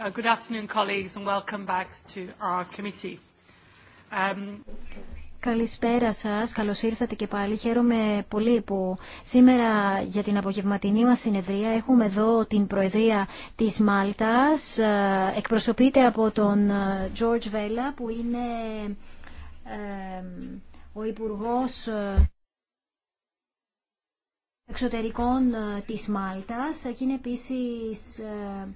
Uh, good afternoon, colleagues, and welcome back to our committee. Um... Καλησπέρα σας, καλώς ήρθατε και πάλι. Χαίρομαι πολύ που σήμερα για την απογευματινή μας συνεδρία έχουμε εδώ την Προεδρία της Μάλτας. Ε, εκπροσωπείται από τον ε, George Βέλα, που είναι ε, ο Υπουργός Εξωτερικών ε, της Μάλτας και είναι επίσης ε,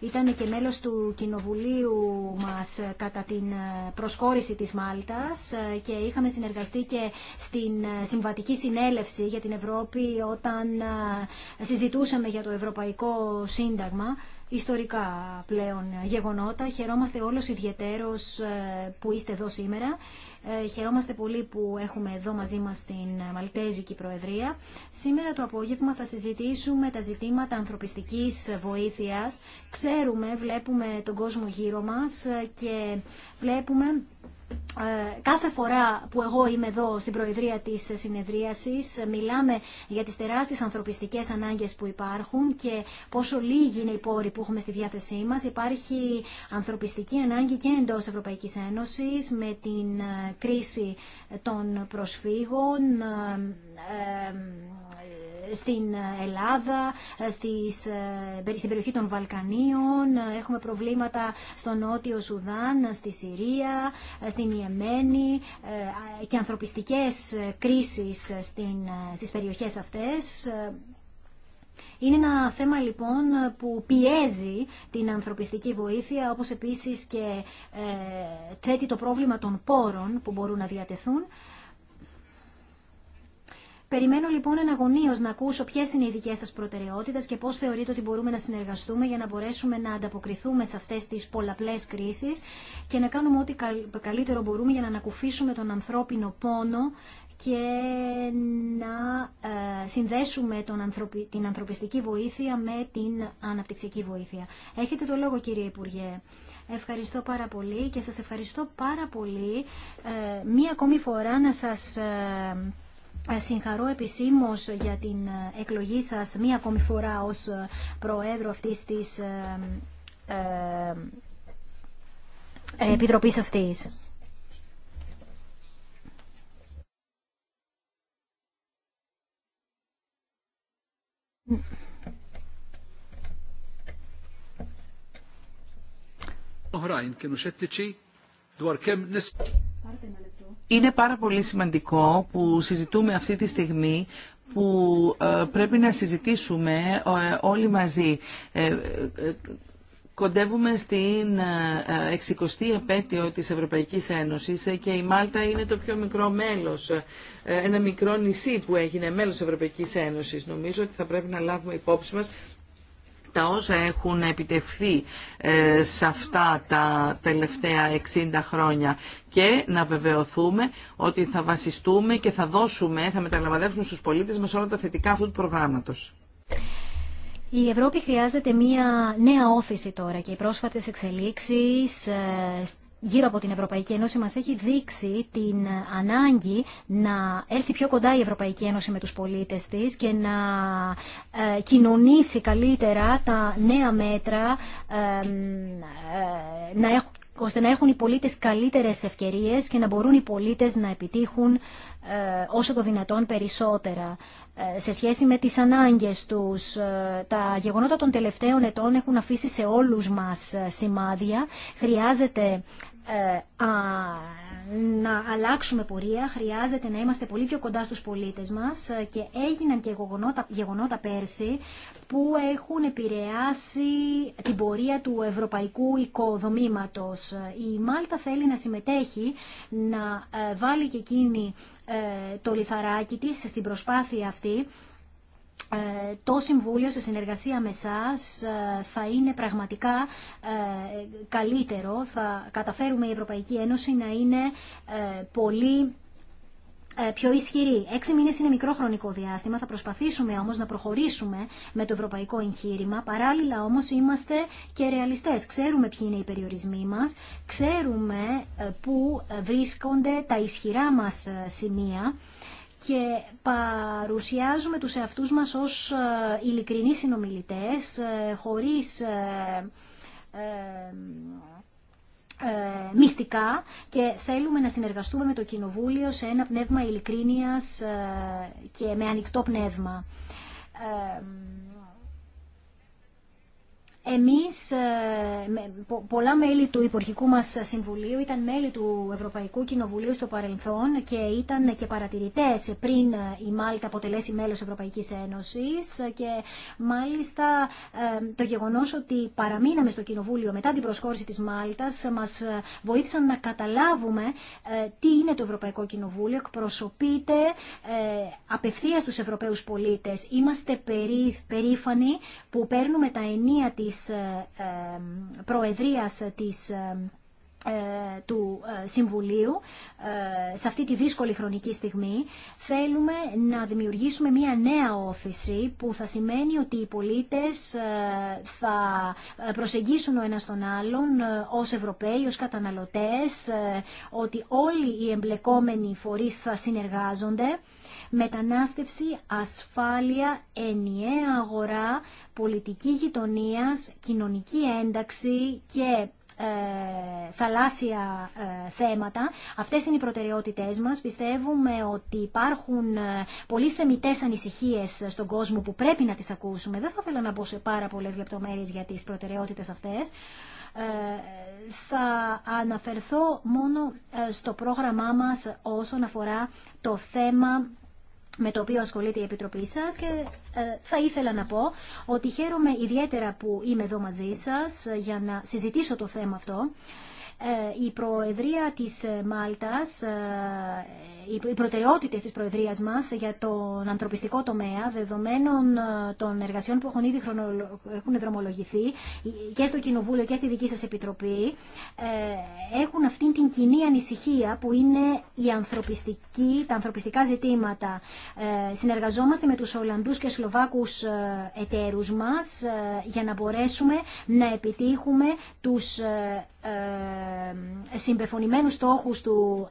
ήταν και μέλος του κοινοβουλίου μας ε, κατά την προσκόρηση της Μάλτας και είχαμε συνεργαστεί και στην συμβατική συνέλευση για την Ευρώπη όταν συζητούσαμε για το Ευρωπαϊκό Σύνταγμα ιστορικά πλέον γεγονότα. Χαιρόμαστε όλος ιδιαιτέρως ε, που είστε εδώ σήμερα. Ε, χαιρόμαστε πολύ που έχουμε εδώ μαζί μας την Μαλτέζικη Προεδρία. Σήμερα το απόγευμα θα συζητήσουμε τα ζητήματα ανθρωπιστικής βοήθειας. Ξέρουμε, βλέπουμε τον κόσμο γύρω μας ε, και βλέπουμε ε, κάθε φορά που εγώ είμαι εδώ στην Προεδρία της Συνεδρίασης μιλάμε για τις τεράστιες ανθρωπιστικές ανάγκες που υπάρχουν και πόσο λίγοι είναι οι πόροι που έχουμε στη διάθεσή μας. Υπάρχει ανθρωπιστική ανάγκη και εντός Ευρωπαϊκής Ένωσης με την ε, κρίση των προσφύγων ε, στην Ελλάδα, στις, ε, στην περιοχή των Βαλκανίων, έχουμε προβλήματα στο Νότιο Σουδάν, στη Συρία, στην Ιεμένη ε, και ανθρωπιστικές κρίσεις στην, ε, στις περιοχές αυτές. Είναι ένα θέμα λοιπόν που πιέζει την ανθρωπιστική βοήθεια, όπως επίσης και ε, θέτει το πρόβλημα των πόρων που μπορούν να διατεθούν. Περιμένω λοιπόν εναγωνίω να ακούσω ποιε είναι οι δικέ σα προτεραιότητε και πώ θεωρείτε ότι μπορούμε να συνεργαστούμε για να μπορέσουμε να ανταποκριθούμε σε αυτέ τι πολλαπλέ κρίσει και να κάνουμε ό,τι καλύτερο μπορούμε για να ανακουφίσουμε τον ανθρώπινο πόνο και να ε, συνδέσουμε τον την ανθρωπιστική βοήθεια με την αναπτυξική βοήθεια. Έχετε το λόγο κύριε Υπουργέ. Ευχαριστώ πάρα πολύ και σας ευχαριστώ πάρα πολύ ε, μία ακόμη φορά να σας ε, ε, συγχαρώ επισήμως για την ε, εκλογή σας μία ακόμη φορά ως ε, Προέδρο αυτής της Επιτροπής αυτής. Πάρτε είναι πάρα πολύ σημαντικό που συζητούμε αυτή τη στιγμή που ε, πρέπει να συζητήσουμε ε, όλοι μαζί. Ε, κοντεύουμε στην 60η επέτειο της Ευρωπαϊκής Ένωσης και η Μάλτα είναι το πιο μικρό μέλος, ένα μικρό νησί που έγινε μέλος της Ευρωπαϊκής Ένωσης. Νομίζω ότι θα πρέπει να λάβουμε υπόψη μας τα όσα έχουν επιτευχθεί ε, σε αυτά τα τελευταία 60 χρόνια και να βεβαιωθούμε ότι θα βασιστούμε και θα δώσουμε, θα μεταλαμβαδεύσουμε στους πολίτες μας όλα τα θετικά αυτού του προγράμματος. Η Ευρώπη χρειάζεται μία νέα όθηση τώρα και οι πρόσφατες εξελίξεις ε, γύρω από την Ευρωπαϊκή Ένωση μας έχει δείξει την ανάγκη να έρθει πιο κοντά η Ευρωπαϊκή Ένωση με τους πολίτες της και να ε, κοινωνήσει καλύτερα τα νέα μέτρα ε, να ώστε να έχουν οι πολίτες καλύτερες ευκαιρίες και να μπορούν οι πολίτες να επιτύχουν ε, όσο το δυνατόν περισσότερα σε σχέση με τις ανάγκες τους. Ε, τα γεγονότα των τελευταίων ετών έχουν αφήσει σε όλους μας ε, σημάδια. Χρειάζεται ε, να αλλάξουμε πορεία, χρειάζεται να είμαστε πολύ πιο κοντά στους πολίτες μας και έγιναν και γεγονότα, γεγονότα πέρσι που έχουν επηρεάσει την πορεία του ευρωπαϊκού οικοδομήματος. Η Μάλτα θέλει να συμμετέχει, να βάλει και εκείνη ε, το λιθαράκι της στην προσπάθεια αυτή. Ε, το Συμβούλιο σε συνεργασία με εσά θα είναι πραγματικά ε, καλύτερο. Θα καταφέρουμε η Ευρωπαϊκή Ένωση να είναι πολύ ε, πιο ισχυρή. Έξι μήνε είναι μικρό χρονικό διάστημα. Θα προσπαθήσουμε όμω να προχωρήσουμε με το ευρωπαϊκό εγχείρημα. Παράλληλα όμω είμαστε και ρεαλιστέ. Ξέρουμε ποιοι είναι οι περιορισμοί μα, ξέρουμε ε, πού ε, βρίσκονται τα ισχυρά μα σημεία και παρουσιάζουμε τους εαυτούς μας ως ειλικρινείς συνομιλητές, χωρίς ε, μυστικά και θέλουμε να συνεργαστούμε με το Κοινοβούλιο σε ένα πνεύμα ειλικρίνειας ε, και με ανοιχτό πνεύμα. Ε, εμείς, ε, πολλά μέλη του Υπουργικού μας Συμβουλίου ήταν μέλη του Ευρωπαϊκού Κοινοβουλίου στο παρελθόν και ήταν και παρατηρητές πριν ε, η Μάλτα αποτελέσει μέλος Ευρωπαϊκής Ένωσης και μάλιστα ε, το γεγονός ότι παραμείναμε στο Κοινοβούλιο μετά την προσχώρηση της Μάλτας μας βοήθησαν να καταλάβουμε τι είναι το Ευρωπαϊκό Κοινοβούλιο, εκπροσωπείται απευθείας τους Ευρωπαίους πολίτες. Είμαστε περήφανοι που παίρνουμε τα ενία της της ε, ε, Προεδρίας της ε, του Συμβουλίου σε αυτή τη δύσκολη χρονική στιγμή θέλουμε να δημιουργήσουμε μια νέα όθηση που θα σημαίνει ότι οι πολίτες θα προσεγγίσουν ο ένας τον άλλον ως Ευρωπαίοι, ως καταναλωτές ότι όλοι οι εμπλεκόμενοι φορείς θα συνεργάζονται μετανάστευση, ασφάλεια, ενιαία αγορά πολιτική γειτονίας, κοινωνική ένταξη και ε, θαλάσσια ε, θέματα. Αυτές είναι οι προτεραιότητές μας. Πιστεύουμε ότι υπάρχουν ε, πολύ θεμητές ανησυχίες στον κόσμο που πρέπει να τις ακούσουμε. Δεν θα ήθελα να μπω σε πάρα πολλές λεπτομέρειες για τις προτεραιότητες αυτές. Ε, θα αναφερθώ μόνο ε, στο πρόγραμμά μας όσον αφορά το θέμα με το οποίο ασχολείται η Επιτροπή σας και ε, θα ήθελα να πω ότι χαίρομαι ιδιαίτερα που είμαι εδώ μαζί σας ε, για να συζητήσω το θέμα αυτό ε, η Προεδρία της ε, Μάλτας, ε, οι προτεραιότητες της Προεδρίας μας για τον ανθρωπιστικό τομέα, δεδομένων των εργασιών που έχουν ήδη έχουν δρομολογηθεί και στο Κοινοβούλιο και στη δική σας Επιτροπή, έχουν αυτήν την κοινή ανησυχία που είναι η ανθρωπιστική, τα ανθρωπιστικά ζητήματα. Συνεργαζόμαστε με τους Ολλανδούς και Σλοβάκους εταίρους μας για να μπορέσουμε να επιτύχουμε τους ε, συμπεφωνημένους στόχους του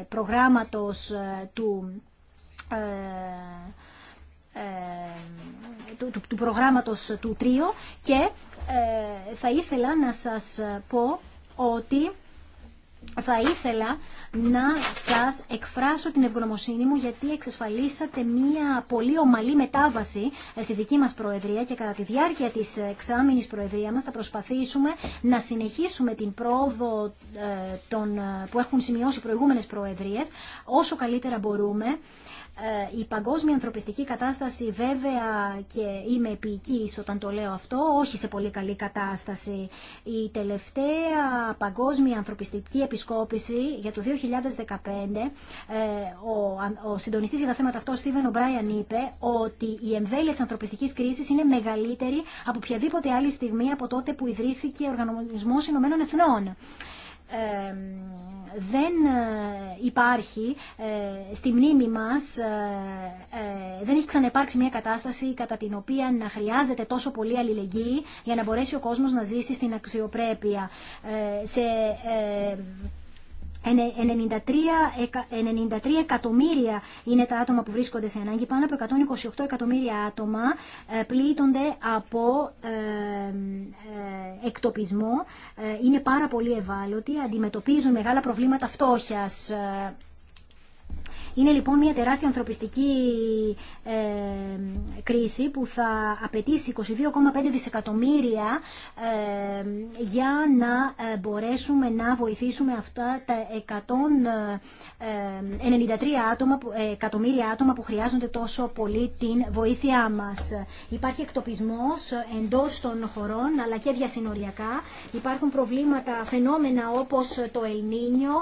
ε, προγράμματος ε, του του, του, του προγράμματος του τρίο και θα ήθελα να σας πω ότι θα ήθελα να σας εκφράσω την ευγνωμοσύνη μου γιατί εξασφαλίσατε μια πολύ ομαλή μετάβαση στη δική μας Προεδρία και κατά τη διάρκεια της εξάμηνης Προεδρία μας θα προσπαθήσουμε να συνεχίσουμε την πρόοδο ε, των, ε, που έχουν σημειώσει προηγούμενες Προεδρίες όσο καλύτερα μπορούμε ε, η παγκόσμια ανθρωπιστική κατάσταση βέβαια και είμαι επίοικης όταν το λέω αυτό, όχι σε πολύ καλή κατάσταση. Η τελευταία παγκόσμια ανθρωπιστική επισκόπηση για το 2015, ε, ο, ο συντονιστής για τα θέματα αυτό, Στίβεν Ομπράιαν, είπε ότι η εμβέλεια της ανθρωπιστικής κρίσης είναι μεγαλύτερη από οποιαδήποτε άλλη στιγμή από τότε που ιδρύθηκε ο Οργανισμός Ηνωμένων Εθνών δεν ε, υπάρχει ε, στη μνήμη μας, ε, δεν έχει ξαναυπάρξει μια κατάσταση κατά την οποία να χρειάζεται τόσο πολύ αλληλεγγύη για να μπορέσει ο κόσμος να ζήσει στην αξιοπρέπεια. Σε 93, εκατομμύρια είναι τα άτομα που βρίσκονται σε ανάγκη, πάνω από 128 εκατομμύρια άτομα ε, πλήττονται από ε, ε, εκτοπισμό, είναι πάρα πολύ ευάλωτοι, αντιμετωπίζουν μεγάλα προβλήματα φτώχειας. Είναι λοιπόν μια τεράστια ανθρωπιστική ε, κρίση που θα απαιτήσει 22,5 δισεκατομμύρια ε, για να ε, μπορέσουμε να βοηθήσουμε αυτά τα 193 άτομα, εκατομμύρια άτομα που χρειάζονται τόσο πολύ την βοήθειά μας. Υπάρχει εκτοπισμός εντός των χωρών αλλά και διασυνοριακά. Υπάρχουν προβλήματα, φαινόμενα όπως το Ελνίνιο,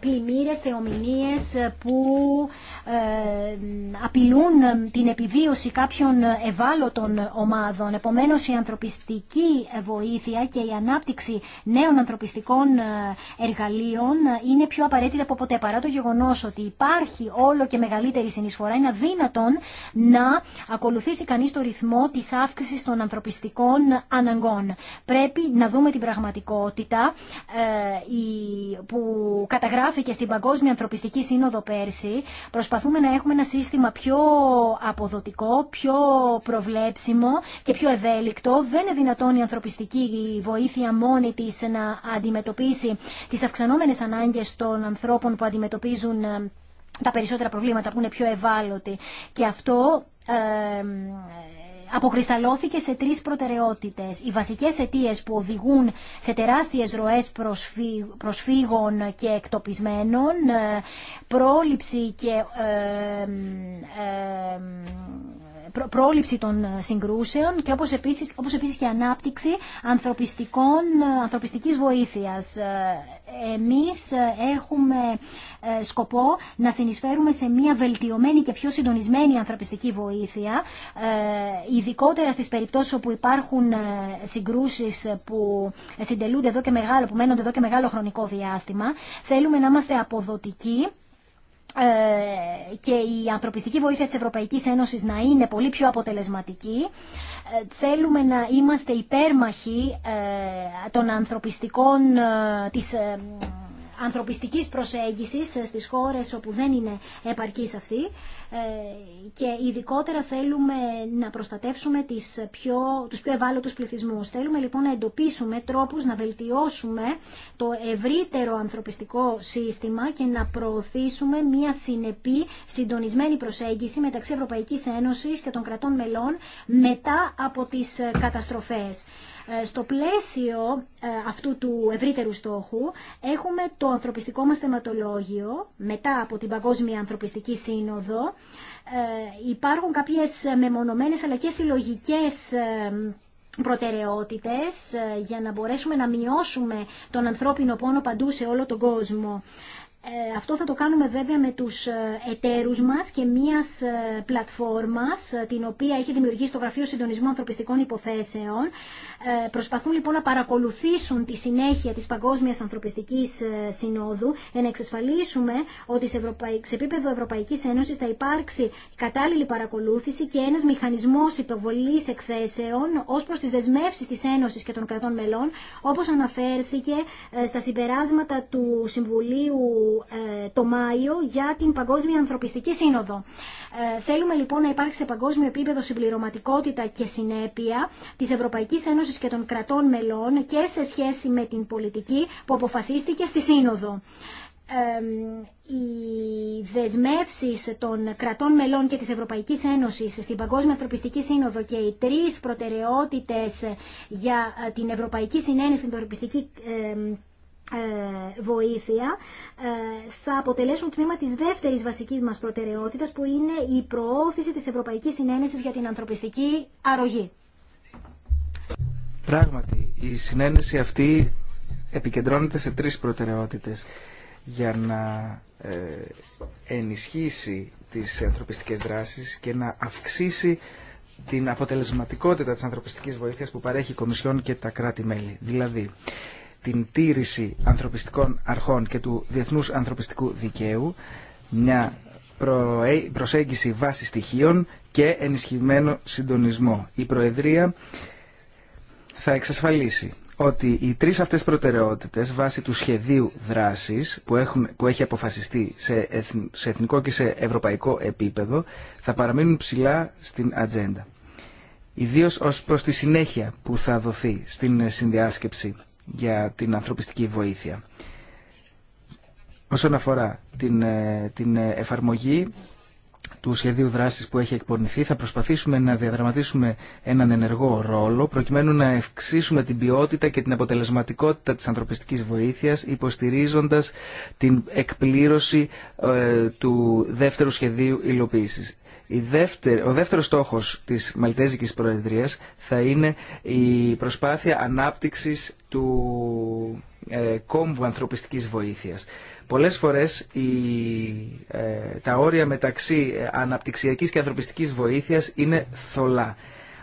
πλημμύρες, θεομηνίες που που ε, απειλούν την επιβίωση κάποιων ευάλωτων ομάδων. Επομένως, η ανθρωπιστική βοήθεια και η ανάπτυξη νέων ανθρωπιστικών ε, εργαλείων είναι πιο απαραίτητα από ποτέ. Παρά το γεγονός ότι υπάρχει όλο και μεγαλύτερη συνεισφορά, είναι αδύνατον να ακολουθήσει κανείς το ρυθμό της αύξησης των ανθρωπιστικών αναγκών. Πρέπει να δούμε την πραγματικότητα ε, που καταγράφηκε στην Παγκόσμια Ανθρωπιστική Σύνοδο πέρσι Προσπαθούμε να έχουμε ένα σύστημα πιο αποδοτικό, πιο προβλέψιμο και πιο ευέλικτο. Δεν είναι δυνατόν η ανθρωπιστική βοήθεια μόνη της να αντιμετωπίσει τις αυξανόμενες ανάγκες των ανθρώπων που αντιμετωπίζουν ε, τα περισσότερα προβλήματα που είναι πιο ευάλωτοι. Και αυτό ε, αποκρισταλώθηκε σε τρεις προτεραιότητες. Οι βασικές αιτίες που οδηγούν σε τεράστιες ροές προσφύγων και εκτοπισμένων, ε, πρόληψη και ε, ε, πρόληψη των ε, συγκρούσεων και όπως επίσης, όπως επίσης και ανάπτυξη ανθρωπιστικών, ε, ανθρωπιστικής βοήθειας. Ε, εμείς έχουμε σκοπό να συνεισφέρουμε σε μια βελτιωμένη και πιο συντονισμένη ανθρωπιστική βοήθεια, ειδικότερα στις περιπτώσεις όπου υπάρχουν συγκρούσεις που συντελούνται εδώ και μεγάλο, που μένονται εδώ και μεγάλο χρονικό διάστημα. Θέλουμε να είμαστε αποδοτικοί ε, και η ανθρωπιστική βοήθεια της Ευρωπαϊκής Ένωσης να είναι πολύ πιο αποτελεσματική. Ε, θέλουμε να είμαστε υπέρμαχοι ε, των ανθρωπιστικών της ανθρωπιστικής προσέγγισης ε, στις χώρες όπου δεν είναι επαρκής αυτή ε, και ειδικότερα θέλουμε να προστατεύσουμε τις πιο, τους πιο ευάλωτους πληθυσμούς. Θέλουμε λοιπόν να εντοπίσουμε τρόπους να βελτιώσουμε το ευρύτερο ανθρωπιστικό σύστημα και να προωθήσουμε μια συνεπή συντονισμένη προσέγγιση μεταξύ Ευρωπαϊκής Ένωσης και των κρατών μελών μετά από τις καταστροφές. Ε, στο πλαίσιο ε, αυτού του ευρύτερου στόχου έχουμε το ανθρωπιστικό μας θεματολόγιο μετά από την Παγκόσμια Ανθρωπιστική Σύνοδο. Ε, υπάρχουν κάποιες μεμονωμένες αλλά και συλλογικές προτεραιότητες για να μπορέσουμε να μειώσουμε τον ανθρώπινο πόνο παντού σε όλο τον κόσμο. Ε, αυτό θα το κάνουμε βέβαια με τους ε, εταίρους μας και μίας ε, πλατφόρμας την οποία έχει δημιουργήσει το Γραφείο Συντονισμού Ανθρωπιστικών Υποθέσεων. Προσπαθούν λοιπόν να παρακολουθήσουν τη συνέχεια της Παγκόσμιας Ανθρωπιστικής Συνόδου για να εξασφαλίσουμε ότι σε, επίπεδο Ευρωπαϊκής Ένωσης θα υπάρξει κατάλληλη παρακολούθηση και ένας μηχανισμός υποβολής εκθέσεων ως προς τις δεσμεύσεις της Ένωσης και των κρατών μελών όπως αναφέρθηκε στα συμπεράσματα του Συμβουλίου ε, το Μάιο για την Παγκόσμια Ανθρωπιστική Σύνοδο. Ε, θέλουμε λοιπόν να υπάρξει σε παγκόσμιο επίπεδο συμπληρωματικότητα και συνέπεια της Ευρωπαϊκής Ένωσης και των κρατών μελών και σε σχέση με την πολιτική που αποφασίστηκε στη Σύνοδο. Ε, οι δεσμεύσει των κρατών μελών και της Ευρωπαϊκής Ένωσης στην Παγκόσμια Ανθρωπιστική Σύνοδο και οι τρεις προτεραιότητες για την Ευρωπαϊκή Συνένεση στην Ανθρωπιστική ε, βοήθεια ε, θα αποτελέσουν τμήμα της δεύτερης βασικής μας προτεραιότητας που είναι η προώθηση της Ευρωπαϊκής Συνένεσης για την ανθρωπιστική αρρωγή. Πράγματι, η συνένεση αυτή επικεντρώνεται σε τρεις προτεραιότητες για να ε, ενισχύσει τις ανθρωπιστικές δράσεις και να αυξήσει την αποτελεσματικότητα της ανθρωπιστικής βοήθειας που παρέχει η Κομισιόν και τα κράτη-μέλη. Δηλαδή, την τήρηση ανθρωπιστικών αρχών και του διεθνούς ανθρωπιστικού δικαίου, μια προσέγγιση βάση στοιχείων και ενισχυμένο συντονισμό. Η Προεδρία θα εξασφαλίσει ότι οι τρεις αυτές προτεραιότητες βάσει του σχεδίου δράσης που, έχει αποφασιστεί σε, σε εθνικό και σε ευρωπαϊκό επίπεδο θα παραμείνουν ψηλά στην ατζέντα. Ιδίως ως προς τη συνέχεια που θα δοθεί στην συνδιάσκεψη για την ανθρωπιστική βοήθεια. Όσον αφορά την, ε, ε, εφαρμογή του σχεδίου δράσης που έχει εκπονηθεί θα προσπαθήσουμε να διαδραματίσουμε έναν ενεργό ρόλο προκειμένου να ευξήσουμε την ποιότητα και την αποτελεσματικότητα της ανθρωπιστικής βοήθειας υποστηρίζοντας την εκπλήρωση ε, του δεύτερου σχεδίου υλοποίησης. Η ο δεύτερος στόχος της Μαλτέζικης Προεδρίας θα είναι η προσπάθεια ανάπτυξης του ε, κόμβου ανθρωπιστικής βοήθειας. Πολλές φορές η, ε, τα όρια μεταξύ ε, αναπτυξιακής και ανθρωπιστικής βοήθειας είναι θολά.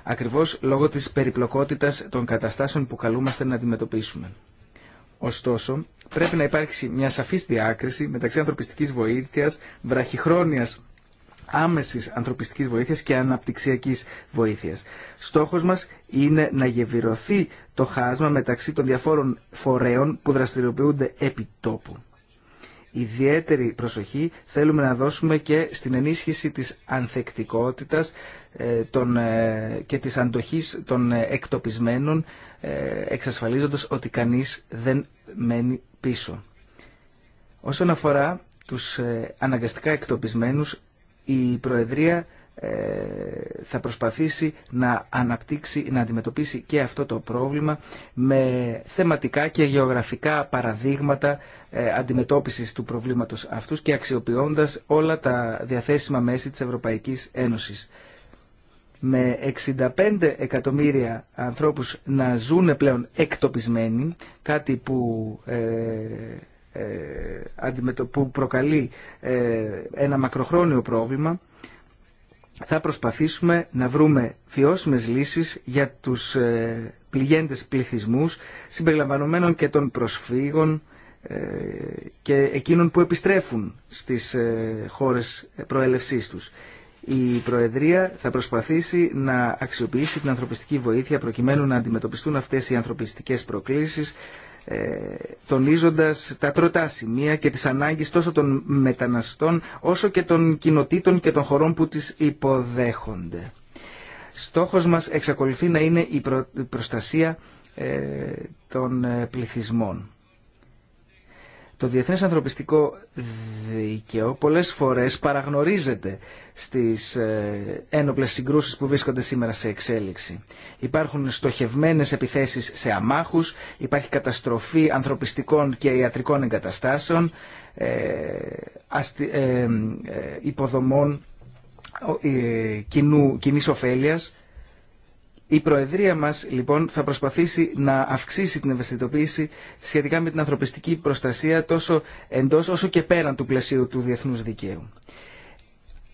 Ακριβώς λόγω της περιπλοκότητας των καταστάσεων που καλούμαστε να αντιμετωπίσουμε. Ωστόσο, πρέπει να υπάρξει μια σαφής διάκριση μεταξύ ανθρωπιστικής βοήθειας, βραχυχρόνιας άμεσης ανθρωπιστικής βοήθειας και αναπτυξιακής βοήθειας. Στόχος μας είναι να γεβηρωθεί το χάσμα μεταξύ των διαφόρων φορέων που δραστηριοποιούνται επί τόπου. Ιδιαίτερη προσοχή θέλουμε να δώσουμε και στην ενίσχυση της ανθεκτικότητας ε, ε, και της αντοχής των εκτοπισμένων ε, εξασφαλίζοντας ότι κανείς δεν μένει πίσω. Όσον αφορά τους αναγκαστικά εκτοπισμένους η Προεδρία ε, θα προσπαθήσει να αναπτύξει, να αντιμετωπίσει και αυτό το πρόβλημα με θεματικά και γεωγραφικά παραδείγματα ε, αντιμετώπισης του προβλήματος αυτούς και αξιοποιώντας όλα τα διαθέσιμα μέση της Ευρωπαϊκής Ένωσης. Με 65 εκατομμύρια ανθρώπους να ζουν πλέον εκτοπισμένοι, κάτι που ε, ε, που προκαλεί ε, ένα μακροχρόνιο πρόβλημα θα προσπαθήσουμε να βρούμε βιώσιμες λύσεις για τους ε, πληγέντες πληθυσμούς συμπεριλαμβανομένων και των προσφύγων και εκείνων που επιστρέφουν στις χώρες προέλευσής τους. Η Προεδρία θα προσπαθήσει να αξιοποιήσει την ανθρωπιστική βοήθεια προκειμένου να αντιμετωπιστούν αυτές οι ανθρωπιστικές προκλήσεις ε, τονίζοντας τα τροτά σημεία και τις ανάγκες τόσο των μεταναστών όσο και των κοινοτήτων και των χωρών που τις υποδέχονται. Στόχος μας εξακολουθεί να είναι η προστασία ε, των ε, πληθυσμών. Το διεθνές ανθρωπιστικό δίκαιο πολλές φορές παραγνωρίζεται στις ε, ένοπλες συγκρούσεις που βρίσκονται σήμερα σε εξέλιξη. Υπάρχουν στοχευμένες επιθέσεις σε αμάχους, υπάρχει καταστροφή ανθρωπιστικών και ιατρικών εγκαταστάσεων, ε, ε, υποδομών κοινής ωφέλειας η Προεδρία μας λοιπόν θα προσπαθήσει να αυξήσει την ευαισθητοποίηση σχετικά με την ανθρωπιστική προστασία τόσο εντός όσο και πέραν του πλαισίου του διεθνούς δικαίου.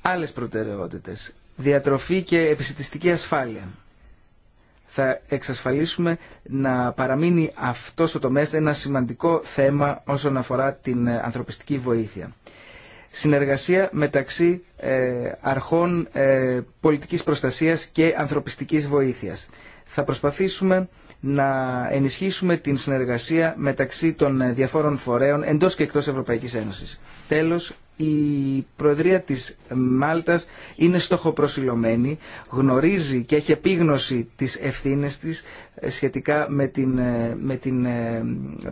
Άλλες προτεραιότητες. Διατροφή και επιστημιστική ασφάλεια. Θα εξασφαλίσουμε να παραμείνει αυτό ο τομέας ένα σημαντικό θέμα όσον αφορά την ανθρωπιστική βοήθεια. Συνεργασία μεταξύ ε, αρχών ε, πολιτικής προστασίας και ανθρωπιστικής βοήθειας. Θα προσπαθήσουμε να ενισχύσουμε την συνεργασία μεταξύ των ε, διαφόρων φορέων εντός και εκτός Ευρωπαϊκής Ένωσης. Τέλος, η Προεδρία της Μάλτας είναι στοχοπροσιλωμένη, γνωρίζει και έχει επίγνωση τις ευθύνες της σχετικά με την, με την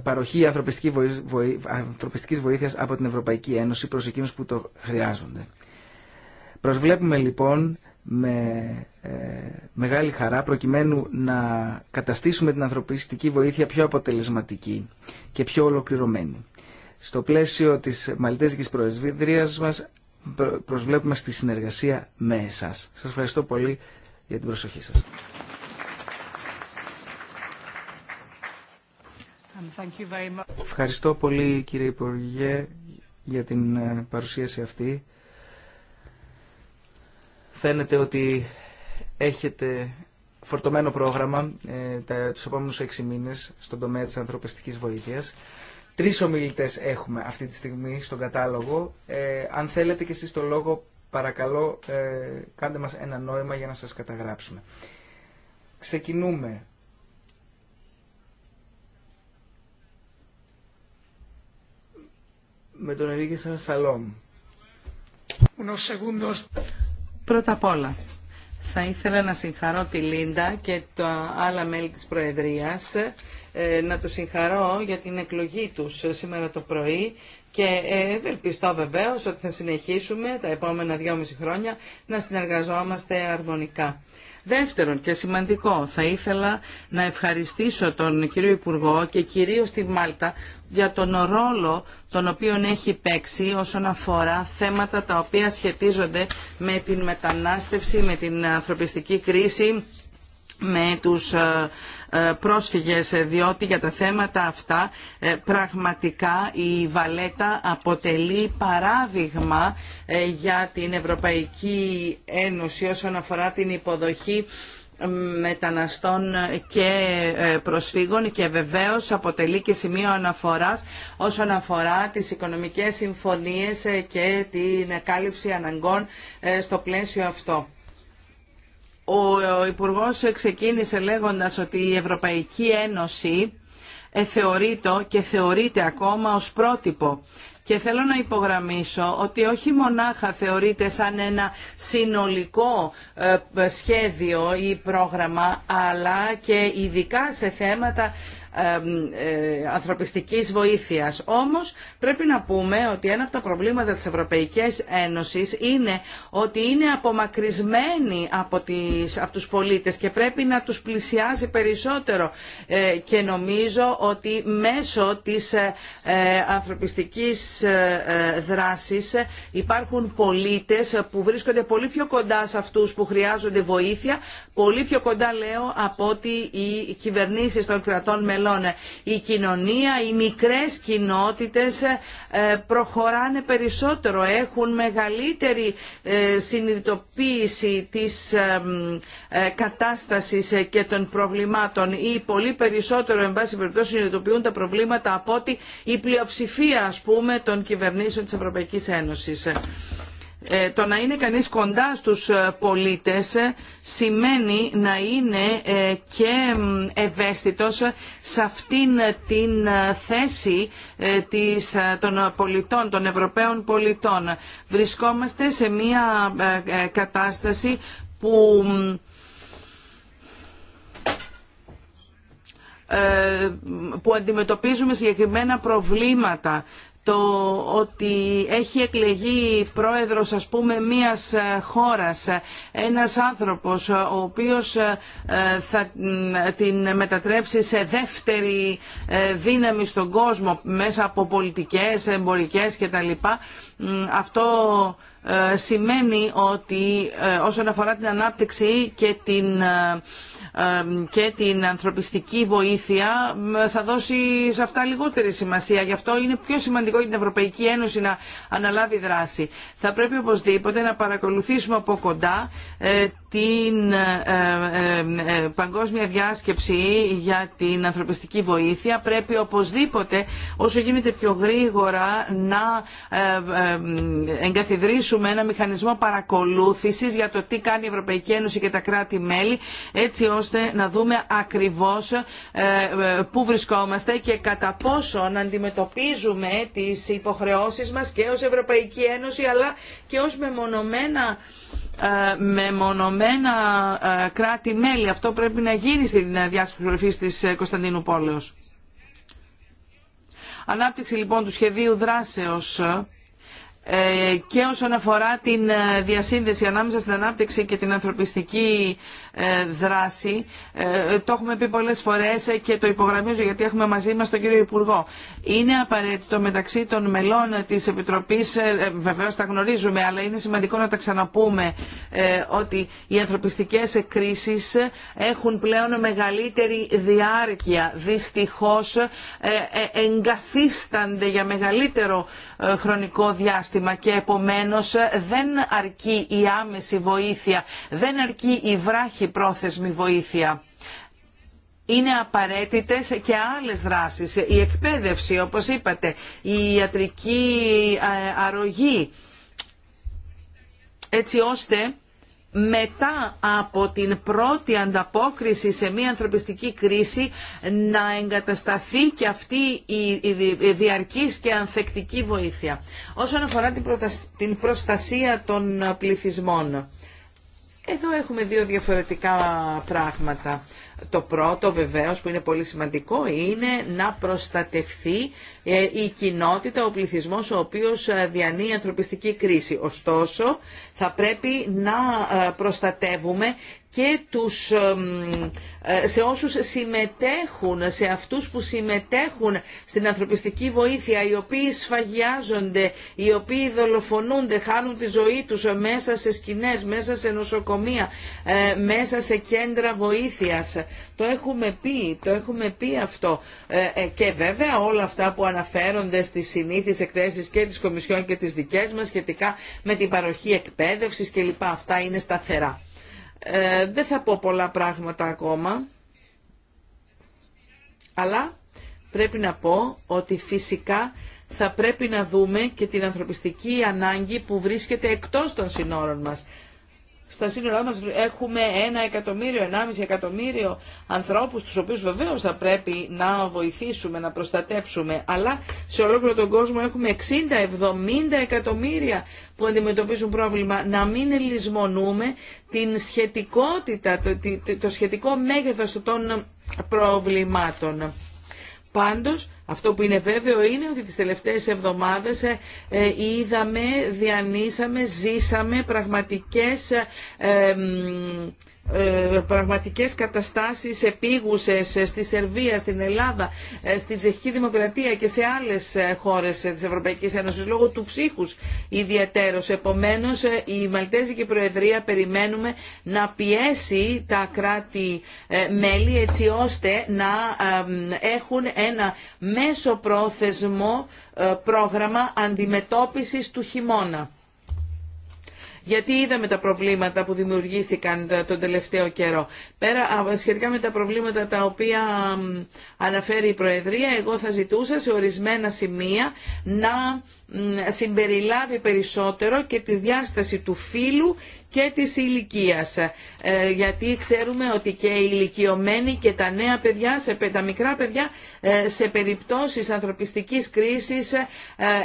παροχή ανθρωπιστικής βοήθειας από την Ευρωπαϊκή Ένωση προς εκείνους που το χρειάζονται. Προσβλέπουμε λοιπόν με ε, μεγάλη χαρά προκειμένου να καταστήσουμε την ανθρωπιστική βοήθεια πιο αποτελεσματική και πιο ολοκληρωμένη. Στο πλαίσιο της Μαλτέζικης Προεδρίας μας προσβλέπουμε στη συνεργασία με εσάς. Σας ευχαριστώ πολύ για την προσοχή σας. Ευχαριστώ πολύ κύριε Υπουργέ για την ε, παρουσίαση αυτή. Φαίνεται ότι έχετε φορτωμένο πρόγραμμα ε, τα, τους επόμενους έξι μήνες στον τομέα της ανθρωπιστικής βοήθειας. Τρεις ομιλητές έχουμε αυτή τη στιγμή στον κατάλογο. Ε, αν θέλετε και εσείς το λόγο, παρακαλώ, ε, κάντε μας ένα νόημα για να σας καταγράψουμε. Ξεκινούμε. Με τον Ερήγη Σαλόμ. Πρώτα απ' όλα, θα ήθελα να συγχαρώ τη Λίντα και τα άλλα μέλη της Προεδρίας, ε, να τους συγχαρώ για την εκλογή τους σήμερα το πρωί και ε, ευελπιστώ βεβαίως ότι θα συνεχίσουμε τα επόμενα δυόμιση χρόνια να συνεργαζόμαστε αρμονικά. Δεύτερον και σημαντικό, θα ήθελα να ευχαριστήσω τον κύριο Υπουργό και κυρίως τη Μάλτα για τον ρόλο τον οποίο έχει παίξει όσον αφορά θέματα τα οποία σχετίζονται με την μετανάστευση, με την ανθρωπιστική κρίση, με τους ε, ε, πρόσφυγες ε, διότι για τα θέματα αυτά ε, πραγματικά η Βαλέτα αποτελεί παράδειγμα για την Ευρωπαϊκή Ένωση όσον αφορά την υποδοχή μεταναστών και προσφύγων και βεβαίως αποτελεί και σημείο αναφοράς όσον αφορά τις οικονομικές συμφωνίες και την κάλυψη αναγκών στο πλαίσιο αυτό. Ο Υπουργός ξεκίνησε λέγοντας ότι η Ευρωπαϊκή Ένωση ε, θεωρείται και θεωρείται ακόμα ως πρότυπο. Και θέλω να υπογραμμίσω ότι όχι μονάχα θεωρείται σαν ένα συνολικό ε, σχέδιο ή πρόγραμμα, αλλά και ειδικά σε θέματα ε, ανθρωπιστικής βοήθειας. Όμως πρέπει να πούμε ότι ένα από τα προβλήματα της Ευρωπαϊκής Ένωσης είναι ότι είναι απομακρυσμένοι από, τις, από τους πολίτες και πρέπει να τους πλησιάζει περισσότερο ε, και νομίζω ότι μέσω της ε, ανθρωπιστικής δράσης υπάρχουν πολίτες που βρίσκονται πολύ πιο κοντά σε αυτούς που χρειάζονται βοήθεια, πολύ πιο κοντά λέω από ότι οι κυβερνήσεις των κρατών η κοινωνία, οι μικρές κοινότητες ε, προχωράνε περισσότερο, έχουν μεγαλύτερη ε, συνειδητοποίηση της ε, κατάστασης και των προβλημάτων ή πολύ περισσότερο, εν πάση περιπτώσει, συνειδητοποιούν τα προβλήματα από ότι η πλειοψηφία, ας πούμε, των κυβερνήσεων της Ευρωπαϊκής Ένωσης. Ε, το να είναι κανείς κοντά στους ε, πολίτες ε, σημαίνει να είναι και ευαίσθητος σε αυτήν την θέση της, των πολιτών, των Ευρωπαίων πολιτών. Βρισκόμαστε σε μια κατάσταση που που αντιμετωπίζουμε συγκεκριμένα προβλήματα το ότι έχει εκλεγεί πρόεδρος ας πούμε μίας ε, χώρας ένας άνθρωπος ο οποίος ε, θα την μετατρέψει σε δεύτερη ε, δύναμη στον κόσμο μέσα από πολιτικές, εμπορικές κτλ. Αυτό σημαίνει ότι όσον αφορά την ανάπτυξη και την και την ανθρωπιστική βοήθεια θα δώσει σε αυτά λιγότερη σημασία. Γι' αυτό είναι πιο σημαντικό για την Ευρωπαϊκή Ένωση να αναλάβει δράση. Θα πρέπει οπωσδήποτε να παρακολουθήσουμε από κοντά ε, την ε, ε, ε, παγκόσμια διάσκεψη για την ανθρωπιστική βοήθεια πρέπει οπωσδήποτε όσο γίνεται πιο γρήγορα να εγκαθιδρύσουμε ένα μηχανισμό παρακολούθησης για το τι κάνει η Ευρωπαϊκή Ένωση και τα κράτη-μέλη έτσι ώστε να δούμε ακριβώς πού βρισκόμαστε και κατά πόσο να αντιμετωπίζουμε τις υποχρεώσεις μας και ως Ευρωπαϊκή Ένωση αλλά και ως μεμονωμένα με μονομένα ε, κράτη-μέλη. Αυτό πρέπει να γίνει στην ε, διάσκεψη της ε, Κωνσταντίνου Πόλεως. Ανάπτυξη λοιπόν του σχεδίου δράσεως ε, και όσον αφορά την ε, διασύνδεση ανάμεσα στην ανάπτυξη και την ανθρωπιστική ε, δράση. Το έχουμε πει πολλές φορές και το υπογραμμίζω γιατί έχουμε μαζί μας τον κύριο Υπουργό. Είναι απαραίτητο μεταξύ των μελών της Επιτροπής, βεβαίως τα γνωρίζουμε, αλλά είναι σημαντικό να τα ξαναπούμε, ότι οι ανθρωπιστικές κρίσεις έχουν πλέον μεγαλύτερη διάρκεια. Δυστυχώς εγκαθίστανται για μεγαλύτερο χρονικό διάστημα και επομένως δεν αρκεί η άμεση βοήθεια, δεν αρκεί η βράχη πρόθεσμη βοήθεια είναι απαραίτητες και άλλες δράσεις. Η εκπαίδευση, όπως είπατε, η ιατρική ε, αρρωγή, έτσι ώστε μετά από την πρώτη ανταπόκριση σε μια ανθρωπιστική κρίση να εγκατασταθεί και αυτή η διαρκής και ανθεκτική βοήθεια. Όσον αφορά την προστασία των πληθυσμών, εδώ έχουμε δύο διαφορετικά πράγματα. Το πρώτο βεβαίως που είναι πολύ σημαντικό είναι να προστατευθεί ε, η κοινότητα, ο πληθυσμός ο οποίος ε, διανύει ανθρωπιστική κρίση. Ωστόσο θα πρέπει να ε, προστατεύουμε και τους, ε, σε όσους συμμετέχουν, σε αυτούς που συμμετέχουν στην ανθρωπιστική βοήθεια, οι οποίοι σφαγιάζονται, οι οποίοι δολοφονούνται, χάνουν τη ζωή τους μέσα σε σκηνές, μέσα σε νοσοκομεία, ε, μέσα σε κέντρα βοήθειας. Το έχουμε πει, το έχουμε πει αυτό. Ε, και βέβαια όλα αυτά που αναφέρονται στις συνήθεις εκθέσεις και της Κομισιόν και της δικές μας σχετικά με την παροχή εκπαίδευσης κλπ. Αυτά είναι σταθερά. Ε, δεν θα πω πολλά πράγματα ακόμα, αλλά πρέπει να πω ότι φυσικά θα πρέπει να δούμε και την ανθρωπιστική ανάγκη που βρίσκεται εκτός των συνόρων μας στα σύνορά μας έχουμε ένα εκατομμύριο, ενάμιση εκατομμύριο ανθρώπους, τους οποίους βεβαίως θα πρέπει να βοηθήσουμε, να προστατέψουμε, αλλά σε ολόκληρο τον κόσμο έχουμε 60-70 εκατομμύρια που αντιμετωπίζουν πρόβλημα. Να μην λησμονούμε την σχετικότητα, το, το σχετικό μέγεθος των προβλημάτων. Πάντως, αυτό που είναι βέβαιο είναι ότι τις τελευταίες εβδομάδες ε, ε, είδαμε, διανύσαμε, ζήσαμε πραγματικές ε, ε, πραγματικές καταστάσεις επίγουσες στη Σερβία, στην Ελλάδα, ε, στη Τσεχική Δημοκρατία και σε άλλες ε, χώρες της Ευρωπαϊκής Ένωσης λόγω του ψύχους ιδιαίτερος. Επομένως η Μαλτέζικη Προεδρία περιμένουμε να πιέσει τα κράτη-μέλη έτσι ώστε να έχουν ένα μέσο πρόθεσμο πρόγραμμα αντιμετώπισης του χειμώνα. Γιατί είδαμε τα προβλήματα που δημιουργήθηκαν τον τελευταίο καιρό. Πέρα σχετικά με τα προβλήματα τα οποία αναφέρει η Προεδρία, εγώ θα ζητούσα σε ορισμένα σημεία να συμπεριλάβει περισσότερο και τη διάσταση του φύλου και της ηλικίας. Ε, γιατί ξέρουμε ότι και οι ηλικιωμένοι και τα νέα παιδιά, σε, τα μικρά παιδιά ε, σε περιπτώσεις ανθρωπιστικής κρίσης ε,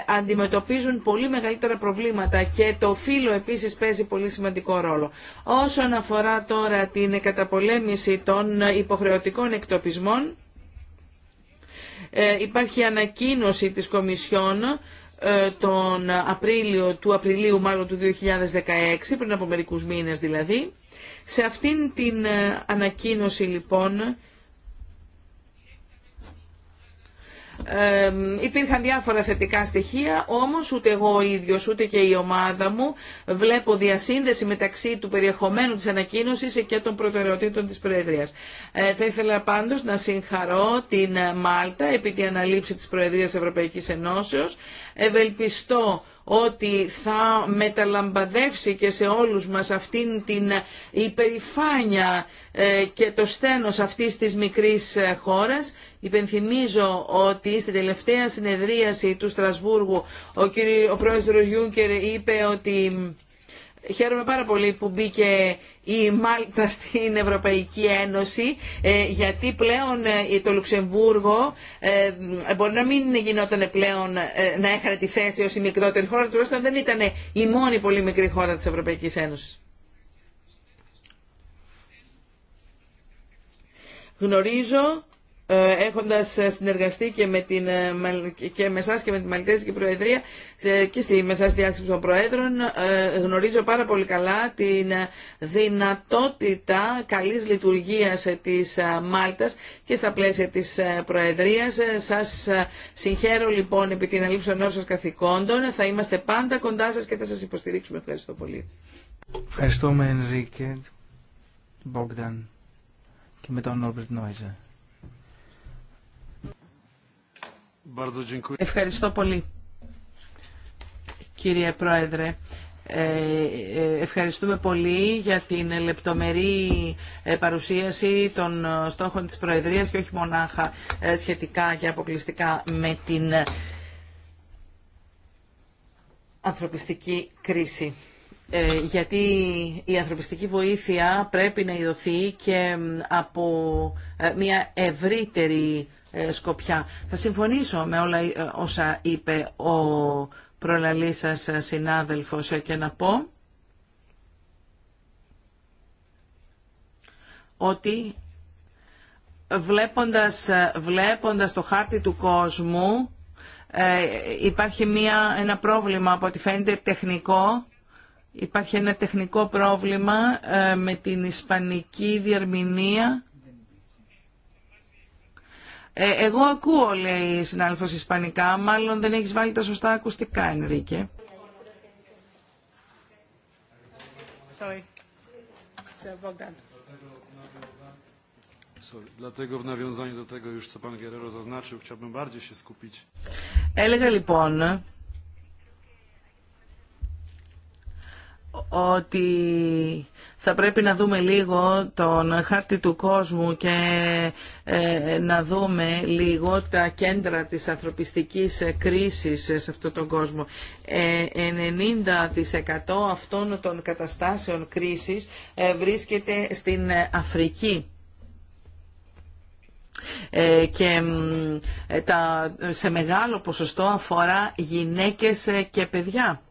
αντιμετωπίζουν πολύ μεγαλύτερα προβλήματα και το φύλλο επίσης παίζει πολύ σημαντικό ρόλο. Όσον αφορά τώρα την καταπολέμηση των υποχρεωτικών εκτοπισμών, υπάρχει ανακοίνωση της Κομισιόν ε, τον Απρίλιο, του Απριλίου μάλλον του 2016, πριν από μερικούς μήνες δηλαδή. Σε αυτήν την ε, ανακοίνωση λοιπόν υπήρχαν διάφορα θετικά στοιχεία, όμως ούτε εγώ ο ίδιος ούτε και η ομάδα μου βλέπω διασύνδεση μεταξύ του περιεχομένου της ανακοίνωσης και των προτεραιοτήτων της Προεδρίας. Ε, θα ήθελα πάντως να συγχαρώ την Μάλτα επί τη αναλήψη της Προεδρίας Ευρωπαϊκής Ενώσεως. Ευελπιστώ ότι θα μεταλαμπαδεύσει και σε όλους μας αυτήν την υπερηφάνεια ε, και το στένος αυτής της μικρής ε, χώρας. Υπενθυμίζω ότι στην τελευταία συνεδρίαση του Στρασβούργου ο, κύριος ο πρόεδρος είπε ότι Χαίρομαι πάρα πολύ που μπήκε η Μάλτα στην Ευρωπαϊκή Ένωση ε, γιατί πλέον ε, το Λουξεμβούργο ε, μπορεί να μην γινόταν πλέον να έχανε τη θέση ως η μικρότερη χώρα τουλάχιστον δεν ήταν η μόνη πολύ μικρή χώρα της Ευρωπαϊκής Ένωσης. Γνωρίζω ε, έχοντας ε, συνεργαστεί και με, την, ε, και με εσάς και με τη Μαλτέζικη Προεδρία και στη μεσάς διάσκεψη των Προέδρων γνωρίζω πάρα πολύ καλά την δυνατότητα καλής λειτουργίας της Μάλτας και στα πλαίσια της Προεδρίας. Σας συγχαίρω λοιπόν επί την αλήψη σας καθηκόντων. Θα είμαστε πάντα κοντά σας και θα σας υποστηρίξουμε. Ευχαριστώ πολύ. Ευχαριστούμε Ενρίκε, Μπόγκταν και με τον Νόρμπερτ Νόιζερ. Ευχαριστώ πολύ, κύριε Πρόεδρε. Ε, ε, ευχαριστούμε πολύ για την λεπτομερή ε, παρουσίαση των στόχων της Προεδρίας και όχι μονάχα σχετικά και αποκλειστικά με την ανθρωπιστική κρίση γιατί η ανθρωπιστική βοήθεια πρέπει να ιδωθεί και από μια ευρύτερη ε, σκοπιά. Θα συμφωνήσω με όλα ε, όσα είπε ο προλαλής σας ε, συνάδελφος και να πω ότι βλέποντας, βλέποντας το χάρτη του κόσμου ε, υπάρχει μια, ένα πρόβλημα από ό,τι φαίνεται τεχνικό. Υπάρχει ένα τεχνικό πρόβλημα με την ισπανική διαρμηνία. Ε, εγώ ακούω, λέει η συνάδελφος Ισπανικά, μάλλον δεν έχεις βάλει τα σωστά ακουστικά, Ενρίκε. Έλεγα λοιπόν ότι θα πρέπει να δούμε λίγο τον χάρτη του κόσμου και ε, να δούμε λίγο τα κέντρα της ανθρωπιστικής κρίσης σε αυτόν τον κόσμο. 90% ε, αυτών των καταστάσεων κρίσης ε, βρίσκεται στην Αφρική και τα, σε μεγάλο ποσοστό αφορά γυναίκες και παιδιά.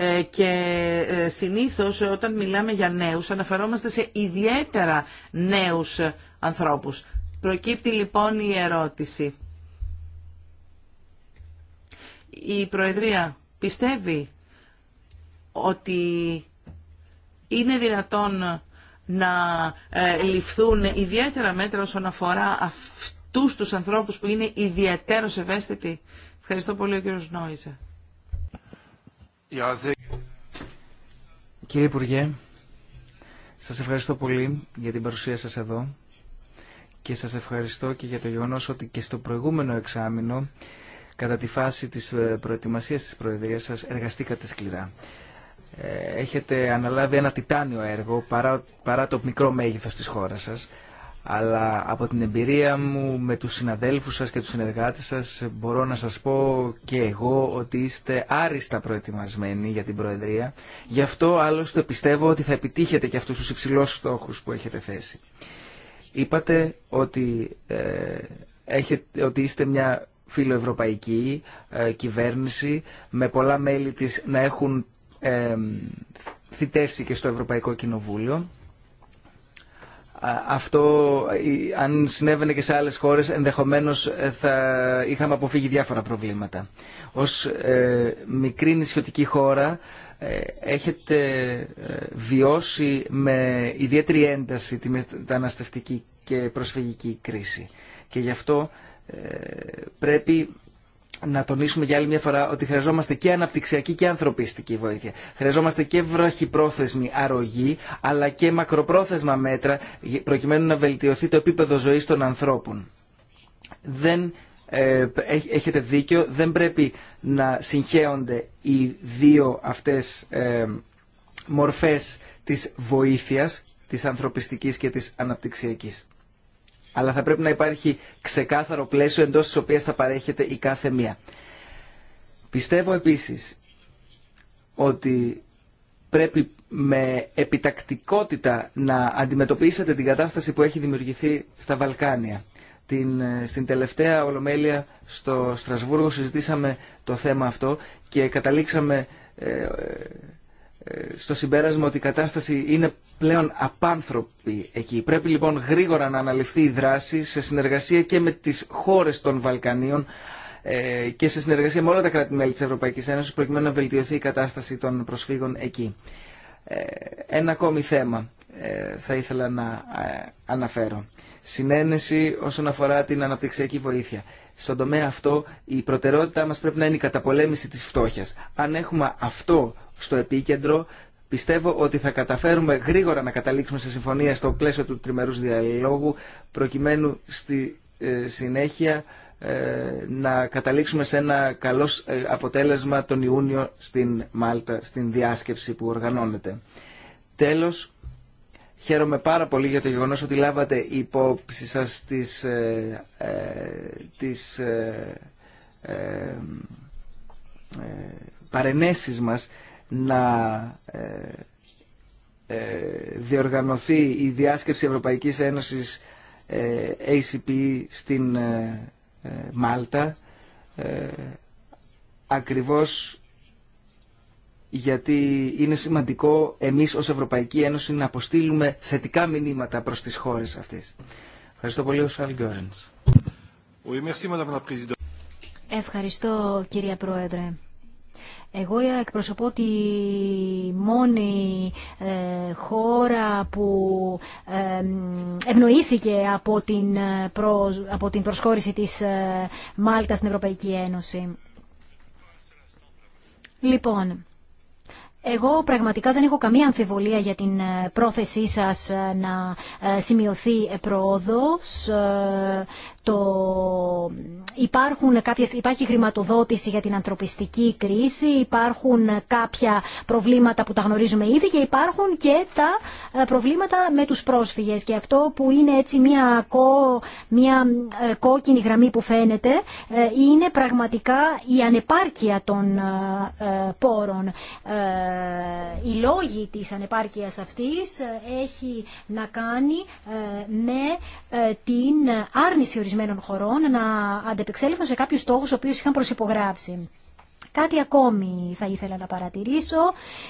Ε, και ε, συνήθως όταν μιλάμε για νέους αναφερόμαστε σε ιδιαίτερα νέους ανθρώπους. Προκύπτει λοιπόν η ερώτηση. Η Προεδρία πιστεύει ότι είναι δυνατόν να ε, ληφθούν ιδιαίτερα μέτρα όσον αφορά αυτούς τους ανθρώπους που είναι ιδιαίτερος ευαίσθητοι. Ευχαριστώ πολύ ο κύριος Νόιζα. Κύριε Υπουργέ, σας ευχαριστώ πολύ για την παρουσία σας εδώ και σας ευχαριστώ και για το γεγονός ότι και στο προηγούμενο εξάμεινο κατά τη φάση της ε, προετοιμασίας της Προεδρίας σας εργαστήκατε σκληρά. Ε, έχετε αναλάβει ένα τιτάνιο έργο παρά, το μικρό μέγεθος της χώρας σας αλλά από την εμπειρία μου με τους συναδέλφους σας και τους συνεργάτες σας μπορώ να σας πω και εγώ ότι είστε άριστα προετοιμασμένοι για την Προεδρία. Γι' αυτό άλλωστε πιστεύω ότι θα επιτύχετε και αυτούς τους υψηλούς στόχους που έχετε θέσει. Είπατε ότι, ε, έχετε, ότι είστε μια φιλοευρωπαϊκή ε, κυβέρνηση με πολλά μέλη της να έχουν ε, θητεύσει και στο Ευρωπαϊκό Κοινοβούλιο αυτό ε, αν συνέβαινε και σε άλλες χώρες ενδεχομένως ε, θα είχαμε αποφύγει διάφορα προβλήματα. Ως ε, μικρή νησιωτική χώρα έχετε βιώσει με ιδιαίτερη ένταση τη μεταναστευτική και προσφυγική κρίση και γι' αυτό πρέπει να τονίσουμε για άλλη μια φορά ότι χρειαζόμαστε και αναπτυξιακή και ανθρωπιστική βοήθεια. Χρειαζόμαστε και βραχυπρόθεσμη αρρωγή, αλλά και μακροπρόθεσμα μέτρα προκειμένου να βελτιωθεί το επίπεδο ζωής των ανθρώπων. Δεν ε, έχετε δίκιο, δεν πρέπει να συγχέονται οι δύο αυτές ε, μορφές της βοήθειας, της ανθρωπιστικής και της αναπτυξιακής αλλά θα πρέπει να υπάρχει ξεκάθαρο πλαίσιο εντός της οποίας θα παρέχεται η κάθε μία. Πιστεύω επίσης ότι πρέπει με επιτακτικότητα να αντιμετωπίσετε την κατάσταση που έχει δημιουργηθεί στα Βαλκάνια. Την, ε, στην τελευταία Ολομέλεια στο Στρασβούργο συζητήσαμε το θέμα αυτό και καταλήξαμε ε, ε, στο συμπέρασμα ότι η κατάσταση είναι πλέον απάνθρωπη εκεί. Πρέπει λοιπόν γρήγορα να αναλυφθεί η δράση σε συνεργασία και με τις χώρες των Βαλκανίων ε, και σε συνεργασία με όλα τα κράτη-μέλη της Ευρωπαϊκής Ένωσης προκειμένου να βελτιωθεί η κατάσταση των προσφύγων εκεί. Ε, ένα ακόμη θέμα ε, θα ήθελα να αναφέρω. Συνένεση όσον αφορά την αναπτυξιακή βοήθεια. Στον τομέα αυτό η προτεραιότητά μας πρέπει να είναι η καταπολέμηση της φτώχειας. Αν έχουμε αυτό στο επίκεντρο. Πιστεύω ότι θα καταφέρουμε γρήγορα να καταλήξουμε σε συμφωνία στο πλαίσιο του τριμερούς διαλόγου προκειμένου στη ε, συνέχεια ε, να καταλήξουμε σε ένα καλό ε, αποτέλεσμα τον Ιούνιο στην Μάλτα, στην διάσκεψη που οργανώνεται. Τέλος, χαίρομαι πάρα πολύ για το γεγονός ότι λάβατε υπόψη σας τις, να ε, ε, διοργανωθεί η διάσκεψη Ευρωπαϊκής Ένωσης ε, ACP στην Μάλτα ακριβώς γιατί είναι σημαντικό εμείς ως Ευρωπαϊκή Ένωση να αποστείλουμε θετικά μηνύματα προς τις χώρες αυτές. Ευχαριστώ πολύ ο Σαλ Γκόρενς. Ευχαριστώ κυρία Πρόεδρε. Εγώ εκπροσωπώ τη μόνη ε, χώρα που ε, ευνοήθηκε από την, ε, προ... από την προσχώρηση της Μάλτας στην Ευρωπαϊκή Ένωση. Λοιπόν, εγώ πραγματικά δεν έχω καμία αμφιβολία για την πρόθεσή σας να σημειωθεί πρόοδος το... Υπάρχουν κάποιες, υπάρχει χρηματοδότηση για την ανθρωπιστική κρίση, υπάρχουν κάποια προβλήματα που τα γνωρίζουμε ήδη και υπάρχουν και τα ε, προβλήματα με τους πρόσφυγες. Και αυτό που είναι έτσι μια, κό, μια ε, κόκκινη γραμμή που φαίνεται ε, είναι πραγματικά η ανεπάρκεια των πόρων. Οι λόγοι της ανεπάρκειας αυτής έχει να κάνει με την άρνηση ορισμένων ορισμένων χωρών να αντεπεξέλθουν σε κάποιους στόχους οποίους είχαν προσυπογράψει. Κάτι ακόμη θα ήθελα να παρατηρήσω,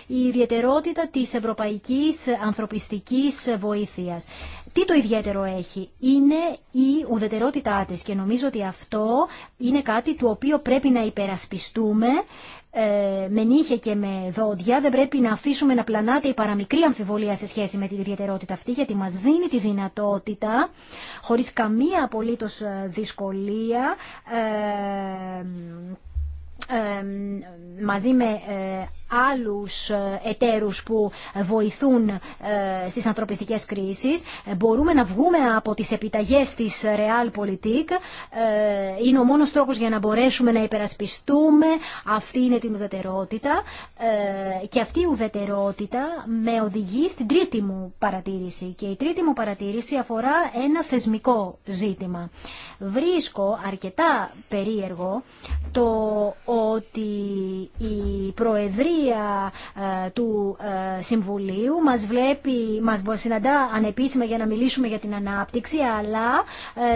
η ιδιαιτερότητα της ευρωπαϊκής ανθρωπιστικής βοήθειας. Τι το ιδιαίτερο έχει, είναι η ουδετερότητά της και νομίζω ότι αυτό είναι κάτι το οποίο πρέπει να υπερασπιστούμε ε, με νύχια και με δόντια, δεν πρέπει να αφήσουμε να πλανάται η παραμικρή αμφιβολία σε σχέση με την ιδιαιτερότητα αυτή, γιατί μας δίνει τη δυνατότητα, χωρίς καμία απολύτως ε, δυσκολία, ε, μαζί με άλλους ε, εταίρους που βοηθούν ε, στις ανθρωπιστικές κρίσεις. Ε, μπορούμε να βγούμε από τις επιταγές της Realpolitik. Είναι ο μόνος τρόπος για να μπορέσουμε να υπερασπιστούμε. Αυτή είναι την ουδετερότητα. Και αυτή η ουδετερότητα με οδηγεί στην τρίτη μου παρατήρηση. Και η τρίτη μου παρατήρηση αφορά ένα θεσμικό ζήτημα. Βρίσκω αρκετά περίεργο το ότι η Προεδρία ε, του ε, Συμβουλίου, μας, βλέπει, μας συναντά ανεπίσημα για να μιλήσουμε για την ανάπτυξη, αλλά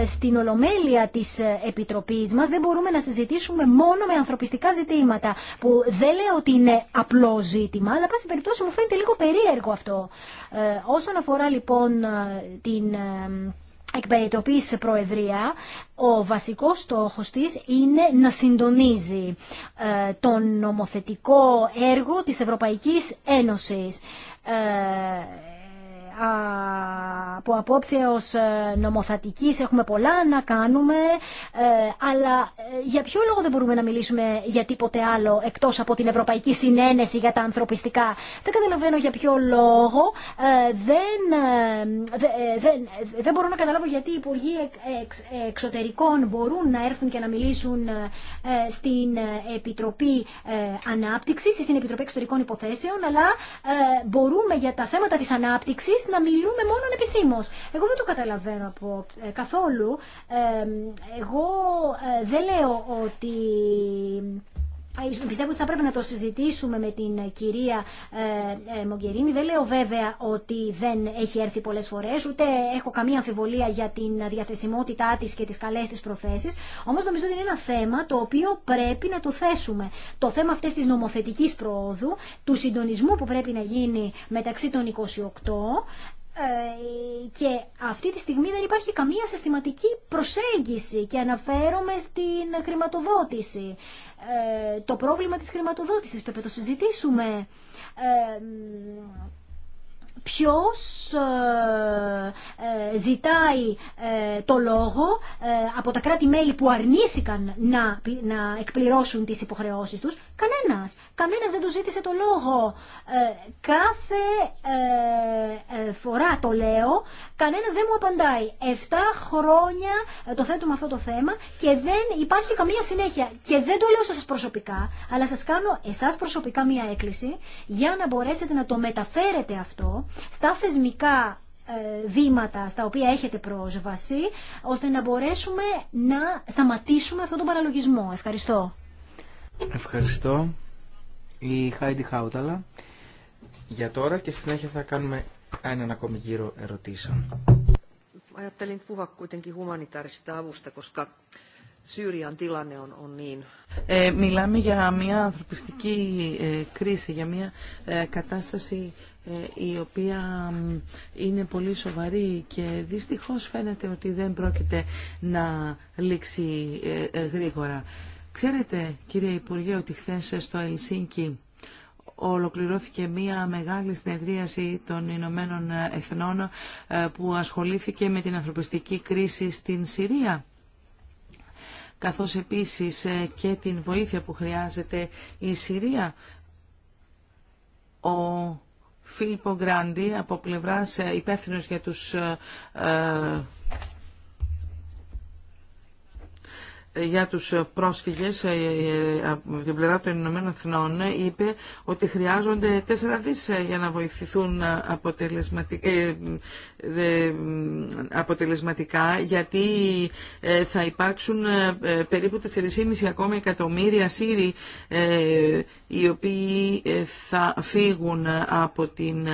ε, στην ολομέλεια της ε, Επιτροπής μας δεν μπορούμε να συζητήσουμε μόνο με ανθρωπιστικά ζητήματα, που δεν λέω ότι είναι απλό ζήτημα, αλλά πάση περιπτώσει μου φαίνεται λίγο περίεργο αυτό. όσον αφορά λοιπόν την σε προεδρία, ο βασικός στόχος της είναι να συντονίζει ε, τον νομοθετικό έργο της Ευρωπαϊκής Ένωσης. Ε, από απόψεως ε, νομοθετικής έχουμε πολλά να κάνουμε, ε, αλλά ε, για ποιο λόγο δεν μπορούμε να μιλήσουμε για τίποτε άλλο εκτός από την Ευρωπαϊκή Συνένεση για τα ανθρωπιστικά. Δεν καταλαβαίνω για ποιο λόγο, δεν, δεν, δεν μπορώ να καταλάβω γιατί οι Υπουργοί Εξωτερικών μπορούν να έρθουν και να μιλήσουν στην Επιτροπή Ανάπτυξης ή στην Επιτροπή Εξωτερικών Υποθέσεων, αλλά μπορούμε για τα θέματα της ανάπτυξης να μιλούμε μόνο επισήμω. Εγώ δεν το καταλαβαίνω από, ε, καθόλου. Ε, εγώ ε, δεν λέω ότι Πιστεύω ότι θα πρέπει να το συζητήσουμε με την ε, κυρία ε, ε, Μογκερίνη. Δεν λέω βέβαια ότι δεν έχει έρθει πολλέ φορέ, ούτε έχω καμία αμφιβολία για την διαθεσιμότητά τη και τι καλέ τη προθέσει. Όμω νομίζω ότι είναι ένα θέμα το οποίο πρέπει να το θέσουμε. Το θέμα αυτή τη νομοθετική πρόοδου, του συντονισμού που πρέπει να γίνει μεταξύ των 28, ε, και αυτή τη στιγμή δεν υπάρχει καμία συστηματική προσέγγιση και αναφέρομαι στην χρηματοδότηση. Ε, το πρόβλημα της χρηματοδότησης πρέπει να το συζητήσουμε. Ε, ποιος ζητάει το λόγο από τα κράτη-μέλη που αρνήθηκαν να, να εκπληρώσουν τις υποχρεώσεις τους. Κανένας. Κανένας δεν του ζήτησε το λόγο. Κάθε φορά το λέω, κανένα δεν μου απαντάει. Εφτά χρόνια ε, το θέτουμε αυτό το θέμα και δεν υπάρχει καμία συνέχεια. Και δεν το λέω σε σας προσωπικά, αλλά σας κάνω εσάς προσωπικά μία έκκληση για να μπορέσετε να το μεταφέρετε αυτό στα θεσμικά ε, βήματα στα οποία έχετε πρόσβαση, ώστε να μπορέσουμε να σταματήσουμε αυτόν τον παραλογισμό. Ευχαριστώ. Ευχαριστώ. Η Χάιντι Χάουταλα. Για τώρα και συνέχεια θα κάνουμε έναν ακόμη γύρο ερωτήσεων. Ε, μιλάμε για μια ανθρωπιστική ε, κρίση, για μια ε, κατάσταση η οποία είναι πολύ σοβαρή και δυστυχώς φαίνεται ότι δεν πρόκειται να λήξει γρήγορα. Ξέρετε, κύριε Υπουργέ, ότι χθες στο Ελσίνκι ολοκληρώθηκε μία μεγάλη συνεδρίαση των Ηνωμένων Εθνών ε, που ασχολήθηκε με την ανθρωπιστική κρίση στην Συρία καθώς επίσης ε, και την βοήθεια που χρειάζεται η Συρία. Ο Φίλιππο Γκράντι από πλευράς ε, υπεύθυνος για τους για τους πρόσφυγες ε, ε, από την πλευρά των Ηνωμένων Εθνών είπε ότι χρειάζονται τέσσερα δις ε, για να βοηθηθούν αποτελεσματικά γιατί θα υπάρξουν περίπου 4,5 ακόμα εκατομμύρια Σύριοι οι οποίοι θα φύγουν από την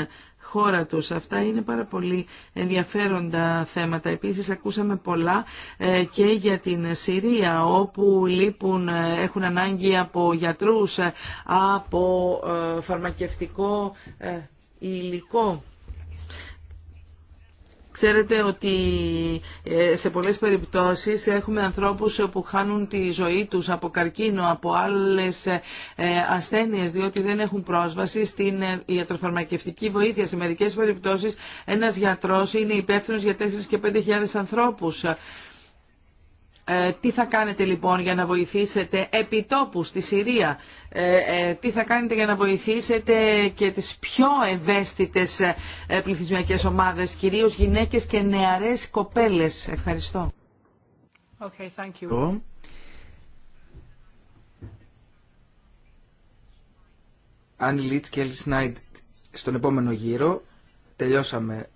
χώρα τους. Αυτά είναι πάρα πολύ ενδιαφέροντα θέματα. Επίσης ακούσαμε πολλά ε, και για την Συρία όπου λείπουν, ε, έχουν ανάγκη από γιατρούς, ε, από φαρμακευτικό υλικό. Ξέρετε ότι ε, σε πολλές περιπτώσεις έχουμε ανθρώπους που χάνουν τη ζωή τους από καρκίνο, από άλλες ε, ασθένειες, διότι δεν έχουν πρόσβαση στην ε, ιατροφαρμακευτική βοήθεια. Σε μερικές περιπτώσεις ένας γιατρός είναι υπεύθυνος για 4 και 5.000 ανθρώπους. Ε, τι θα κάνετε λοιπόν για να βοηθήσετε επιτόπου στη Συρία, ε, ε, τι θα κάνετε για να βοηθήσετε και τις πιο ευαίσθητες πληθυσμιακές ομάδες, κυρίως γυναίκες και νεαρές κοπέλες. Ευχαριστώ. Okay, thank you. Λίτς και Έλλης Σνάιτ στον επόμενο γύρο. Τελειώσαμε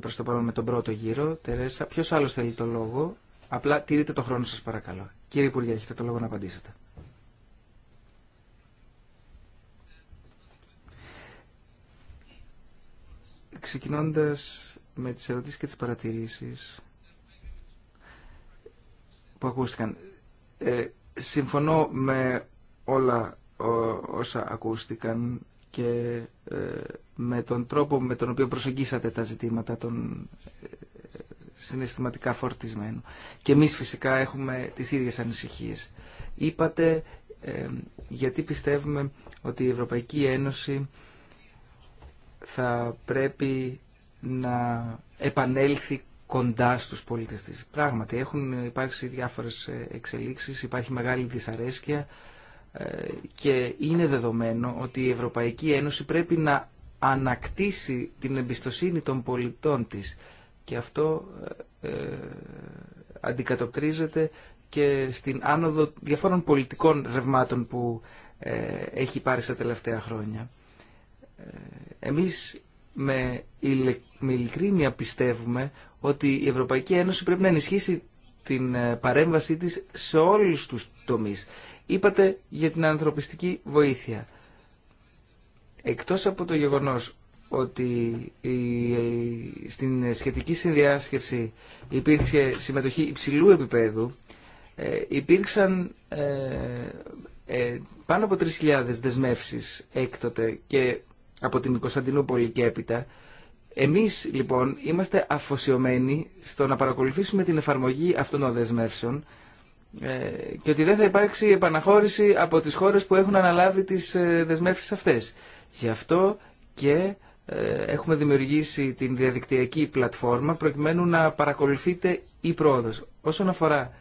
προς το παρόν με τον πρώτο γύρο. Τερέσα, ποιος άλλος θέλει το λόγο. Απλά τηρείτε το χρόνο σας παρακαλώ. Κύριε Υπουργέ, έχετε το λόγο να απαντήσετε. Ξεκινώντας με τις ερωτήσεις και τις παρατηρήσεις που ακούστηκαν. Ε, συμφωνώ με όλα όσα ακούστηκαν και ε, με τον τρόπο με τον οποίο προσεγγίσατε τα ζητήματα των συναισθηματικά φορτισμένο. Και εμείς φυσικά έχουμε τις ίδιες ανησυχίες. Είπατε ε, γιατί πιστεύουμε ότι η Ευρωπαϊκή Ένωση θα πρέπει να επανέλθει κοντά στους πολίτες της. Πράγματι, έχουν υπάρξει διάφορες ε, εξελίξεις, υπάρχει μεγάλη δυσαρέσκεια ε, και είναι δεδομένο ότι η Ευρωπαϊκή Ένωση πρέπει να ανακτήσει την εμπιστοσύνη των πολιτών της και αυτό ε, ε, αντικατοπτρίζεται και στην άνοδο διαφόρων πολιτικών ρευμάτων που ε, έχει πάρει στα τελευταία χρόνια. Ε, εμείς με ειλικρίνεια πιστεύουμε ότι η Ευρωπαϊκή Ένωση πρέπει να ενισχύσει την παρέμβασή της σε όλους τους τομείς. Είπατε για την ανθρωπιστική βοήθεια. Εκτός από το γεγονός ότι στην σχετική συνδιάσκεψη υπήρχε συμμετοχή υψηλού επίπεδου, ε, υπήρξαν ε, ε, πάνω από 3.000 δεσμεύσεις έκτοτε και από την Κωνσταντινούπολη και έπειτα. Εμείς λοιπόν είμαστε αφοσιωμένοι στο να παρακολουθήσουμε την εφαρμογή αυτών των δεσμεύσεων και ότι δεν θα υπάρξει επαναχώρηση από τις χώρες που έχουν αναλάβει τις δεσμεύσεις αυτές. Γι' αυτό και ε, έχουμε δημιουργήσει την διαδικτυακή πλατφόρμα προκειμένου να παρακολουθείτε η πρόοδος. Όσον αφορά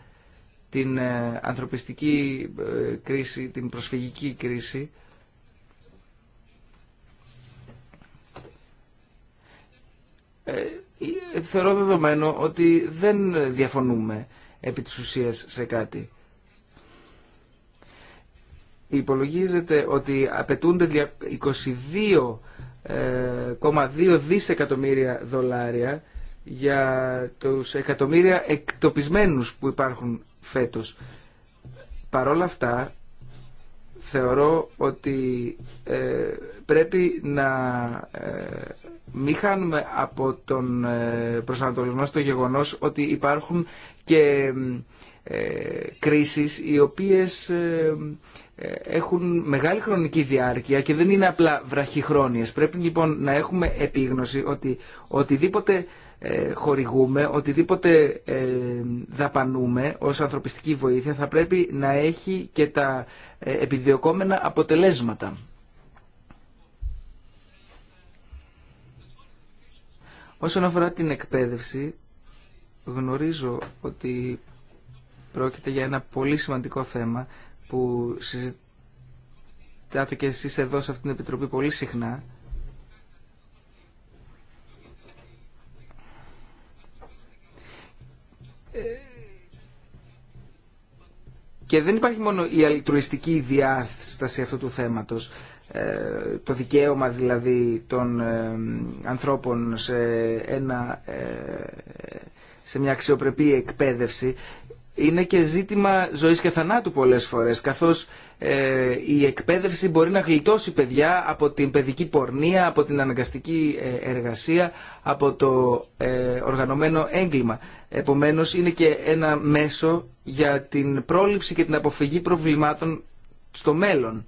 την ε, ανθρωπιστική ε, κρίση, την προσφυγική κρίση, θεωρώ δεδομένο ότι δεν διαφωνούμε επί της ουσίας σε κάτι. Υπολογίζεται ότι απαιτούνται 22 1,2 δισεκατομμύρια δολάρια για τους εκατομμύρια εκτοπισμένους που υπάρχουν φέτος. Παρόλα αυτά θεωρώ ότι ε, πρέπει να ε, μην χάνουμε από τον ε, προσανατολισμό στο γεγονός ότι υπάρχουν και ε, ε, κρίσεις οι οποίες ε, έχουν μεγάλη χρονική διάρκεια και δεν είναι απλά βραχυχρόνιες. Πρέπει λοιπόν να έχουμε επίγνωση ότι οτιδήποτε ε, χορηγούμε, οτιδήποτε ε, δαπανούμε ως ανθρωπιστική βοήθεια θα πρέπει να έχει και τα ε, επιδιωκόμενα αποτελέσματα. Όσον αφορά την εκπαίδευση, γνωρίζω ότι πρόκειται για ένα πολύ σημαντικό θέμα που συζητάτε και εσείς εδώ σε αυτήν την Επιτροπή πολύ συχνά. Και δεν υπάρχει μόνο η αλτρουιστική διάσταση αυτού του θέματος, ε, το δικαίωμα δηλαδή των ε, ανθρώπων ένα, ε, σε μια αξιοπρεπή εκπαίδευση είναι και ζήτημα ζωής και θανάτου πολλές φορές, καθώς ε, η εκπαίδευση μπορεί να γλιτώσει παιδιά από την παιδική πορνεία, από την αναγκαστική ε, εργασία, από το ε, οργανωμένο έγκλημα. Επομένως, είναι και ένα μέσο για την πρόληψη και την αποφυγή προβλημάτων στο μέλλον.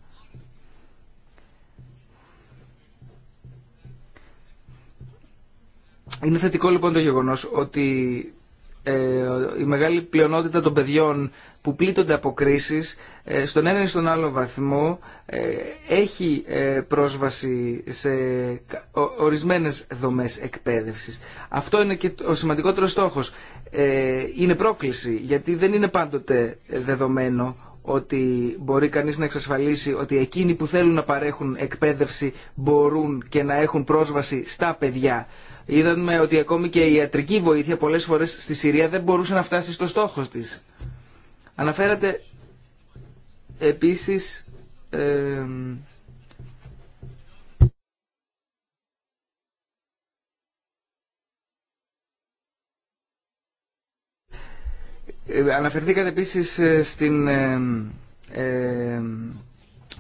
Είναι θετικό λοιπόν το γεγονός ότι ε, η μεγάλη πλειονότητα των παιδιών που πλήττονται από κρίσεις ε, στον ένα ή στον άλλο βαθμό ε, έχει πρόσβαση σε ορισμένες δομές εκπαίδευσης. Αυτό είναι και ο σημαντικότερος στόχος. Είναι πρόκληση γιατί δεν είναι πάντοτε δεδομένο ότι μπορεί κανείς να εξασφαλίσει ότι εκείνοι που θέλουν να παρέχουν εκπαίδευση μπορούν και να έχουν πρόσβαση στα παιδιά. Είδαμε ότι ακόμη και η ιατρική βοήθεια πολλές φορές στη Συρία δεν μπορούσε να φτάσει στο στόχο της. Αναφέρατε επίσης ε, αναφερθήκατε επίσης ε, στην ε,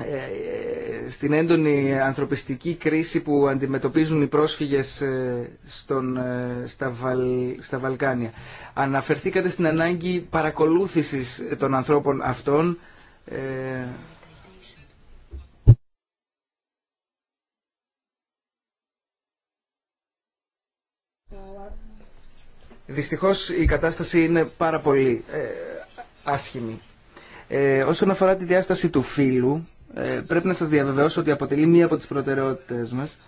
ε, ε, στην έντονη ανθρωπιστική κρίση που αντιμετωπίζουν οι πρόσφυγες ε, στον, στα, Βαλ, στα Βαλκάνια. Αναφερθήκατε στην ανάγκη παρακολούθησης των ανθρώπων αυτών Δυστυχώς η κατάσταση είναι πάρα πολύ άσχημη. όσον αφορά τη διάσταση του φύλου, ε, πρέπει να σας διαβεβαιώσω ότι αποτελεί μία από τις προτεραιότητες μας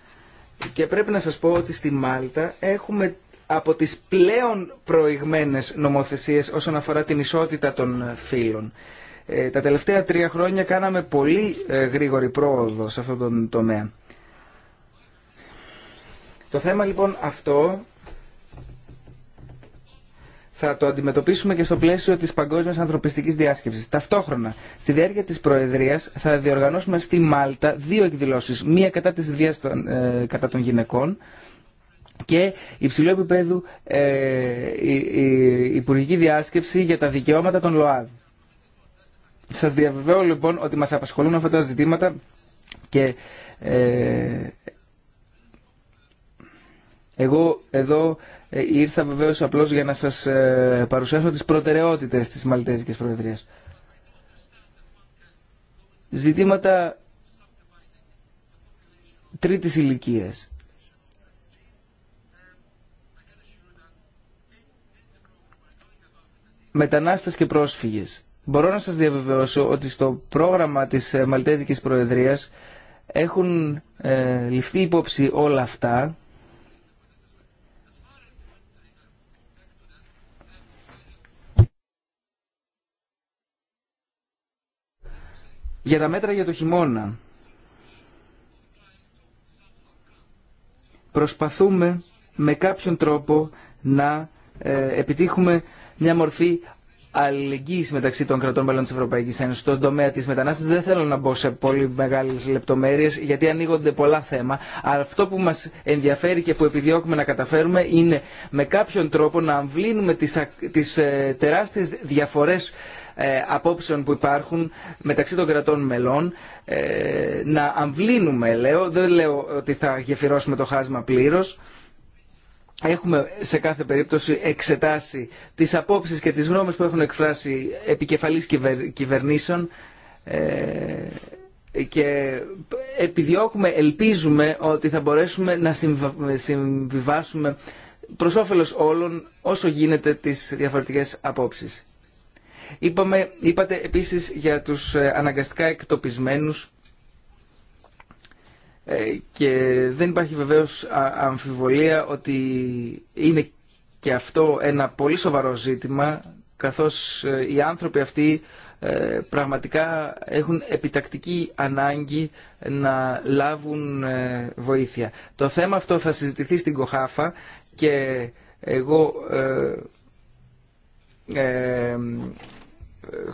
και πρέπει να σας πω ότι στη Μάλτα έχουμε από τις πλέον προηγμένες νομοθεσίες όσον αφορά την ισότητα των φύλων. Ε, τα τελευταία τρία χρόνια κάναμε πολύ ε, γρήγορη πρόοδο σε αυτόν τον τομέα. Το θέμα λοιπόν αυτό θα το αντιμετωπίσουμε και στο πλαίσιο της παγκόσμιας ανθρωπιστικής διάσκεψης. Ταυτόχρονα, στη διάρκεια της Προεδρίας θα διοργανώσουμε στη Μάλτα δύο εκδηλώσεις. Μία κατά της βία ε, κατά των γυναικών και υψηλού επίπεδου ε, η, υπουργική διάσκεψη για τα δικαιώματα των ΛΟΑΔ. Σας διαβεβαιώ λοιπόν ότι μα απασχολούν αυτά τα ζητήματα και ε, εγώ εδώ ε, ήρθα βεβαίως απλώς για να σας ε, παρουσιάσω τις προτεραιότητες της Μαλτέζικης Προεδρίας. Ζητήματα τρίτης ηλικίας. Μετανάστες και πρόσφυγες. Μπορώ να σας διαβεβαιώσω ότι στο πρόγραμμα της ε, Μαλτέζικης Προεδρίας έχουν ληφθεί υπόψη όλα αυτά Για τα μέτρα για το χειμώνα. Προσπαθούμε με κάποιον τρόπο να ε, επιτύχουμε μια μορφή αλληλεγγύης μεταξύ των κρατών μελών της Ευρωπαϊκής Ένωσης στον τομέα της μετανάστευσης. Δεν θέλω να μπω σε πολύ μεγάλες λεπτομέρειες γιατί ανοίγονται πολλά θέματα. Αλλά αυτό που μας ενδιαφέρει και που επιδιώκουμε να καταφέρουμε είναι με κάποιον τρόπο να αμβλύνουμε τις, τις ε, τεράστιες διαφορές ε, απόψεων που υπάρχουν μεταξύ των κρατών μελών ε, να αμβλύνουμε λέω, δεν λέω ότι θα γεφυρώσουμε το χάσμα πλήρως Έχουμε σε κάθε περίπτωση εξετάσει τις απόψεις και τις γνώμες που έχουν εκφράσει επικεφαλής κυβερνήσεων ε, και επιδιώκουμε, ελπίζουμε ότι θα μπορέσουμε να συμβιβάσουμε προς όφελος όλων όσο γίνεται τις διαφορετικές απόψεις είπατε επίσης για τους ε, αναγκαστικά εκτοπισμένους ε, και δεν υπάρχει βεβαίως αμφιβολία ότι είναι και αυτό ένα πολύ σοβαρό ζήτημα καθώς ε, οι άνθρωποι αυτοί πραγματικά έχουν επιτακτική ανάγκη να λάβουν βοήθεια. Το θέμα αυτό θα συζητηθεί στην Κοχάφα και εγώ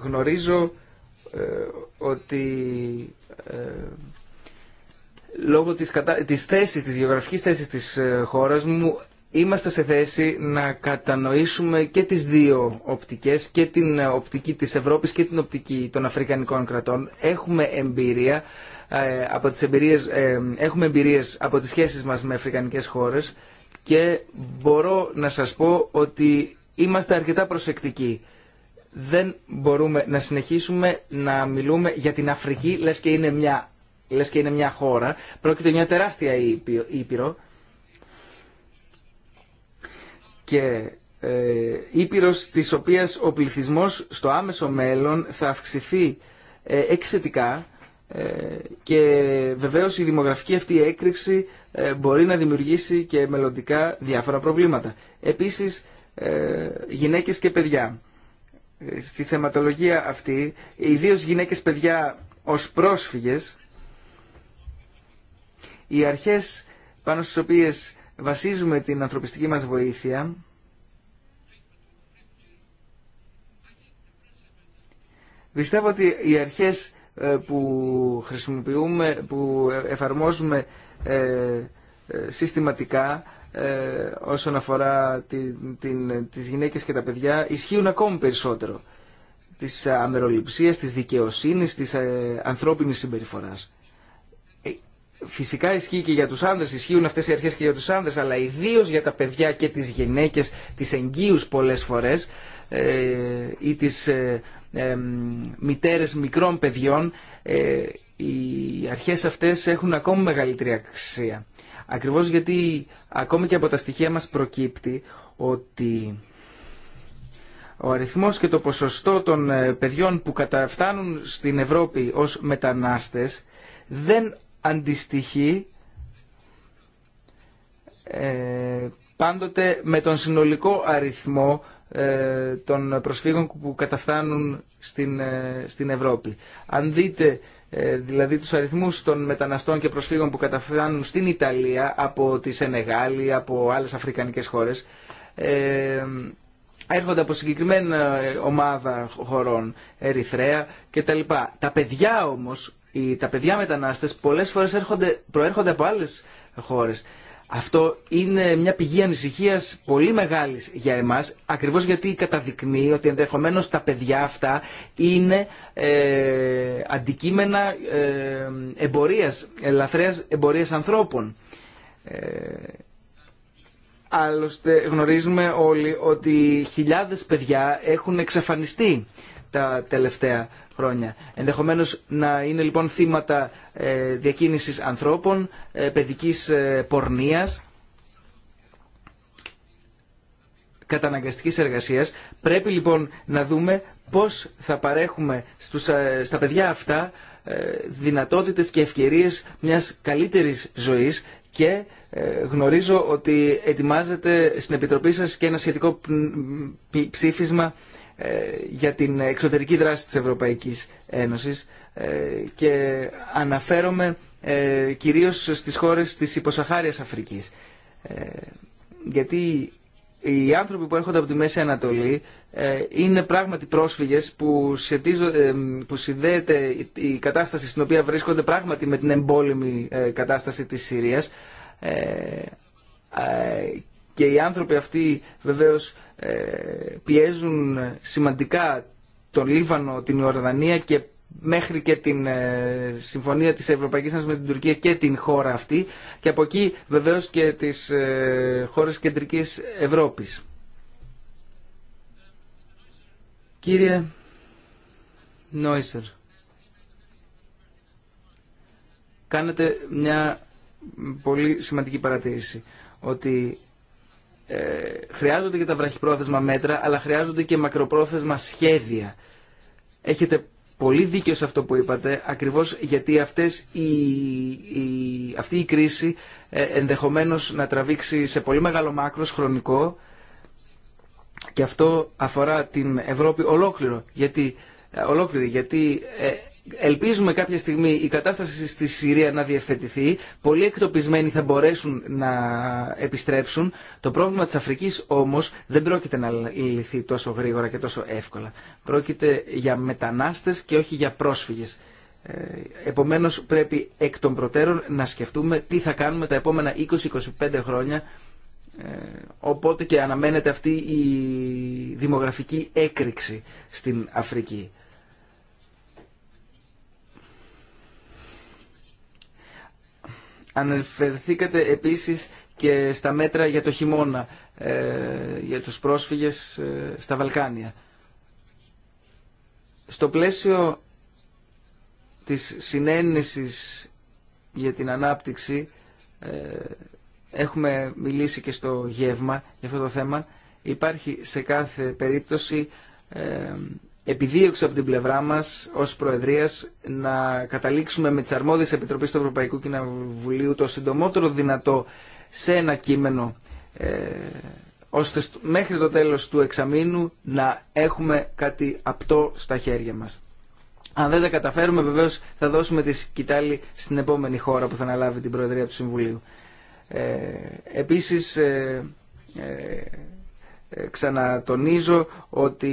γνωρίζω ε, ότι ε, λόγω της, κατα... της θέσης, της γεωγραφικής θέσης της ε, χώρας μου είμαστε σε θέση να κατανοήσουμε και τις δύο οπτικές και την οπτική της Ευρώπης και την οπτική των Αφρικανικών κρατών. Έχουμε εμπειρία από τις εμπειρίες, έχουμε εμπειρίες από τις σχέσεις μας με Αφρικανικές χώρες και μπορώ να σας πω ότι είμαστε αρκετά προσεκτικοί δεν μπορούμε να συνεχίσουμε να μιλούμε για την Αφρική λες και είναι μια, λες και είναι μια χώρα. Πρόκειται μια τεράστια Ήπειρο και ε, Ήπειρος της οποίας ο πληθυσμός στο άμεσο μέλλον θα αυξηθεί ε, εκθετικά ε, και βεβαίως η δημογραφική αυτή έκρηξη ε, μπορεί να δημιουργήσει και μελλοντικά διάφορα προβλήματα. Επίσης γυναίκες και παιδιά στη θεματολογία αυτή, ιδίω γυναίκες παιδιά ως πρόσφυγες, οι αρχές πάνω στις οποίες βασίζουμε την ανθρωπιστική μας βοήθεια, πιστεύω ότι οι αρχές ε, που χρησιμοποιούμε, που εφαρμόζουμε ε, ε, συστηματικά, ε, όσον αφορά τη, την, τις γυναίκες και τα παιδιά ισχύουν ακόμη περισσότερο της αμεροληψίας, της δικαιοσύνης, της ε, ανθρώπινης συμπεριφοράς. Ε, φυσικά ισχύει και για τους άνδρες, ισχύουν αυτές οι αρχές και για τους άνδρες, αλλά ιδίω για τα παιδιά και τις γυναίκες, τις εγγύους πολλές φορές ε, ή τις μητέρες μικρών παιδιών, οι αρχές αυτές έχουν ακόμη μεγαλύτερη αξία. Ακριβώς γιατί ακόμη και από τα στοιχεία μας προκύπτει ότι ο αριθμός και το ποσοστό των ε, παιδιών που καταφτάνουν στην Ευρώπη ως μετανάστες δεν αντιστοιχεί ε, πάντοτε με τον συνολικό αριθμό ε, των προσφύγων που καταφτάνουν στην Ευρώπη. Αν δείτε ε, δηλαδή τους αριθμούς των μεταναστών και προσφύγων που καταφθάνουν στην Ιταλία από τη Σενεγάλη, από άλλες αφρικανικές χώρες, ε, έρχονται από συγκεκριμένα ε, ομάδα χωρών, Ερυθρέα και Τα παιδιά όμως, τα παιδιά μετανάστες πολλές φορές έρχονται, προέρχονται από άλλες χώρες. Αυτό είναι μια πηγή ανησυχία πολύ μεγάλη για εμά, ακριβώ γιατί καταδεικνύει ότι ενδεχομένω τα παιδιά αυτά είναι ε, αντικείμενα ε, εμπορία, ελαφρέα εμπορία ανθρώπων. Ε, άλλωστε γνωρίζουμε όλοι ότι χιλιάδες παιδιά έχουν εξαφανιστεί τα τελευταία χρόνια. Ενδεχομένως να είναι λοιπόν θύματα ε, διακίνησης ανθρώπων, ε, παιδικής ε, πορνείας, καταναγκαστικής εργασίας. Πρέπει λοιπόν να δούμε πώς θα παρέχουμε στους, στα παιδιά αυτά δυνατότητες και ευκαιρίες μιας καλύτερης ζωής και γνωρίζω ότι ετοιμάζεται στην Επιτροπή σας και ένα σχετικό ψήφισμα ε, για την εξωτερική δράση της Ευρωπαϊκής Ένωσης ε, και αναφέρομαι ε, κυρίως στις χώρες της υποσαχάριας Αφρικής. Γιατί οι άνθρωποι που έρχονται από τη Μέση Ανατολή είναι πράγματι πρόσφυγες που, που συνδέεται η κατάσταση στην οποία βρίσκονται πράγματι με την εμπόλεμη κατάσταση της Συρίας και οι άνθρωποι αυτοί βεβαίως ε, πιέζουν σημαντικά τον Λίβανο, την Ιορδανία και μέχρι και την ε, συμφωνία της Ευρωπαϊκής Ένωσης με την Τουρκία και την χώρα αυτή και από εκεί βεβαίως και τις ε, χώρες κεντρικής Ευρώπης. Κύριε Νόισερ, κάνετε μια πολύ σημαντική παρατήρηση ότι ε, χρειάζονται και τα βραχυπρόθεσμα μέτρα, αλλά χρειάζονται και μακροπρόθεσμα σχέδια. Έχετε πολύ δίκιο σε αυτό που είπατε, ακριβώς γιατί αυτές αυτή η κρίση ε, ενδεχομένως να τραβήξει σε πολύ μεγάλο μάκρος χρονικό και αυτό αφορά την Ευρώπη ολόκληρο, γιατί, ε, ολόκληρη, γιατί ελπίζουμε κάποια στιγμή η κατάσταση στη Συρία να διευθετηθεί. Πολλοί εκτοπισμένοι θα μπορέσουν να επιστρέψουν. Το πρόβλημα της Αφρικής όμως δεν πρόκειται να λυθεί τόσο γρήγορα και τόσο εύκολα. Πρόκειται για μετανάστες και όχι για πρόσφυγες. Ε, επομένως πρέπει εκ των προτέρων να σκεφτούμε τι θα κάνουμε τα επόμενα 20-25 χρόνια ε, οπότε και αναμένεται αυτή η δημογραφική έκρηξη στην Αφρική. Αναφερθήκατε επίσης και στα μέτρα για το χειμώνα, ε, για τους πρόσφυγες ε, στα Βαλκάνια. Στο πλαίσιο της συνέννησης για την ανάπτυξη, ε, έχουμε μιλήσει και στο γεύμα για αυτό το θέμα, υπάρχει σε κάθε περίπτωση Επιδίωξε από την πλευρά μας ως Προεδρίας να καταλήξουμε με τις αρμόδιες επιτροπές του Ευρωπαϊκού Κοινοβουλίου το συντομότερο δυνατό σε ένα κείμενο ε, ώστε μέχρι το τέλος του εξαμήνου να έχουμε κάτι απτό στα χέρια μας. Αν δεν τα καταφέρουμε βεβαίως θα δώσουμε τη σκητάλη στην επόμενη χώρα που θα αναλάβει την Προεδρία του Συμβουλίου. Ε, επίσης ε, ε ε, ξανατονίζω ότι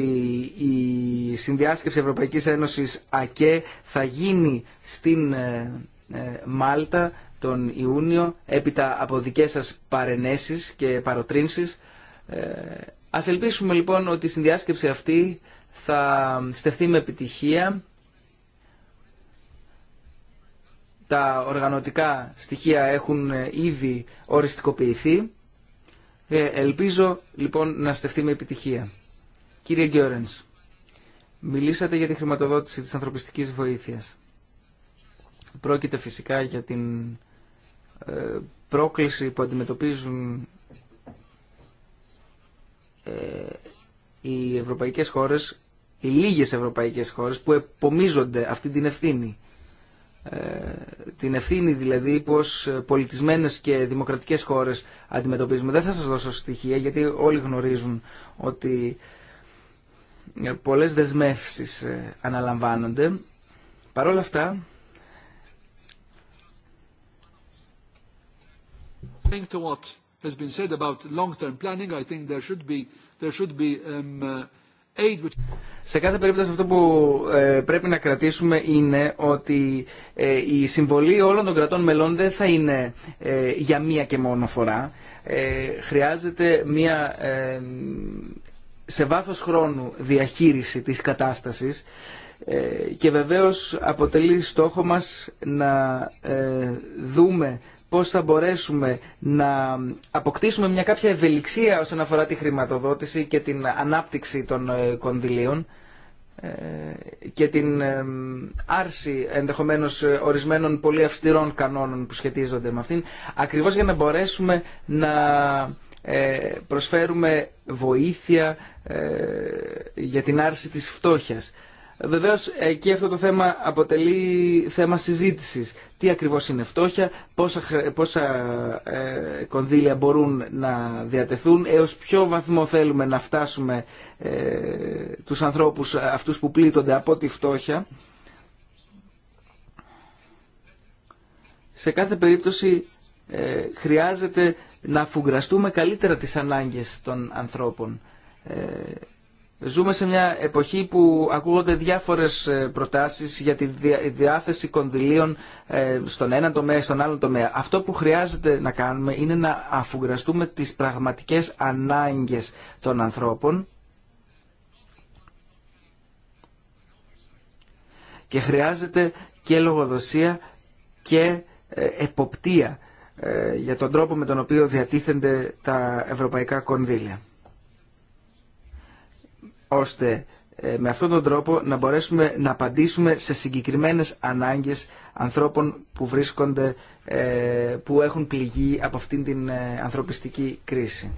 η συνδιάσκεψη Ευρωπαϊκής Ένωσης ΑΚΕ θα γίνει στην ε, ε, Μάλτα τον Ιούνιο έπειτα από δικές σας παρενέσεις και παροτρύνσεις. Ας ελπίσουμε λοιπόν ότι η συνδιάσκεψη αυτή θα στεφθεί με επιτυχία. Τα οργανωτικά στοιχεία έχουν ήδη οριστικοποιηθεί ε, ελπίζω λοιπόν να στεφτεί με επιτυχία. Κύριε Γκιόρενς, μιλήσατε για τη χρηματοδότηση της ανθρωπιστικής βοήθειας. Πρόκειται φυσικά για την ε, πρόκληση που αντιμετωπίζουν ε, οι ευρωπαϊκές χώρες, οι λίγες ευρωπαϊκές χώρες που επομίζονται αυτή την ευθύνη την ευθύνη δηλαδή πως πολιτισμένες και δημοκρατικές χώρες αντιμετωπίζουμε. Δεν θα σας δώσω στοιχεία γιατί όλοι γνωρίζουν ότι ε, πολλές δεσμεύσεις ε, αναλαμβάνονται. Παρ' όλα αυτά... Σε κάθε περίπτωση αυτό που ε, πρέπει να κρατήσουμε είναι ότι ε, η συμβολή όλων των κρατών μελών δεν θα είναι ε, για μία και μόνο φορά. Χρειάζεται μία σε βάθος χρόνου διαχείριση της κατάστασης και βεβαίως αποτελεί στόχο μας να δούμε πώς θα μπορέσουμε να αποκτήσουμε μια κάποια ευελιξία όσον αφορά τη χρηματοδότηση και την ανάπτυξη των ε, κονδυλίων ε, και την ε, άρση ενδεχομένως ορισμένων πολύ αυστηρών κανόνων που σχετίζονται με αυτήν, ακριβώς για να μπορέσουμε να προσφέρουμε βοήθεια για την άρση της φτώχειας. Βεβαίω, εκεί αυτό το θέμα αποτελεί θέμα συζήτησης. Τι ακριβώς είναι φτώχεια, πόσα, πόσα ε, κονδύλια μπορούν να διατεθούν, έως ποιο βαθμό θέλουμε να φτάσουμε ε, τους ανθρώπους αυτούς που πλήττονται από τη φτώχεια. Σε κάθε περίπτωση ε, χρειάζεται να αφουγκραστούμε καλύτερα τις ανάγκες των ανθρώπων ε, Ζούμε σε μια εποχή που ακούγονται διάφορες ε, προτάσεις για τη διάθεση κονδυλίων ε, στον ένα τομέα ή στον άλλο τομέα. Αυτό που χρειάζεται να κάνουμε είναι να αφουγκραστούμε τις πραγματικές ανάγκες των ανθρώπων και χρειάζεται και λογοδοσία και ε, εποπτεία για τον τρόπο με τον οποίο διατίθενται τα ευρωπαϊκά κονδύλια ώστε ε, με αυτόν τον τρόπο να μπορέσουμε να απαντήσουμε σε συγκεκριμένες ανάγκες ανθρώπων που βρίσκονται, ε, που έχουν πληγεί από αυτήν την ε, ανθρωπιστική κρίση.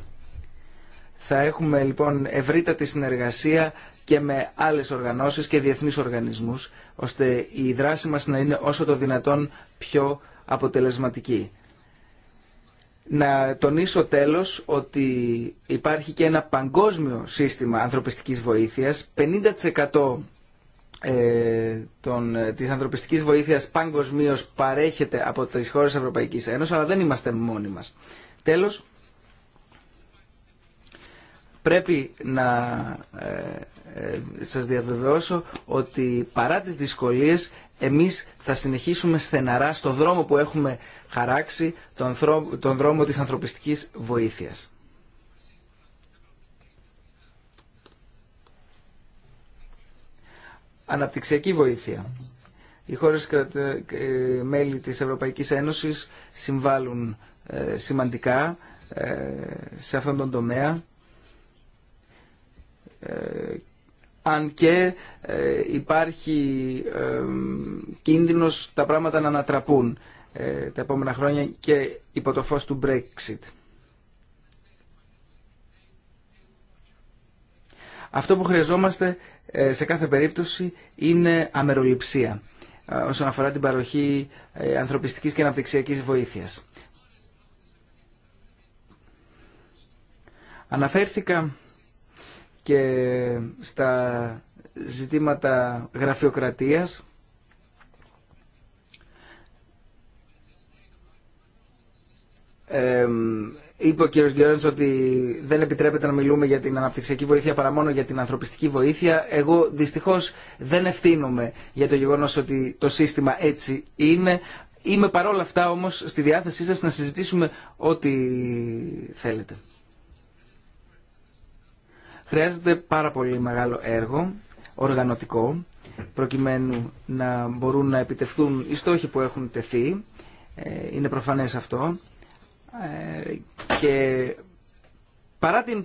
Θα έχουμε λοιπόν ευρύτατη συνεργασία και με άλλες οργανώσεις και διεθνείς οργανισμούς, ώστε η δράση μας να είναι όσο το δυνατόν πιο αποτελεσματική να τονίσω τέλος ότι υπάρχει και ένα παγκόσμιο σύστημα ανθρωπιστικής βοήθειας. 50% ε, των, της ανθρωπιστικής βοήθειας παγκοσμίω παρέχεται από τις χώρες της Ευρωπαϊκής Ένωσης, αλλά δεν είμαστε μόνοι μας. Τέλος, πρέπει να ε, ε σας διαβεβαιώσω ότι παρά τις δυσκολίες εμείς θα συνεχίσουμε στεναρά στο δρόμο που έχουμε χαράξει τον δρόμο της ανθρωπιστικής βοήθειας. Αναπτυξιακή βοήθεια. Οι χώρες ε, μέλη της Ευρωπαϊκής Ένωσης συμβάλλουν ε, σημαντικά ε, σε αυτόν τον τομέα αν και υπάρχει κίνδυνος τα πράγματα να ανατραπούν. Ε, τα επόμενα χρόνια και υπό το φως του Brexit. Αυτό που χρειαζόμαστε ε, σε κάθε περίπτωση είναι αμεροληψία ε, όσον αφορά την παροχή ανθρωπιστικής και αναπτυξιακής βοήθειας. Αναφέρθηκα και στα ζητήματα γραφειοκρατίας είπε ο κύριος Γκέρονς ότι δεν επιτρέπεται να μιλούμε για την αναπτυξιακή βοήθεια παρά μόνο για την ανθρωπιστική βοήθεια. Εγώ δυστυχώς δεν ευθύνομαι για το γεγονός ότι το σύστημα έτσι είναι. Είμαι παρόλα αυτά όμως στη διάθεσή σας να συζητήσουμε ό,τι θέλετε. Χρειάζεται πάρα πολύ μεγάλο έργο, οργανωτικό, προκειμένου να μπορούν να επιτευχθούν οι στόχοι που έχουν τεθεί. Ε, είναι προφανές αυτό. Ε, και παρά την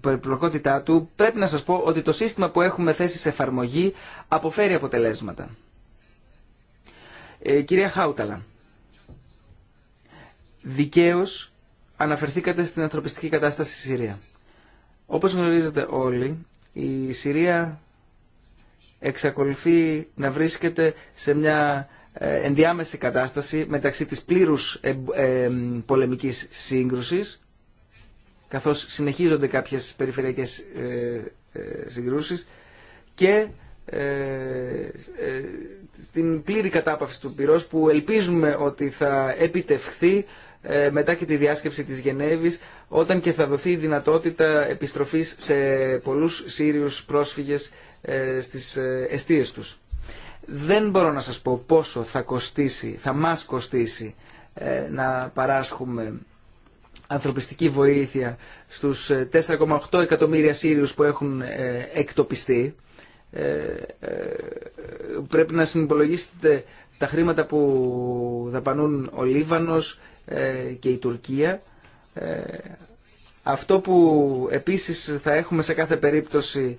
περιπλοκότητά του πρέπει να σας πω ότι το σύστημα που έχουμε θέσει σε εφαρμογή αποφέρει αποτελέσματα. Ε, κυρία Χάουταλα, δικαίως αναφερθήκατε στην ανθρωπιστική κατάσταση στη Συρία. Όπως γνωρίζετε όλοι, η Συρία εξακολουθεί να βρίσκεται σε μια ε, ενδιάμεση κατάσταση μεταξύ της πλήρους ε, ε, πολεμικής σύγκρουσης καθώς συνεχίζονται κάποιες περιφερειακές συγκρούσεις και στην πλήρη κατάπαυση του πυρός που ελπίζουμε ότι θα επιτευχθεί μετά και τη διάσκεψη της Γενέβης όταν και θα δοθεί η δυνατότητα επιστροφής σε πολλούς Σύριους πρόσφυγες στις εστίες τους δεν μπορώ να σας πω πόσο θα κοστίσει, θα μας κοστίσει ε, να παράσχουμε ανθρωπιστική βοήθεια στους 4,8 ε, εκατομμύρια Σύριους που έχουν ε, εκτοπιστεί. Πρέπει να συνυπολογίσετε τα χρήματα που δαπανούν ο Λίβανος και η Τουρκία. Αυτό που επίσης θα έχουμε σε κάθε περίπτωση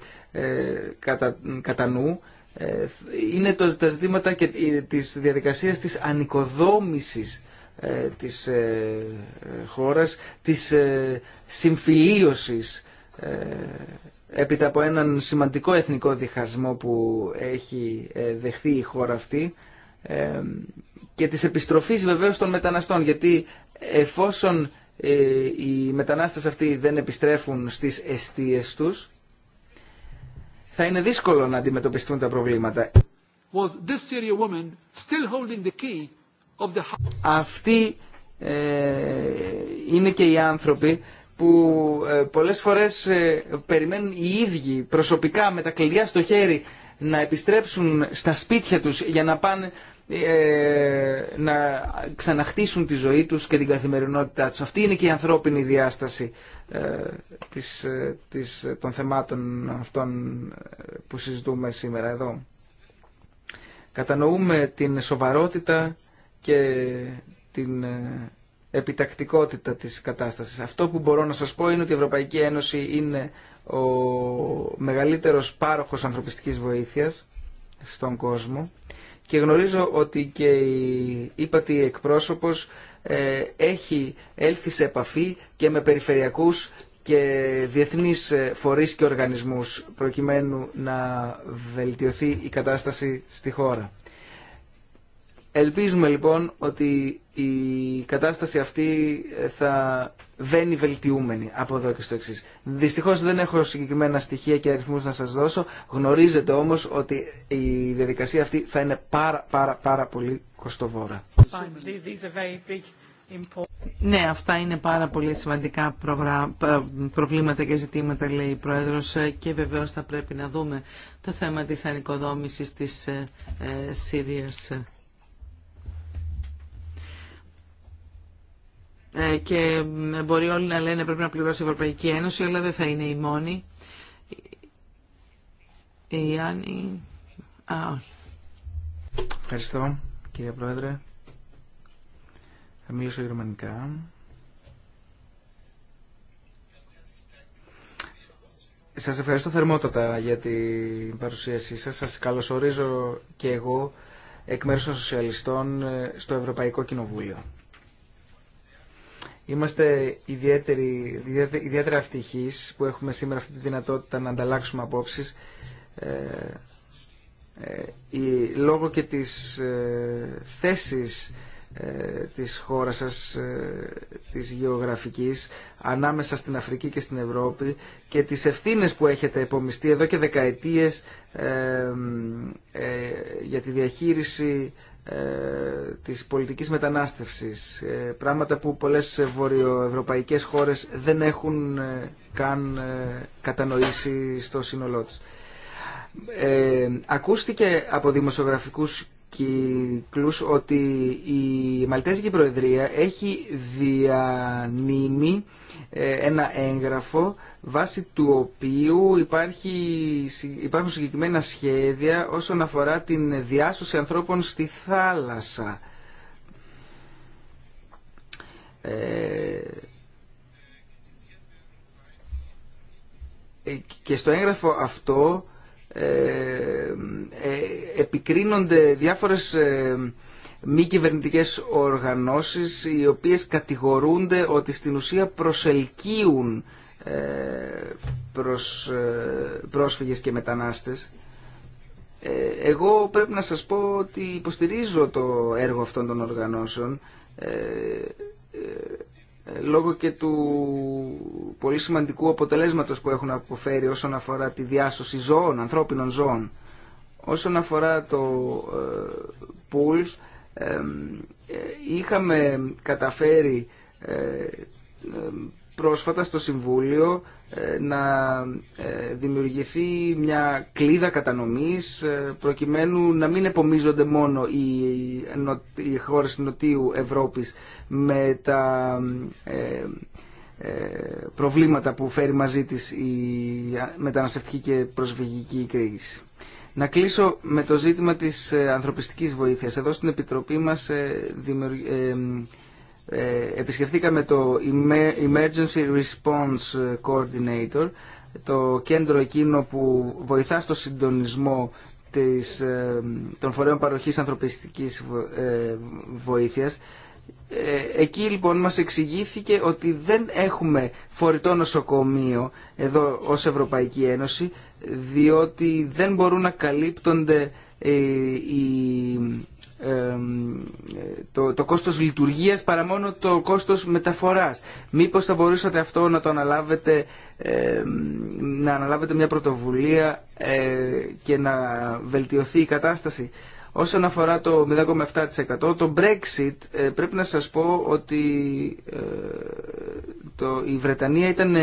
κατά νου ε, είναι τα ζητήματα και ε, της διαδικασίας της ανικοδόμησης ε, της χώρας, της συμφιλίωσης έπειτα από έναν σημαντικό εθνικό διχασμό που έχει δεχθεί η χώρα αυτή και της επιστροφής βεβαίως των μεταναστών γιατί εφόσον οι μετανάστες αυτοί δεν επιστρέφουν στις αιστείες τους θα είναι δύσκολο να αντιμετωπιστούν τα προβλήματα. Αυτοί ε, είναι και οι άνθρωποι που ε, πολλές φορές ε, περιμένουν οι ίδιοι προσωπικά με τα κλειδιά στο χέρι να επιστρέψουν στα σπίτια τους για να πάνε ε, να ξαναχτίσουν τη ζωή τους και την καθημερινότητά τους. Αυτή είναι και η ανθρώπινη διάσταση ε, της, ε, ε, των θεμάτων αυτών που συζητούμε σήμερα εδώ. Κατανοούμε την σοβαρότητα και την επιτακτικότητα της κατάστασης. Αυτό που μπορώ να σας πω είναι ότι η Ευρωπαϊκή Ένωση είναι ο μεγαλύτερος πάροχος ανθρωπιστικής βοήθειας στον κόσμο και γνωρίζω ότι και η ύπατη εκπρόσωπος ε, έχει έλθει σε επαφή και με περιφερειακούς και διεθνείς ε, φορείς και οργανισμούς προκειμένου να βελτιωθεί η κατάσταση στη χώρα. Ελπίζουμε λοιπόν ότι η κατάσταση αυτή ε, θα βαίνει βελτιούμενη από εδώ και στο εξή. Δυστυχώς δεν έχω συγκεκριμένα στοιχεία και αριθμούς να σας δώσω. Γνωρίζετε όμως ότι η διαδικασία αυτή θα είναι πάρα πάρα πάρα πολύ κοστοβόρα. Ναι, αυτά είναι πάρα πολύ σημαντικά προβλήματα και ζητήματα, λέει η Πρόεδρος, ε, και βεβαίως θα πρέπει να δούμε το θέμα της ανοικοδόμησης της ε, ε, Συρίας. και μπορεί όλοι να λένε πρέπει να πληρώσει η Ευρωπαϊκή Ένωση, αλλά δεν θα είναι η μόνη. Η Άννη... Α, Ευχαριστώ, κύριε Πρόεδρε. Θα μιλήσω γερμανικά. Σας ευχαριστώ θερμότατα για την παρουσίασή σας. Σας καλωσορίζω και εγώ εκ μέρους των Σοσιαλιστών ε, στο Ευρωπαϊκό Κοινοβούλιο. Είμαστε ιδιαίτερα ευτυχείς που έχουμε σήμερα αυτή τη δυνατότητα να ανταλλάξουμε απόψεις ε, ε, λόγω και της ε, ε, της χώρας σας, ε, της γεωγραφικής, ανάμεσα στην Αφρική και στην Ευρώπη και τις ευθύνες που έχετε επομιστεί εδώ και δεκαετίες ε, για τη διαχείριση της πολιτικής μετανάστευσης. Πράγματα που πολλές βορειοευρωπαϊκές χώρες δεν έχουν καν κατανοήσει στο σύνολό τους. ακούστηκε από δημοσιογραφικούς κύκλους ότι η Μαλτέζικη Προεδρία έχει διανύμει ε, ένα έγγραφο βάσει του οποίου υπάρχει, υπάρχουν συγκεκριμένα σχέδια όσον αφορά την διάσωση ανθρώπων στη θάλασσα. Ε, ε και στο έγγραφο αυτό ε, ε, επικρίνονται διάφορες ε, μη κυβερνητικέ οργανώσεις οι οποίες κατηγορούνται ότι στην ουσία προσελκύουν προς πρόσφυγες και μετανάστες. Εγώ πρέπει να σας πω ότι υποστηρίζω το έργο αυτών των οργανώσεων λόγω και του πολύ σημαντικού αποτελέσματος που έχουν αποφέρει όσον αφορά τη διάσωση ζώων, ανθρώπινων ζώων. Όσον αφορά το πουλς, ε, ε, είχαμε καταφέρει ε, πρόσφατα στο Συμβούλιο ε, να ε, δημιουργηθεί μια κλίδα κατανομής ε, προκειμένου να μην επομίζονται μόνο οι χώρες Νοτιού Ευρώπης με τα προβλήματα που φέρει μαζί της η μεταναστευτική και προσφυγική κρίση. Να κλείσω με το ζήτημα της ανθρωπιστικής βοήθειας. Εδώ στην Επιτροπή μας δημιουργεί ε, επισκεφθήκαμε το Emergency Response Coordinator, το κέντρο εκείνο που βοηθά στο συντονισμό της, ε, των φορέων παροχής ανθρωπιστικής ε, βοήθειας. Εκεί λοιπόν μας εξηγήθηκε ότι δεν έχουμε φορητό νοσοκομείο εδώ ως Ευρωπαϊκή Ένωση διότι δεν μπορούν να καλύπτονται οι το, το κόστος λειτουργίας παρά μόνο το κόστος μεταφοράς. Μήπως θα μπορούσατε αυτό να το αναλάβετε, να αναλάβετε μια πρωτοβουλία ε, και να βελτιωθεί η κατάσταση. Όσον αφορά το 0,7% το Brexit ε, πρέπει να σας πω ότι ε, το, η Βρετανία ήταν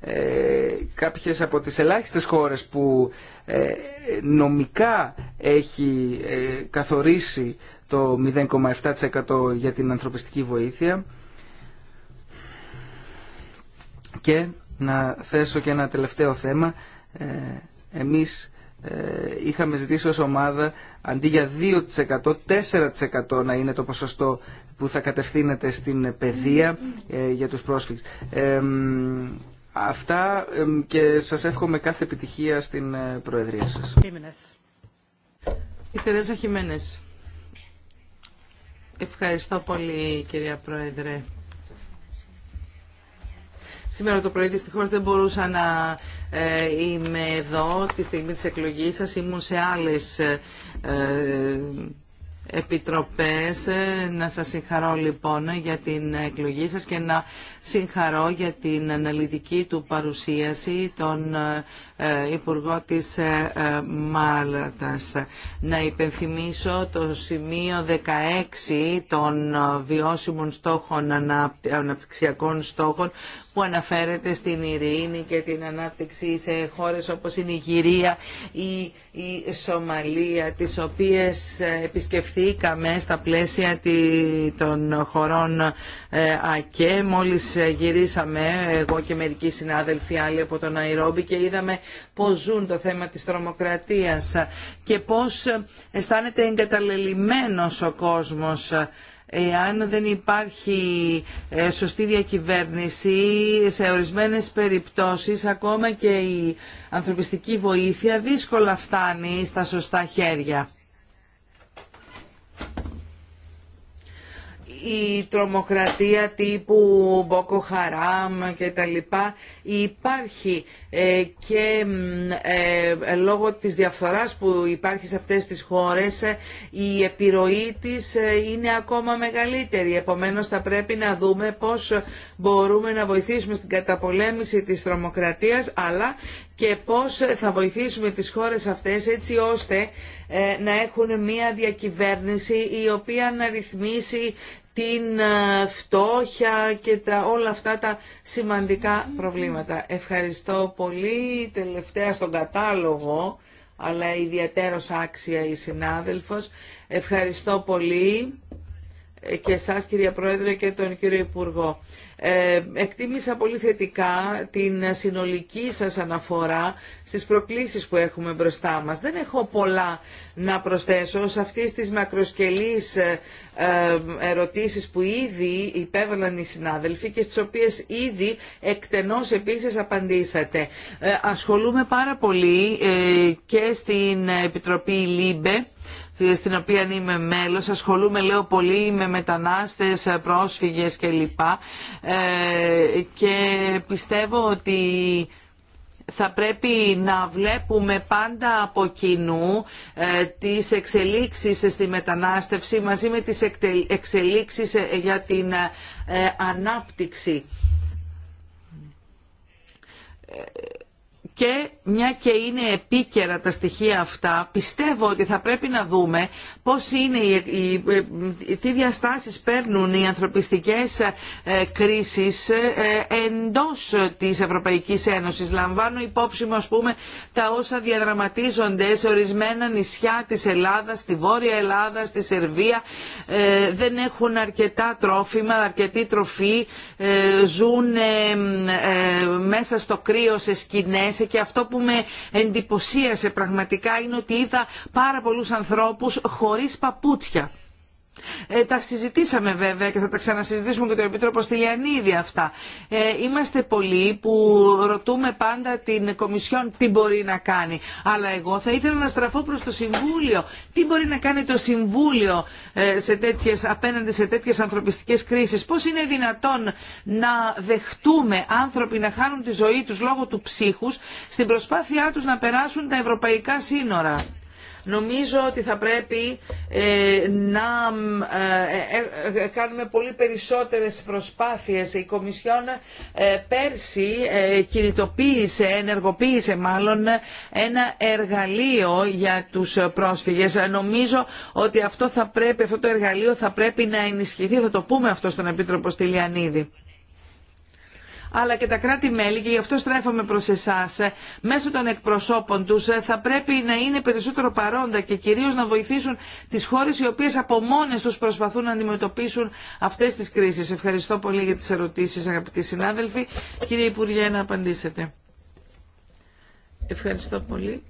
ε, κάποιες από τις ελάχιστες χώρες που ε, νομικά έχει ε, καθορίσει το 0,7% για την ανθρωπιστική βοήθεια και να θέσω και ένα τελευταίο θέμα εμείς είχαμε ζητήσει ως ομάδα αντί για 2% 4% να είναι το ποσοστό που θα κατευθύνεται στην παιδεία για τους πρόσφυγες Αυτά και σας εύχομαι κάθε επιτυχία στην ε, Προεδρία σας. Η Τερέζα Χιμένες. Ευχαριστώ πολύ κυρία Πρόεδρε. Σήμερα το πρωί δυστυχώ δεν μπορούσα να ε, είμαι εδώ τη στιγμή της εκλογής σας. Ήμουν σε άλλες ε, επιτροπές. Να σας συγχαρώ λοιπόν για την εκλογή σας και να συγχαρώ για την αναλυτική του παρουσίαση των ε, ε, Υπουργό της ε, ε, Μάλτας. Να υπενθυμίσω το σημείο 16 των βιώσιμων στόχων, αναπτυξιακών στόχων που αναφέρεται στην ειρήνη και την ανάπτυξη σε χώρες όπως η Νιγηρία ή η Σομαλία, τις οποίες επισκεφθήκαμε στα πλαίσια των χωρών ΑΚΕ. Μόλις γυρίσαμε, εγώ και μερικοί συνάδελφοι άλλοι από τον Αϊρόμπι και είδαμε πώς ζουν το θέμα της τρομοκρατίας και πώς αισθάνεται εγκαταλελειμμένος ο κόσμος εάν δεν υπάρχει ε, σωστή διακυβέρνηση σε ορισμένες περιπτώσεις ακόμα και η ανθρωπιστική βοήθεια δύσκολα φτάνει στα σωστά χέρια. η τρομοκρατία τύπου Μπόκο Χαράμ και τα λοιπά υπάρχει ε, και ε, λόγω της διαφθοράς που υπάρχει σε αυτές τις χώρες ε, η επιρροή της είναι ακόμα μεγαλύτερη. Επομένως θα πρέπει να δούμε πώς μπορούμε να βοηθήσουμε στην καταπολέμηση της τρομοκρατίας αλλά και πώς θα βοηθήσουμε τις χώρες αυτές έτσι ώστε ε, να έχουν μια διακυβέρνηση η οποία να ρυθμίσει την ε, φτώχεια και τα, όλα αυτά τα σημαντικά προβλήματα. Ευχαριστώ πολύ. Τελευταία στον κατάλογο, αλλά ιδιαίτερος άξια η συνάδελφος. Ευχαριστώ πολύ ε, και εσάς κυρία Πρόεδρε και τον κύριο Υπουργό. Ε, εκτίμησα πολύ θετικά την συνολική σας αναφορά στις προκλήσεις που έχουμε μπροστά μας. Δεν έχω πολλά να προσθέσω σε αυτής της μακροσκελής ε, ε, ερωτήσεις που ήδη υπέβαλαν οι συνάδελφοι και στις οποίες ήδη εκτενώς επίσης απαντήσατε. Ασχολούμαι πάρα πολύ και στην Επιτροπή ΛΥΜΠΕ στην οποία είμαι μέλος, ασχολούμαι λέω πολύ με μετανάστες, πρόσφυγες κλπ. Ε, και πιστεύω ότι θα πρέπει να βλέπουμε πάντα από κοινού ε, τις εξελίξεις στη μετανάστευση μαζί με τις εξελίξεις ε, για την ανάπτυξη και μια και είναι επίκαιρα τα στοιχεία αυτά, πιστεύω ότι θα πρέπει να δούμε πώς είναι, οι, τι διαστάσεις παίρνουν οι ανθρωπιστικές ε, κρίσεις ε, εντός της Ευρωπαϊκής Ένωσης. Λαμβάνω υπόψη μου, ας πούμε, τα όσα διαδραματίζονται σε ορισμένα νησιά της Ελλάδας, στη Βόρεια Ελλάδα, στη Σερβία. Ε, δεν έχουν αρκετά τρόφιμα, αρκετή τροφή, ζουν μέσα στο κρύο σε σκηνές και αυτό που με εντυπωσίασε πραγματικά είναι ότι είδα πάρα πολλούς ανθρώπους χωρίς παπούτσια. Ε, τα συζητήσαμε βέβαια και θα τα ξανασυζητήσουμε και τον Επίτροπο Στυλιανίδη αυτά. Ε, είμαστε πολλοί που ρωτούμε πάντα την Κομισιόν τι μπορεί να κάνει. Αλλά εγώ θα ήθελα να στραφώ προς το Συμβούλιο. Τι μπορεί να κάνει το Συμβούλιο ε, σε απέναντι σε τέτοιες ανθρωπιστικές κρίσεις. Πώς είναι δυνατόν να δεχτούμε άνθρωποι να χάνουν τη ζωή τους λόγω του ψύχους στην προσπάθειά τους να περάσουν τα ευρωπαϊκά σύνορα. Νομίζω ότι θα πρέπει ε, να ε, ε, κάνουμε πολύ περισσότερες προσπάθειες. Η Κομισιόν πέρσι κινητοποίησε, ενεργοποίησε μάλλον ένα εργαλείο για τους πρόσφυγες. Νομίζω ότι αυτό, θα πρέπει, αυτό το εργαλείο θα πρέπει να ενισχυθεί. Θα το πούμε αυτό στον Επίτροπο Στυλιανίδη αλλά και τα κράτη-μέλη και γι' αυτό στρέφομαι προς εσάς ε, μέσω των εκπροσώπων τους ε, θα πρέπει να είναι περισσότερο παρόντα και κυρίως να βοηθήσουν τις χώρες οι οποίες από μόνες τους προσπαθούν να αντιμετωπίσουν αυτές τις κρίσεις. Ευχαριστώ πολύ για τις ερωτήσεις αγαπητοί συνάδελφοι. Κύριε Υπουργέ να απαντήσετε. Ευχαριστώ πολύ.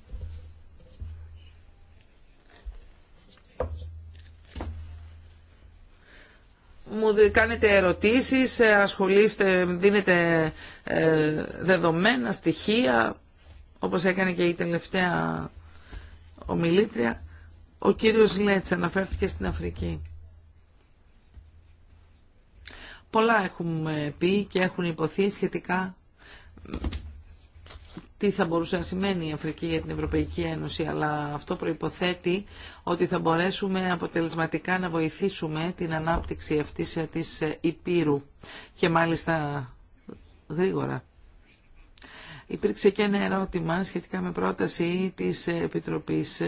μου κάνετε ερωτήσεις, ε, ασχολείστε, δίνετε ε, δεδομένα, στοιχεία, όπως έκανε και η τελευταία ομιλήτρια. Ο κύριος Λέτς αναφέρθηκε στην Αφρική. Πολλά έχουμε πει και έχουν υποθεί σχετικά τι θα μπορούσε να σημαίνει η Αφρική για την Ευρωπαϊκή Ένωση, αλλά αυτό προϋποθέτει ότι θα μπορέσουμε αποτελεσματικά να βοηθήσουμε την ανάπτυξη αυτής ε, της ε, Υπήρου και μάλιστα γρήγορα. Υπήρξε και ένα ερώτημα σχετικά με πρόταση της Επιτροπής,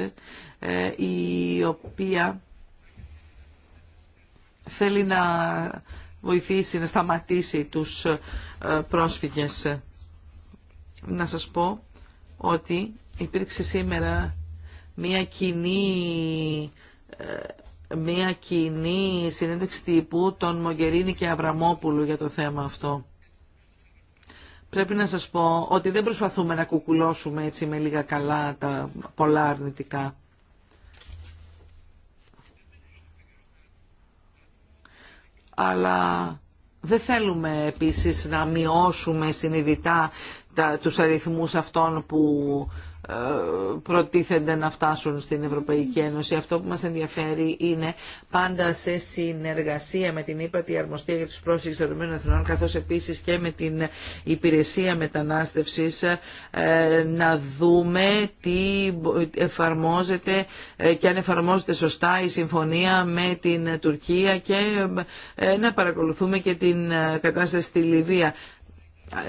ε, η οποία θέλει να βοηθήσει, να σταματήσει τους πρόσφυγες να σας πω ότι υπήρξε σήμερα μια κοινή ε, μια κοινή συνέντευξη τύπου των Μογκερίνη και Αβραμόπουλου για το θέμα αυτό. Πρέπει να σας πω ότι δεν προσπαθούμε να κουκουλώσουμε έτσι με λίγα καλά τα πολλά αρνητικά. Αλλά δεν θέλουμε επίσης να μειώσουμε συνειδητά τα, τους αριθμούς αυτών που ε, προτίθενται να φτάσουν στην Ευρωπαϊκή Ένωση. Αυτό που μας ενδιαφέρει είναι πάντα σε συνεργασία με την ύπατη αρμοστία για τους πρόσφυγες των ΕΕ, καθώς επίσης και με την υπηρεσία μετανάστευσης ε, να δούμε τι εφαρμόζεται ε, και αν εφαρμόζεται σωστά η συμφωνία με την Τουρκία και να παρακολουθούμε και την κατάσταση στη Λιβύα.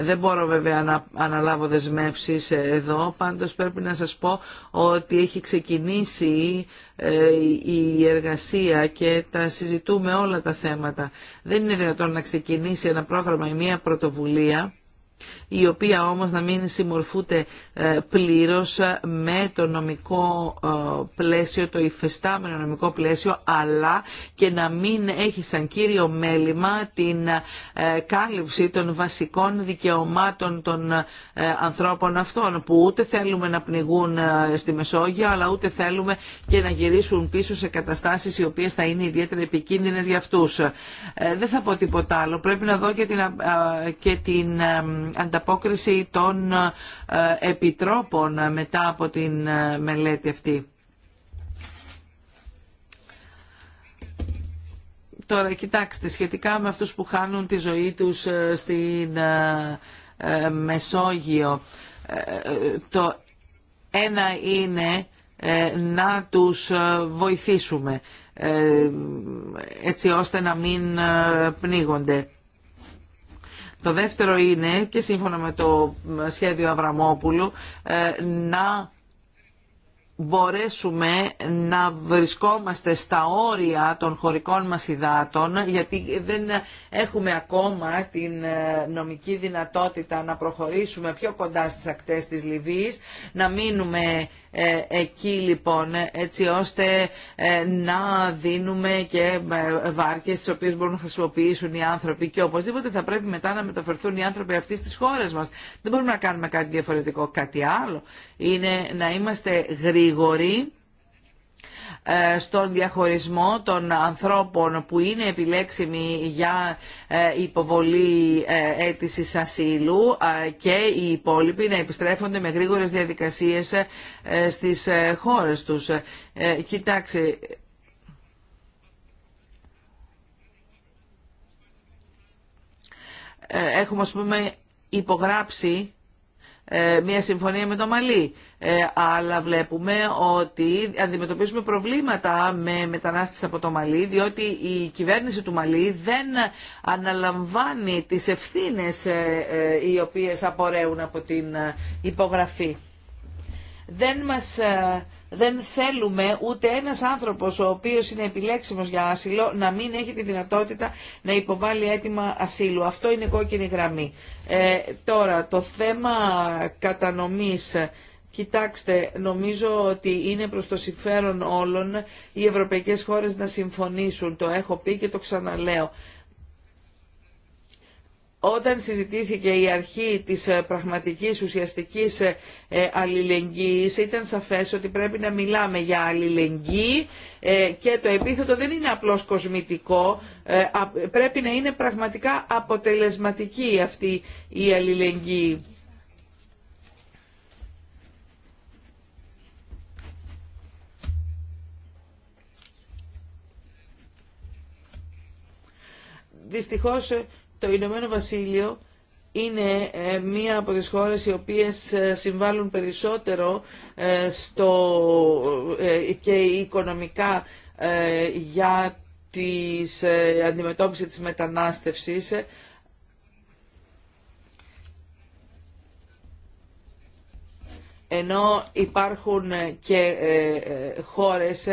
Δεν μπορώ βέβαια να αναλάβω δεσμεύσεις εδώ, πάντως πρέπει να σας πω ότι έχει ξεκινήσει ε, η εργασία και τα συζητούμε όλα τα θέματα. Δεν είναι δυνατόν να ξεκινήσει ένα πρόγραμμα ή μια πρωτοβουλία η οποία όμως να μην συμμορφούνται ε, πλήρως ε, με το νομικό ε, πλαίσιο, το υφεστάμενο νομικό πλαίσιο, αλλά και να μην έχει σαν κύριο μέλημα την κάλυψη των βασικών δικαιωμάτων των ανθρώπων αυτών, που ούτε θέλουμε να πνιγούν στη Μεσόγειο, αλλά ούτε θέλουμε και να γυρίσουν πίσω σε καταστάσεις οι οποίες θα είναι ιδιαίτερα επικίνδυνες για αυτούς. Δεν θα πω τίποτα άλλο. Πρέπει να δω και την, και την ανταπόκριση των ε, επιτρόπων ε, μετά από την ε, μελέτη αυτή. Τώρα, κοιτάξτε, σχετικά με αυτούς που χάνουν τη ζωή τους στην Μεσόγειο, το ένα είναι να τους βοηθήσουμε έτσι ώστε να μην πνίγονται. Το δεύτερο είναι και σύμφωνα με το σχέδιο Αβραμόπουλου ε, να μπορέσουμε να βρισκόμαστε στα όρια των χωρικών μας υδάτων, γιατί δεν έχουμε ακόμα την ε, νομική δυνατότητα να προχωρήσουμε πιο κοντά στις ακτές της Λιβύης, να μείνουμε ε, εκεί λοιπόν έτσι ώστε ε, να δίνουμε και βάρκες τις οποίες μπορούν να χρησιμοποιήσουν οι άνθρωποι και οπωσδήποτε θα πρέπει μετά να μεταφερθούν οι άνθρωποι αυτοί στις χώρες μας. Δεν μπορούμε να κάνουμε κάτι διαφορετικό. Κάτι άλλο είναι να είμαστε γρήγοροι ε, στον διαχωρισμό των ανθρώπων που είναι επιλέξιμοι για ε, υποβολή ε, αίτηση ασύλου και οι υπόλοιποι να επιστρέφονται με γρήγορες διαδικασίες στις χώρες τους. Κοιτάξτε, έχουμε ας πούμε υπογράψει ε, μια συμφωνία με το Μαλί. Ε, αλλά βλέπουμε ότι αντιμετωπίζουμε προβλήματα με μετανάστες από το Μαλί, διότι η κυβέρνηση του Μαλί δεν αναλαμβάνει τις ευθύνες ε, οι οποίες απορρέουν από την υπογραφή. Δεν μας δεν θέλουμε ούτε ένας άνθρωπος ο οποίος είναι επιλέξιμος για άσυλο να μην έχει τη δυνατότητα να υποβάλει αίτημα ασύλου. Αυτό είναι κόκκινη γραμμή. Ε, τώρα, το θέμα κατανομής Κοιτάξτε, νομίζω ότι είναι προς το συμφέρον όλων οι ευρωπαϊκές χώρες να συμφωνήσουν. Το έχω πει και το ξαναλέω. Όταν συζητήθηκε η αρχή της ε, πραγματικής ουσιαστικής ε, ε, αλληλεγγύης ήταν σαφές ότι πρέπει να μιλάμε για αλληλεγγύη και το επίθετο δεν είναι απλώς κοσμητικό, πρέπει να είναι πραγματικά αποτελεσματική αυτή η αλληλεγγύη. Δυστυχώς το Ηνωμένο Βασίλειο είναι ε, μία από τις χώρες οι οποίες ε, συμβάλλουν περισσότερο ε, στο, και οικονομικά για τις αντιμετώπιση της μετανάστευσης ενώ υπάρχουν και χώρες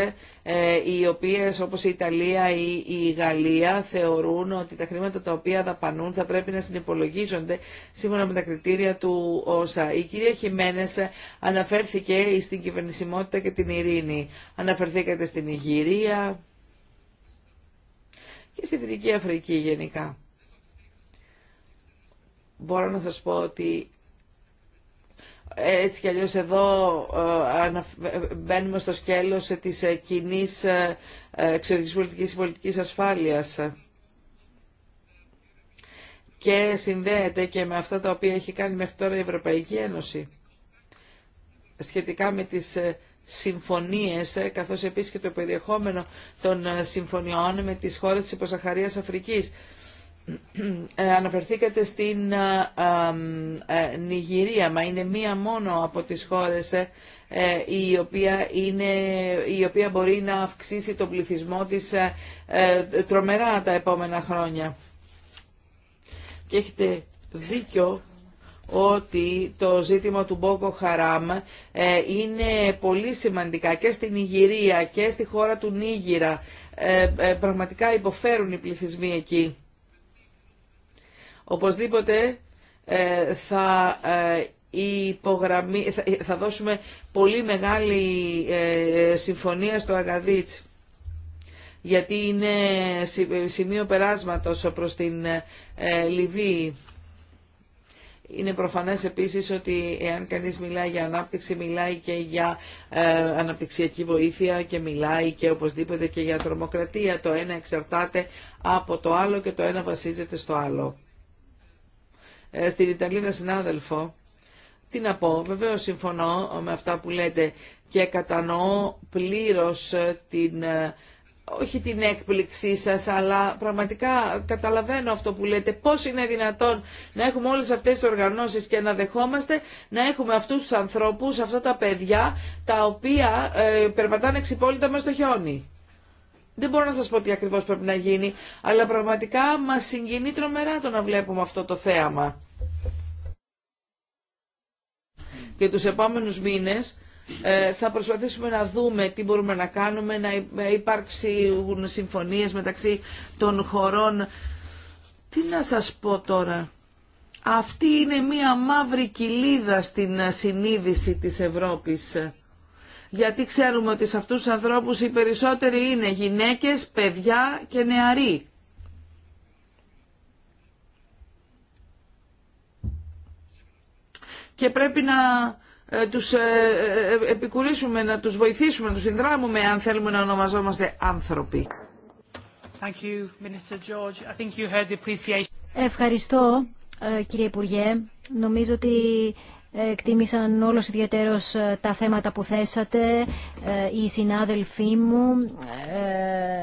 ε, οι οποίες όπως η Ιταλία ή η Γαλλία θεωρούν ότι τα χρήματα τα οποία δαπανούν θα πρέπει να συνυπολογίζονται σύμφωνα με τα κριτήρια του ΩΣΑ. Η κυρία Χιμένες αναφέρθηκε στην κυβερνησιμότητα και την ειρήνη. Αναφερθήκατε στην Ιγυρία και στη Δυτική Αφρική γενικά. Μπορώ να σας πω ότι έτσι κι αλλιώς εδώ ε, ε, μπαίνουμε στο σκέλος της ε, κοινή εξωτερικής πολιτικής και πολιτικής ασφάλειας και συνδέεται και με αυτά τα οποία έχει κάνει μέχρι τώρα η Ευρωπαϊκή Ένωση σχετικά με τις συμφωνίες, καθώς επίσης και το περιεχόμενο των συμφωνιών με τις χώρες της υποσαχαρίας Αφρικής. Ε, αναφερθήκατε στην ε, ε, Νιγηρία, μα είναι μία μόνο από τις χώρες η οποία, είναι, η οποία μπορεί να αυξήσει τον πληθυσμό της τρομερά τα επόμενα χρόνια. Και έχετε δίκιο ότι το ζήτημα του Μπόκο Χαράμ είναι πολύ σημαντικά και στην Ιγυρία και στη χώρα του Νίγηρα. πραγματικά υποφέρουν οι πληθυσμοί εκεί. Οπωσδήποτε ε, ε, θα θα δώσουμε πολύ μεγάλη ε, συμφωνία στο ΑΓΑΔΙΤΣ, γιατί είναι σημείο περάσματος προς την Λιβύη. Είναι προφανές επίσης ότι εάν κανείς μιλάει για ανάπτυξη, μιλάει και για ε, αναπτυξιακή βοήθεια και μιλάει και οπωσδήποτε και για τρομοκρατία. Το ένα εξαρτάται από το άλλο και το ένα βασίζεται στο άλλο. Ε, στην Ιταλίδα συνάδελφο, τι να πω, βεβαίω συμφωνώ με αυτά που λέτε και κατανοώ πλήρως ε, την, ε, όχι την έκπληξή σας, αλλά πραγματικά καταλαβαίνω αυτό που λέτε. Πώς είναι δυνατόν να έχουμε όλες αυτές τις οργανώσεις και να δεχόμαστε να έχουμε αυτούς τους ανθρώπους, αυτά τα παιδιά, τα οποία ε, περπατάνε εξυπόλυτα μέσα στο χιόνι. Δεν μπορώ να σας πω τι ακριβώς πρέπει να γίνει, αλλά πραγματικά μας συγκινεί τρομερά το να βλέπουμε αυτό το θέαμα. Και τους επόμενους μήνες ε, θα προσπαθήσουμε να δούμε τι μπορούμε να κάνουμε, να υπάρξουν συμφωνίες μεταξύ των χωρών. Τι να σας πω τώρα. Αυτή είναι μία μαύρη κοιλίδα στην συνείδηση της Ευρώπης γιατί ξέρουμε ότι σε αυτούς τους ανθρώπους οι περισσότεροι είναι γυναίκες, παιδιά και νεαροί. Και πρέπει να ε, τους ε, ε, επικουρήσουμε, να τους βοηθήσουμε, να τους συνδράμουμε αν θέλουμε να ονομαζόμαστε άνθρωποι. Ευχαριστώ κύριε Υπουργέ. Νομίζω ότι εκτίμησαν όλος ιδιαίτερος ε, τα θέματα που θέσατε ε, οι συνάδελφοί μου.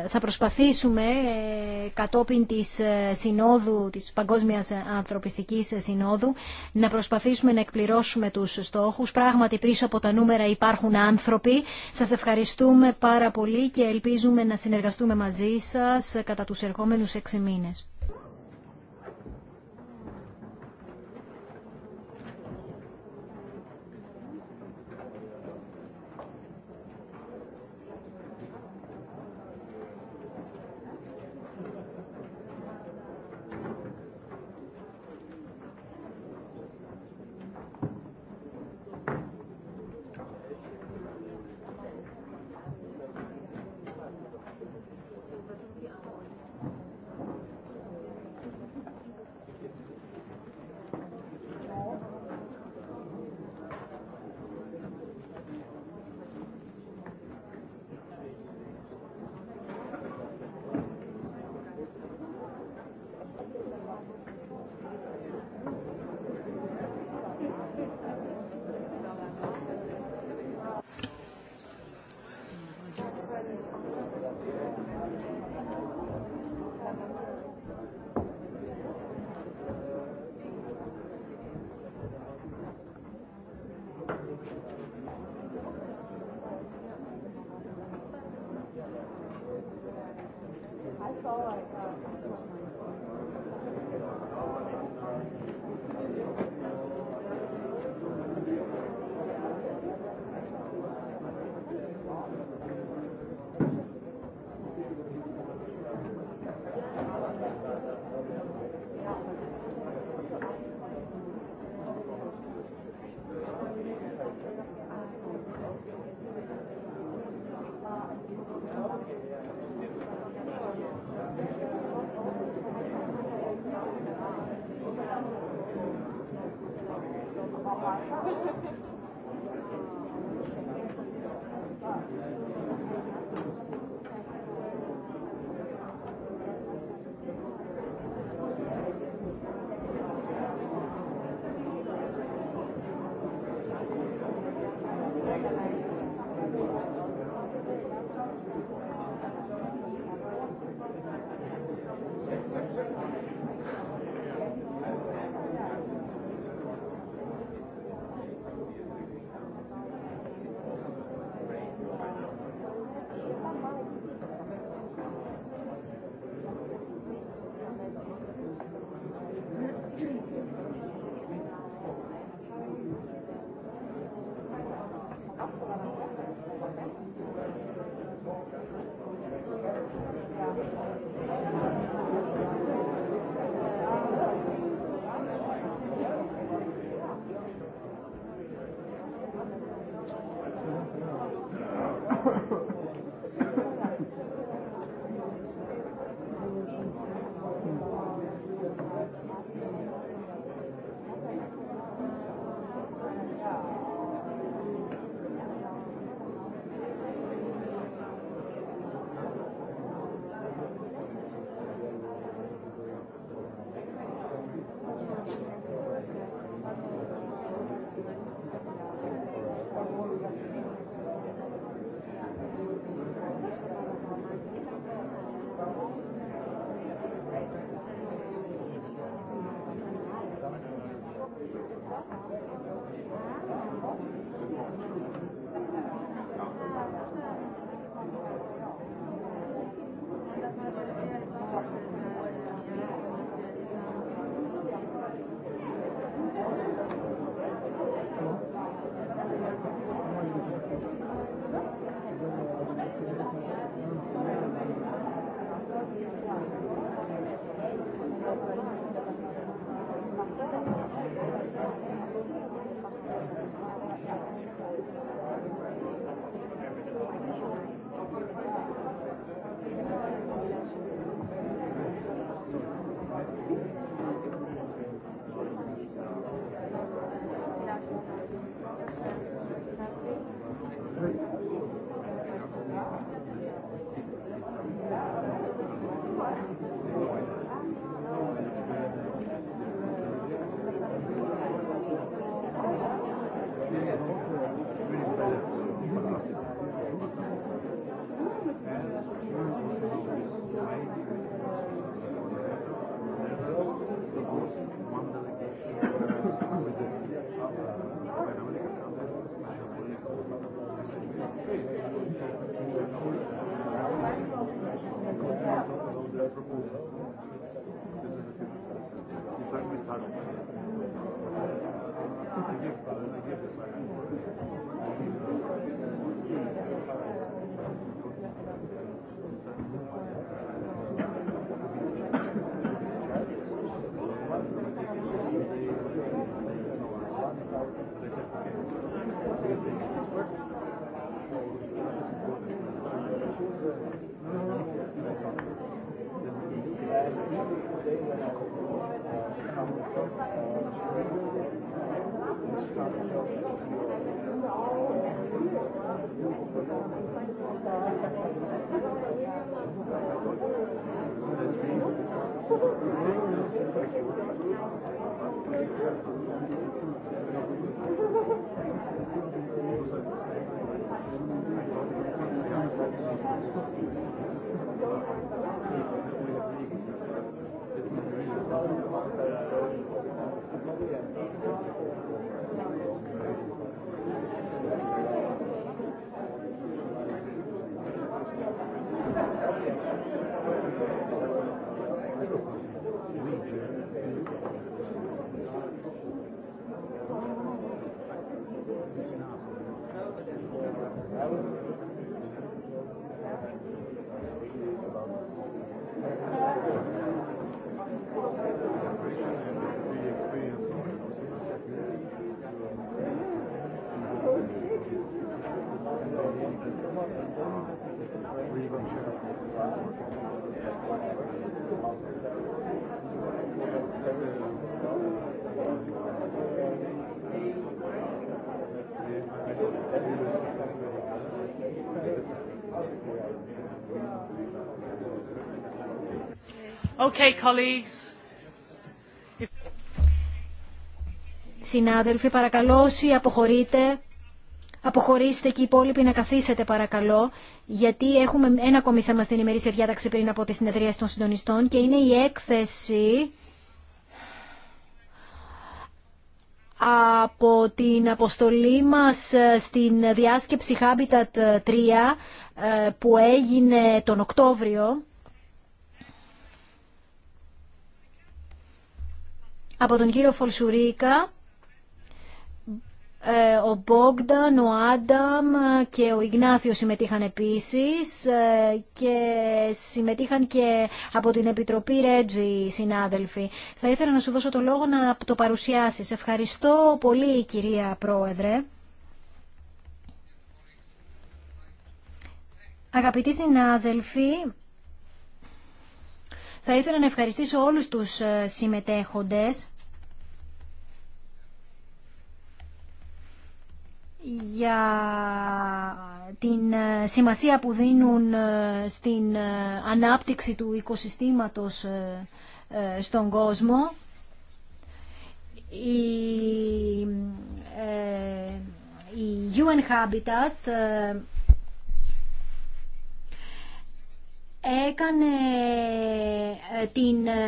Ε, θα προσπαθήσουμε κατόπιν της συνόδου, της Παγκόσμιας Ανθρωπιστικής Συνόδου να προσπαθήσουμε να εκπληρώσουμε τους στόχους. Πράγματι πίσω από τα νούμερα υπάρχουν άνθρωποι. Σας ευχαριστούμε πάρα πολύ και ελπίζουμε να συνεργαστούμε μαζί σας κατά τους ερχόμενους έξι μήνες. Συνάδελφοι, παρακαλώ όσοι αποχωρείτε, αποχωρήστε και οι υπόλοιποι να καθίσετε παρακαλώ, γιατί έχουμε ένα ακόμη θέμα στην ημερήσια διάταξη πριν από τη συνεδρία των συντονιστών και είναι η έκθεση από την αποστολή μας στην διάσκεψη Habitat 3 ε, που έγινε τον Οκτώβριο από τον κύριο Φολσουρίκα, ε, ο Μπόγκταν, ο Άνταμ και ο Ιγνάθιο συμμετείχαν επίσης ε, και συμμετείχαν και από την Επιτροπή Ρέτζι συνάδελφοι. Θα ήθελα να σου δώσω το λόγο να το παρουσιάσεις. Ευχαριστώ πολύ κυρία Πρόεδρε. Αγαπητοί συνάδελφοι, θα ήθελα να ευχαριστήσω όλους τους ε, συμμετέχοντες για την ε, σημασία που δίνουν ε, στην ε, ανάπτυξη του οικοσυστήματος στον κόσμο. Η UN Habitat έκανε ε, την, ε,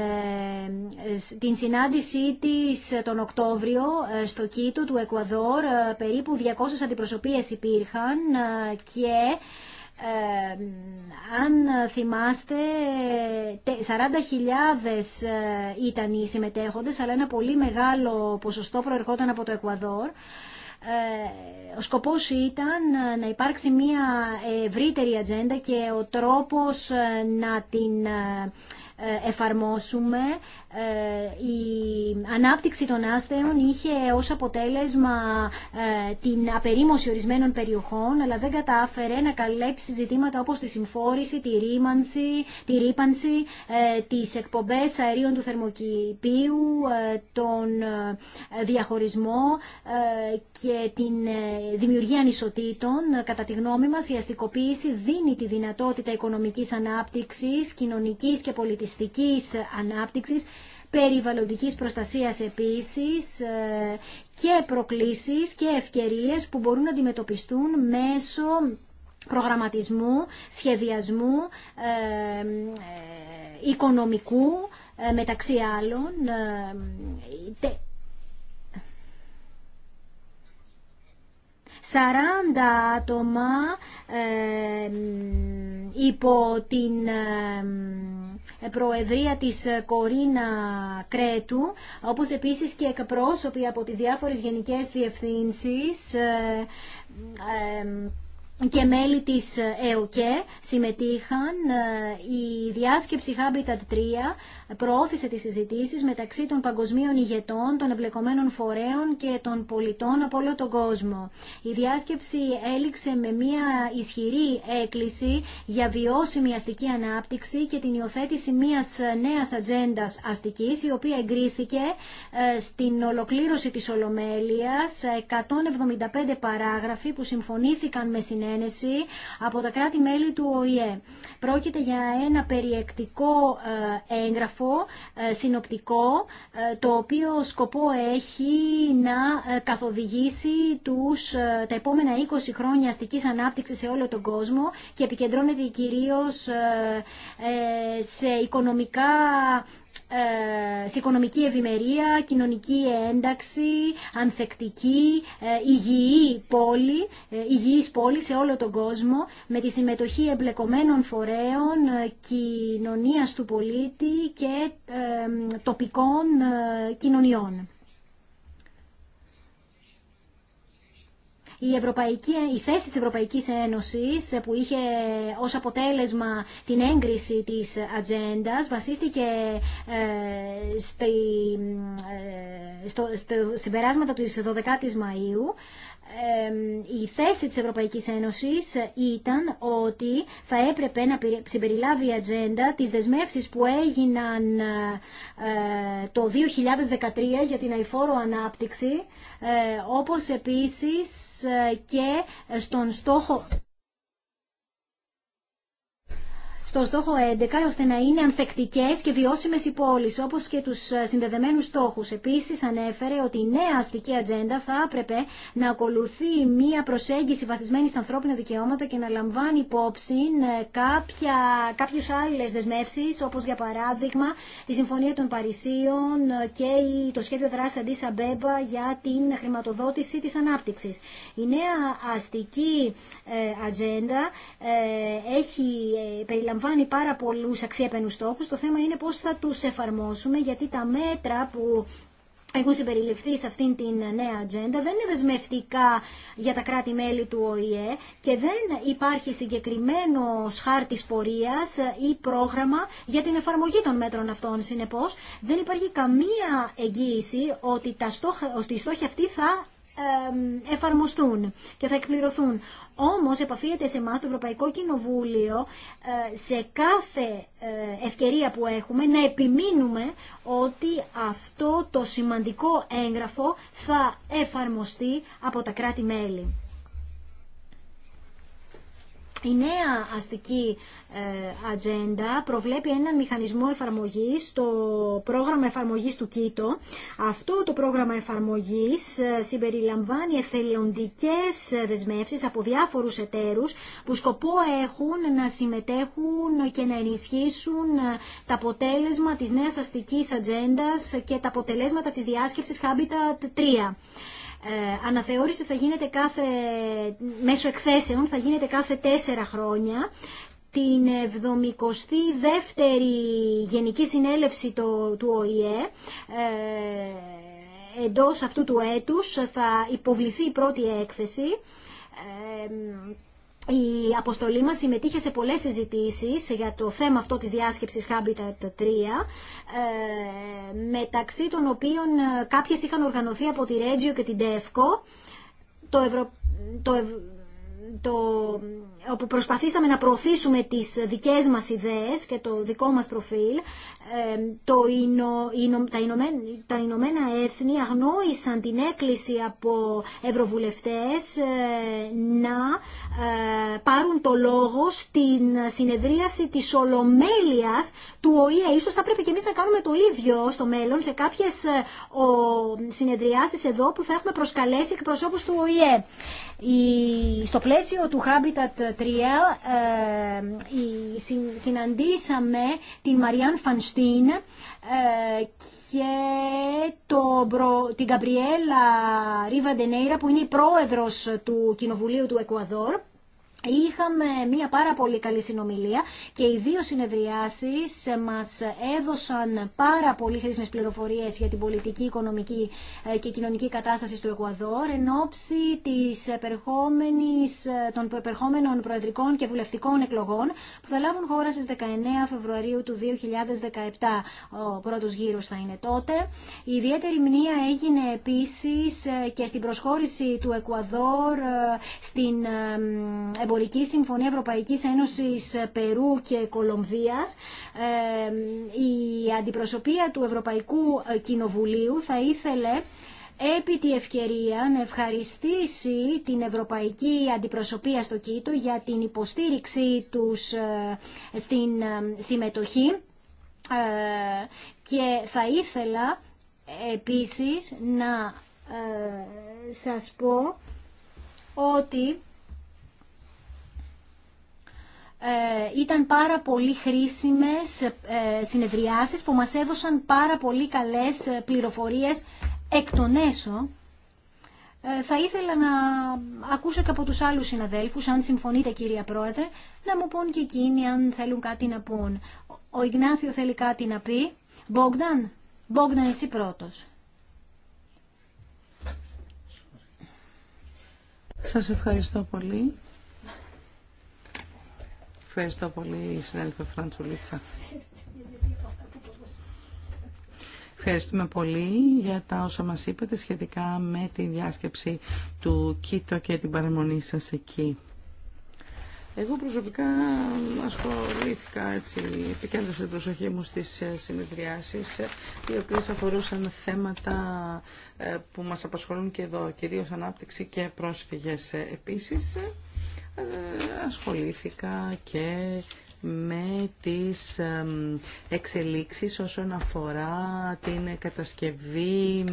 την συνάντησή της τον Οκτώβριο ε, στο Κίτο του Εκουαδόρ. Περίπου 200 αντιπροσωπείες υπήρχαν και αν θυμάστε 40.000 ήταν οι συμμετέχοντες αλλά ένα πολύ μεγάλο ποσοστό προερχόταν από το Εκουαδόρ ε, ο σκοπός ήταν να υπάρξει μια ευρύτερη ατζέντα και ο τρόπος ε, να την ε, εφαρμόσουμε ε, η ανάπτυξη των άστεων είχε ως αποτέλεσμα ε, την απερίμωση ορισμένων περιοχών αλλά δεν κατάφερε να καλέψει ζητήματα όπως τη συμφόρηση, τη ρήμανση, τη ρήπανση, ε, τις εκπομπές αερίων του θερμοκηπίου, τον διαχωρισμό και την δημιουργία ανισοτήτων. Κατά τη γνώμη μας η αστικοποίηση δίνει τη δυνατότητα οικονομικής ανάπτυξης, κοινωνικής και πολιτιστικής ανάπτυξης περιβαλλοντικής προστασίας επίσης ε, και προκλήσεις και ευκαιρίες που μπορούν να αντιμετωπιστούν μέσω προγραμματισμού, σχεδιασμού, ε, ε, οικονομικού μεταξύ άλλων. 40 άτομα υπό την προεδρία της ε, Κορίνα Κρέτου, όπως επίσης και εκπρόσωποι από τις διάφορες γενικές διευθύνσεις ε, και μέλη της ε, ΕΟΚΕ συμμετείχαν. Η διάσκεψη Habitat 3 προώθησε τις συζητήσεις μεταξύ των παγκοσμίων ηγετών, των εμπλεκομένων φορέων και των πολιτών από όλο τον κόσμο. Η διάσκεψη έληξε με μια ισχυρή έκκληση για βιώσιμη αστική ανάπτυξη και την υιοθέτηση μιας νέας ατζέντα αστικής, η οποία εγκρίθηκε ε, στην ολοκλήρωση της Ολομέλειας 175 παράγραφοι που συμφωνήθηκαν με συνένεση από τα κράτη-μέλη του ΟΗΕ. Πρόκειται για ένα περιεκτικό ε, έγγραφο ε, συνοπτικό ε, το οποίο σκοπό έχει να ε, καθοδηγήσει τους, τα επόμενα 20 χρόνια αστικής ανάπτυξης σε όλο τον κόσμο και επικεντρώνεται κυρίως σε οικονομικά σε οικονομική ευημερία, κοινωνική ένταξη, ανθεκτική, υγιή πόλη, υγιής πόλη σε όλο τον κόσμο, με τη συμμετοχή εμπλεκομένων φορέων, κοινωνίας του πολίτη και και τοπικών ε, κοινωνιών. η, Ευρωπαϊκή, η θέση της Ευρωπαϊκής Ένωσης ε, που είχε ως αποτέλεσμα την έγκριση της ατζέντα βασίστηκε ε, στη, ε, στο, στο συμπεράσματα του 12 η Μαΐου η θέση της Ευρωπαϊκής Ένωσης ήταν ότι θα έπρεπε να συμπεριλάβει η ατζέντα τις δεσμεύσεις που έγιναν ε, το 2013 για την αηφόρο ανάπτυξη, ε, όπως επίσης ε, και στον στόχο... στο στόχο 11 ώστε να είναι ανθεκτικές και βιώσιμες οι πόλεις, όπως και τους ε, συνδεδεμένους στόχους. Επίσης ανέφερε ότι η νέα αστική ατζέντα θα έπρεπε να ακολουθεί μία προσέγγιση βασισμένη στα ανθρώπινα δικαιώματα και να λαμβάνει υπόψη ε, κάποια, κάποιες άλλες δεσμεύσεις, όπως για παράδειγμα τη Συμφωνία των Παρισίων ε, και το σχέδιο δράσης αντί Σαμπέμπα για την χρηματοδότηση της ανάπτυξης. Η νέα αστική ατζέντα έχει περιλαμβάνει περιλαμβάνει πάρα πολλούς αξιέπαινους στόχους. Το θέμα είναι πώς θα τους εφαρμόσουμε, γιατί τα μέτρα που έχουν συμπεριληφθεί σε αυτήν την νέα ατζέντα, δεν είναι δεσμευτικά για τα κράτη-μέλη του ΟΗΕ και δεν υπάρχει συγκεκριμένο χάρτη πορεία ή πρόγραμμα για την εφαρμογή των μέτρων αυτών. Συνεπώ, δεν υπάρχει καμία εγγύηση ότι, τα στόχα, ότι οι στόχοι αυτοί θα εφαρμοστούν και θα εκπληρωθούν. Όμως επαφίεται σε εμά το Ευρωπαϊκό Κοινοβούλιο ε, σε κάθε ε, ευκαιρία που έχουμε να επιμείνουμε ότι αυτό το σημαντικό έγγραφο θα εφαρμοστεί από τα κράτη-μέλη. Η νέα αστική ε, ατζέντα προβλέπει έναν μηχανισμό εφαρμογής, στο πρόγραμμα εφαρμογής του ΚΙΤΟ. Αυτό το πρόγραμμα εφαρμογής ε, συμπεριλαμβάνει εθελοντικές ε, δεσμεύσεις από διάφορους εταίρους που σκοπό έχουν να συμμετέχουν και να ενισχύσουν τα αποτέλεσμα της νέας αστικής ατζέντα και τα αποτελέσματα της διάσκεψης Habitat 3. Ε, αναθεώρηση θα γίνεται κάθε, μέσω εκθέσεων θα γίνεται κάθε τέσσερα χρόνια την 72η Γενική Συνέλευση το, του ΟΗΕ ε, εντός αυτού του έτους θα υποβληθεί η πρώτη έκθεση ε, η αποστολή μας συμμετείχε σε πολλές συζητήσεις για το θέμα αυτό της διάσκεψης Habitat 3, ε, μεταξύ των οποίων ε, κάποιες είχαν οργανωθεί από τη Regio και την DEFCO. Το, το, το, όπου προσπαθήσαμε να προωθήσουμε τις δικές μας ιδέες και το δικό μας προφίλ, ε, το, τα, Ηνωμένα, τα Έθνη αγνόησαν την έκκληση από ευρωβουλευτές ε, να ε, πάρουν το λόγο στην συνεδρίαση της Ολομέλειας του ΟΗΕ. Ίσως θα πρέπει και εμείς να κάνουμε το ίδιο στο μέλλον σε κάποιες συνεδριάσεις εδώ που θα έχουμε προσκαλέσει εκπροσώπους του ΟΗΕ πλαίσιο του Habitat 3 ε, συναντήσαμε την Μαριάν Φανστίν ε, και το, την Καμπριέλα Ρίβα Ντενέιρα που είναι η πρόεδρος του Κοινοβουλίου του Εκουαδόρ Είχαμε μία πάρα πολύ καλή συνομιλία και οι δύο συνεδριάσεις μας έδωσαν πάρα πολύ χρήσιμες πληροφορίες για την πολιτική, οικονομική ε, και κοινωνική κατάσταση στο Εκουαδόρ εν ώψη της ε, των επερχόμενων προεδρικών και βουλευτικών εκλογών που θα λάβουν χώρα στις 19 Φεβρουαρίου του 2017. Ο πρώτος γύρος θα είναι τότε. Η ιδιαίτερη μνήμα έγινε επίσης ε, και στην προσχώρηση του Εκουαδόρ στην εμπορική εμπορική συμφωνία Ευρωπαϊκής Ένωσης ε, Περού και Κολομβίας ε, η αντιπροσωπεία του Ευρωπαϊκού ε, Κοινοβουλίου θα ήθελε επί τη ευκαιρία να ευχαριστήσει την Ευρωπαϊκή Αντιπροσωπεία στο ΚΙΤΟ για την υποστήριξή τους στην συμμετοχή και θα ήθελα επίσης να σας πω ότι ε, ήταν πάρα πολύ χρήσιμες ε, συνεδριάσεις που μας έδωσαν πάρα πολύ καλές ε, πληροφορίες εκ των έσω. Θα ήθελα να ακούσω και από τους άλλους συναδέλφους, αν συμφωνείτε κυρία Πρόεδρε, να μου πούν και εκείνοι αν θέλουν κάτι να πούν. Ο Ιγνάθιο θέλει κάτι να πει. Μπόγκταν, εσύ πρώτος. Σας ευχαριστώ πολύ. Ευχαριστώ πολύ, συνάδελφε Φραντσουλίτσα. Ευχαριστούμε πολύ για τα όσα μας είπατε σχετικά με τη διάσκεψη του Κίτο και την παραμονή σας εκεί. Εγώ προσωπικά ασχολήθηκα έτσι, επικέντρωσα την προσοχή μου στις ε, συνεδριάσεις ε, οι οποίες αφορούσαν θέματα ε, που μας απασχολούν και εδώ, κυρίως ανάπτυξη και πρόσφυγες επίσης. Ε, ασχολήθηκα και με τις εξελίξεις όσον αφορά την κατασκευή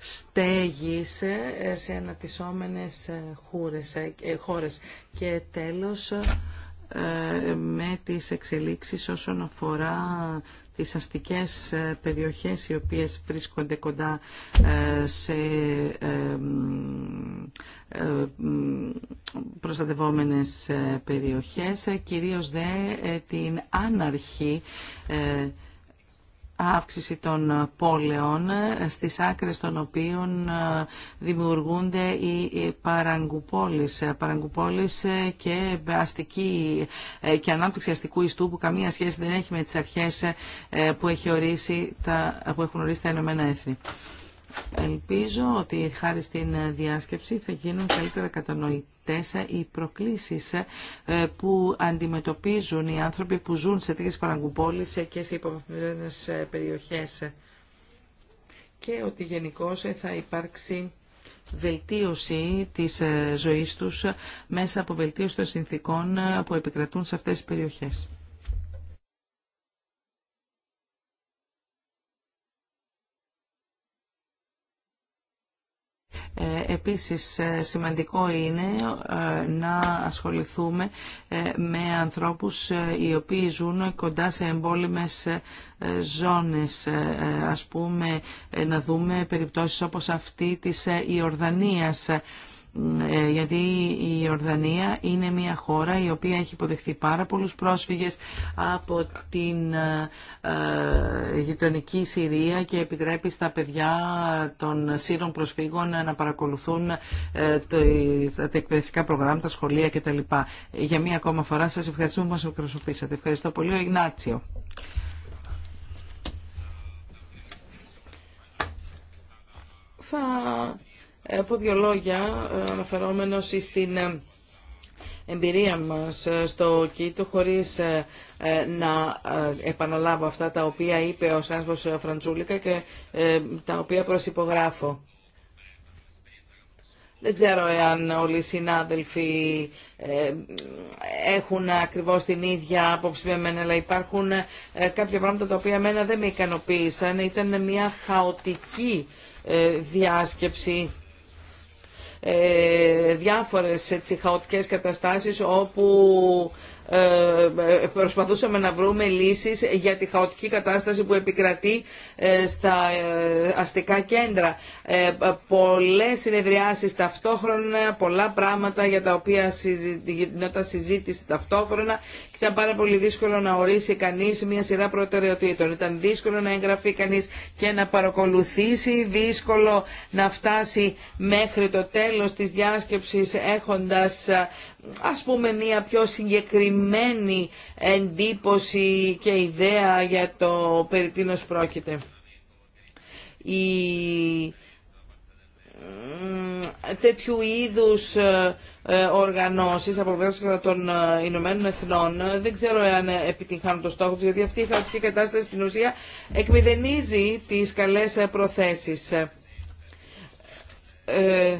στέγης σε αναπτυσσόμενες χώρες, χώρες. Και τέλος με τις εξελίξεις όσον αφορά τις αστικές ε, περιοχές οι οποίες βρίσκονται κοντά ε, σε ε, προστατευόμενες περιοχές, κυρίως δε την άναρχη αύξηση των πόλεων στις άκρες των οποίων ε, δημιουργούνται οι παραγκουπόλεις. Ε, και αστική ε, και ανάπτυξη αστικού ιστού που καμία σχέση δεν έχει με τις αρχές που, έχει ορίσει τα, που έχουν ορίσει τα Ηνωμένα Ελπίζω ότι χάρη στην διάσκεψη θα γίνουν καλύτερα κατανοητές οι προκλήσεις ε, που αντιμετωπίζουν οι άνθρωποι που ζουν σε τέτοιες παραγκουπόλεις και σε υποβαθμισμένες ε, περιοχές και ότι γενικώ θα υπάρξει βελτίωση της ε, ζωής τους μέσα από βελτίωση των συνθήκων που επικρατούν σε αυτές τις περιοχές. Ε, επίσης ε, σημαντικό είναι ε, να ασχοληθούμε με ανθρώπους οι οποίοι ζουν κοντά σε εμπόλυμες ζώνες. Ας πούμε να δούμε περιπτώσεις όπως αυτή της Ιορδανίας ε, γιατί η Ορδανία είναι μια χώρα η οποία έχει υποδεχθεί πάρα πολλούς πρόσφυγες από την ε, ε, γειτονική Συρία και επιτρέπει στα παιδιά των Σύρων προσφύγων να παρακολουθούν τα εκπαιδευτικά προγράμματα, τα σχολεία κτλ. Για μία ακόμα φορά σας ευχαριστούμε που μας εκπροσωπήσατε. Ευχαριστώ πολύ ο Ιγνάτσιο πω δύο λόγια ε, αναφερόμενος στην ε, εμπειρία μας ε, στο ΚΙΤΟ χωρίς να επαναλάβω αυτά τα οποία είπε ο Σάνσβος Φραντζούλικα και τα οποία προσυπογράφω. Δεν ξέρω εάν όλοι οι συνάδελφοι έχουν ακριβώς την ίδια άποψη με εμένα, αλλά υπάρχουν κάποια πράγματα τα οποία εμένα δεν με ικανοποίησαν. Ήταν μια χαοτική διάσκεψη ε, διάφορες έτσι, χαοτικές καταστάσεις όπου ε, ε, προσπαθούσαμε να βρούμε λύσεις για τη χαοτική κατάσταση που επικρατεί ε, στα αστικά κέντρα. Πολλές συνεδριάσεις ταυτόχρονα, πολλά πράγματα για τα οποία γινόταν συζήτηση ταυτόχρονα και ήταν πάρα πολύ δύσκολο να ορίσει κανείς μια σειρά προτεραιοτήτων. Ήταν δύσκολο να εγγραφεί κανείς και να παρακολουθήσει, δύσκολο να φτάσει μέχρι το τέλος της διάσκεψης έχοντας ας πούμε μια πιο συγκεκριμένη εντύπωση και ιδέα για το περί τίνος πρόκειται. Η... Τέτοιου είδους ε, ε, οργανώσεις από πλευρά των Ηνωμένων Εθνών. Δεν ξέρω αν επιτυγχάνουν το στόχο τους, γιατί αυτή η κατάσταση στην ουσία εκμηδενίζει τις καλές προθέσεις. Ε,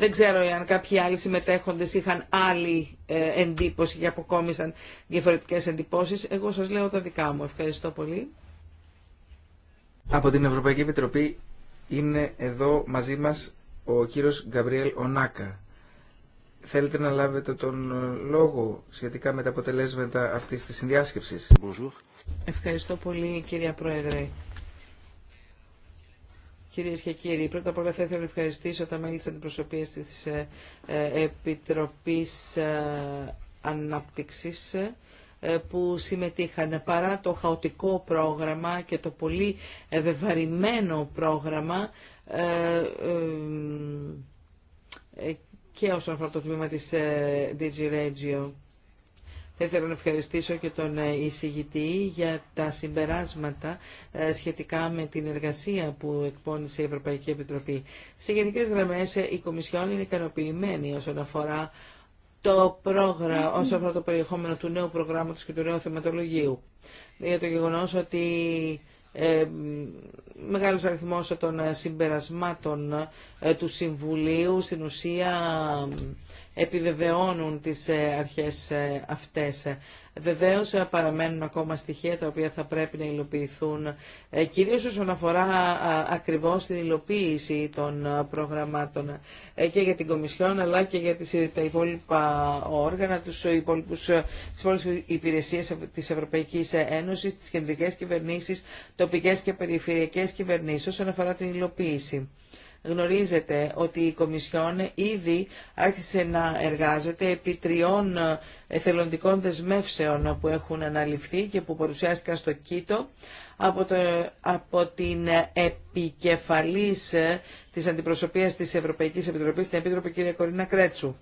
δεν ξέρω αν κάποιοι άλλοι συμμετέχοντε είχαν άλλη ε, εντύπωση και αποκόμισαν διαφορετικέ εντυπωσει. Εγώ σας λέω τα δικά μου. Ευχαριστώ πολύ. Από την Ευρωπαϊκή Επιτροπή είναι εδώ μαζί μας ο κύριος Γκαμπριέλ Ονάκα. Θέλετε να λάβετε τον ε, λόγο σχετικά με τα αποτελέσματα αυτής της συνδιάσκεψη Ευχαριστώ πολύ κυρία Πρόεδρε. Κυρίε και κύριοι, πρώτα απ' όλα θα ήθελα να ευχαριστήσω τα μέλη τη αντιπροσωπεία τη ε, ε, Επιτροπή ε, Ανάπτυξη που συμμετείχαν παρά το χαοτικό πρόγραμμα και το πολύ ευεβαρημένο πρόγραμμα και όσον αφορά το τμήμα της DigiRegio. Θα ήθελα να ευχαριστήσω και τον ε, εισηγητή για τα συμπεράσματα ε, σχετικά με την εργασία που εκπώνησε η Ευρωπαϊκή Επιτροπή. Σε γενικές γραμμές ε, η Κομισιόν είναι ικανοποιημένη όσον αφορά το πρόγραμμα, όσον αφορά το περιεχόμενο του νέου προγράμματος και του νέου θεματολογίου. Για το γεγονός ότι ε, μεγάλος αριθμός των συμπερασμάτων του Συμβουλίου στην ουσία επιβεβαιώνουν τις ε, αρχές ε, αυτές. Βεβαίως ε, παραμένουν ακόμα στοιχεία τα οποία θα πρέπει να υλοποιηθούν, κυρίως όσον αφορά ακριβώς την υλοποίηση των προγραμμάτων και για την Κομισιόν αλλά και για τις, τα υπόλοιπα όργανα, τους υπόλοιπους, τις υπόλοιπες υπηρεσίες της Ευρωπαϊκής Ένωσης, τις κεντρικές κυβερνήσεις, τοπικές και περιφερειακές κυβερνήσεις όσον αφορά την υλοποίηση. Γνωρίζετε ότι η Κομισιόν ήδη άρχισε να εργάζεται επί τριών εθελοντικών δεσμεύσεων που έχουν αναλυφθεί και που παρουσιάστηκαν στο Κίτο από, το, από την επικεφαλής της αντιπροσωπείας της Ευρωπαϊκής Επιτροπής, την Επίτροπη κ. Κορίνα Κρέτσου.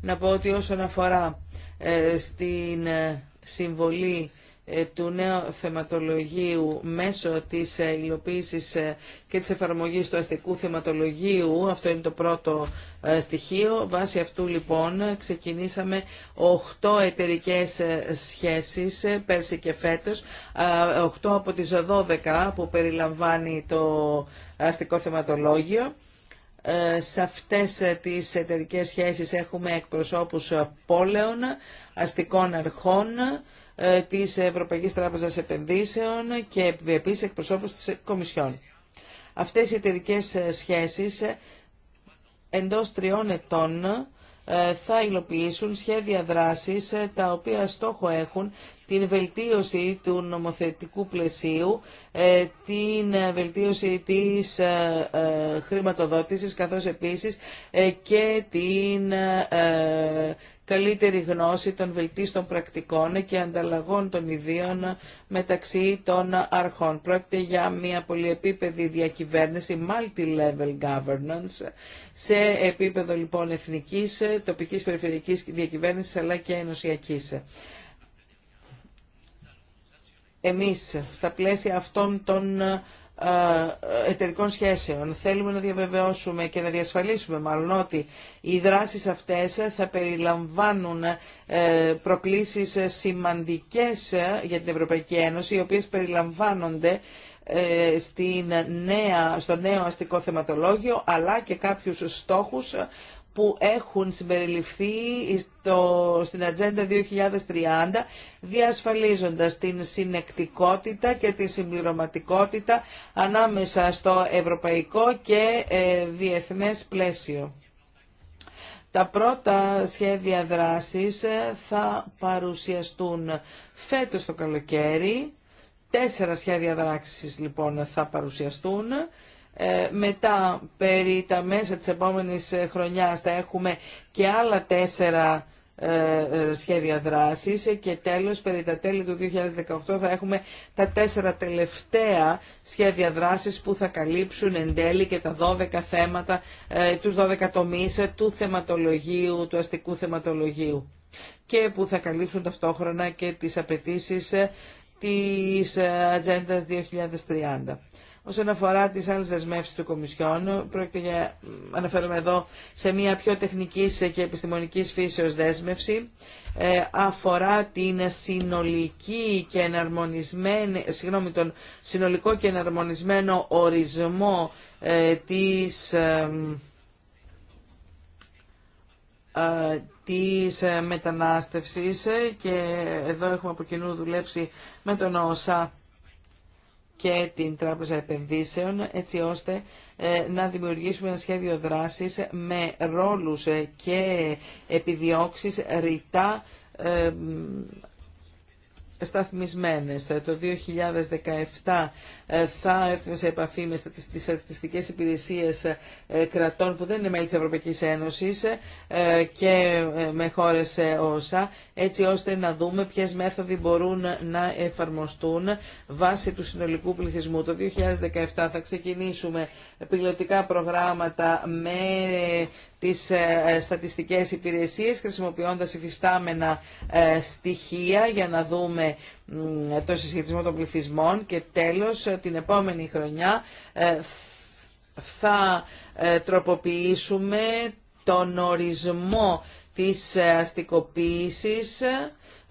Να πω ότι όσον αφορά ε, στην ε, συμβολή ε, του νέου θεματολογίου μέσω της ε, υλοποίησης ε, και της εφαρμογής του αστικού θεματολογίου. Αυτό είναι το πρώτο στοιχείο. Βάσει αυτού λοιπόν ξεκινήσαμε 8 εταιρικέ σχέσεις πέρσι και φέτος, 8 από τις 12 που περιλαμβάνει το αστικό θεματολόγιο. Σε αυτές τις εταιρικές σχέσεις έχουμε εκπροσώπους πόλεων, αστικών αρχών, ε, της Ευρωπαϊκής Τράπεζας Επενδύσεων και επίσης εκπροσώπους της Κομισιόν. Αυτές οι εταιρικέ ε, σχέσεις ε, εντός τριών ετών θα υλοποιήσουν σχέδια δράσης τα οποία στόχο έχουν την βελτίωση του νομοθετικού πλαισίου, την βελτίωση της χρηματοδότησης καθώς επίσης και την καλύτερη γνώση των βελτίστων πρακτικών και ανταλλαγών των ιδίων μεταξύ των αρχών. Πρόκειται για μια πολυεπίπεδη διακυβέρνηση, multi-level governance, σε επίπεδο λοιπόν εθνικής, τοπικής, περιφερειακής διακυβέρνησης αλλά και ενωσιακής εμείς στα πλαίσια αυτών των ε, εταιρικών σχέσεων. Θέλουμε να διαβεβαιώσουμε και να διασφαλίσουμε μάλλον ότι οι δράσεις αυτές θα περιλαμβάνουν ε, προκλήσεις σημαντικές για την Ευρωπαϊκή Ένωση, οι οποίες περιλαμβάνονται ε, στην νέα, στο νέο αστικό θεματολόγιο, αλλά και κάποιους στόχους που έχουν συμπεριληφθεί στο, στην Ατζέντα 2030, διασφαλίζοντας την συνεκτικότητα και τη συμπληρωματικότητα ανάμεσα στο ευρωπαϊκό και ε, διεθνές πλαίσιο. Τα πρώτα σχέδια δράσης ε, θα παρουσιαστούν φέτος το καλοκαίρι. Τέσσερα σχέδια δράσης λοιπόν θα παρουσιαστούν ε, μετά περί τα μέσα της επόμενης ε, χρονιάς θα έχουμε και άλλα τέσσερα ε, σχέδια δράσης και τέλος περί τα τέλη του 2018 θα έχουμε τα τέσσερα τελευταία σχέδια δράσης που θα καλύψουν εν τέλει και τα 12 θέματα, τους 12 τομείς του θεματολογίου, του αστικού θεματολογίου και που θα καλύψουν ταυτόχρονα και τις απαιτήσεις της Ατζέντα 2030. Όσον αφορά τις άλλες δεσμεύσεις του Κομισιόν, πρόκειται για, αναφέρομαι εδώ, σε μια πιο τεχνικής και επιστημονικής φύσεως δέσμευση, ε, αφορά την συνολική και εναρμονισμένη, συγγνώμη, τον συνολικό και εναρμονισμένο ορισμό ε, της... Ε, ε, της μετανάστευσης και εδώ έχουμε από κοινού δουλέψει με τον Όσα και την Τράπεζα Επενδύσεων έτσι ώστε ε, να δημιουργήσουμε ένα σχέδιο δράσης με ρόλους ε, και επιδιώξεις ρητά ε, σταθμισμένες. Ε, το 2017 ε, θα έρθουμε σε επαφή με τις στατιστικές υπηρεσίες ε, κρατών που δεν είναι μέλη της Ευρωπαϊκής Ένωσης και με χώρες όσα, έτσι ώστε να δούμε ποιες μέθοδοι μπορούν να εφαρμοστούν βάσει του συνολικού πληθυσμού. Το 2017 θα ξεκινήσουμε πιλωτικά προγράμματα με τις ε, στατιστικές υπηρεσίες χρησιμοποιώντας υφιστάμενα ε, στοιχεία για να δούμε το συσχετισμό των πληθυσμών και τέλος ε, την επόμενη χρονιά θα τροποποιήσουμε τον ορισμό της αστικοποίησης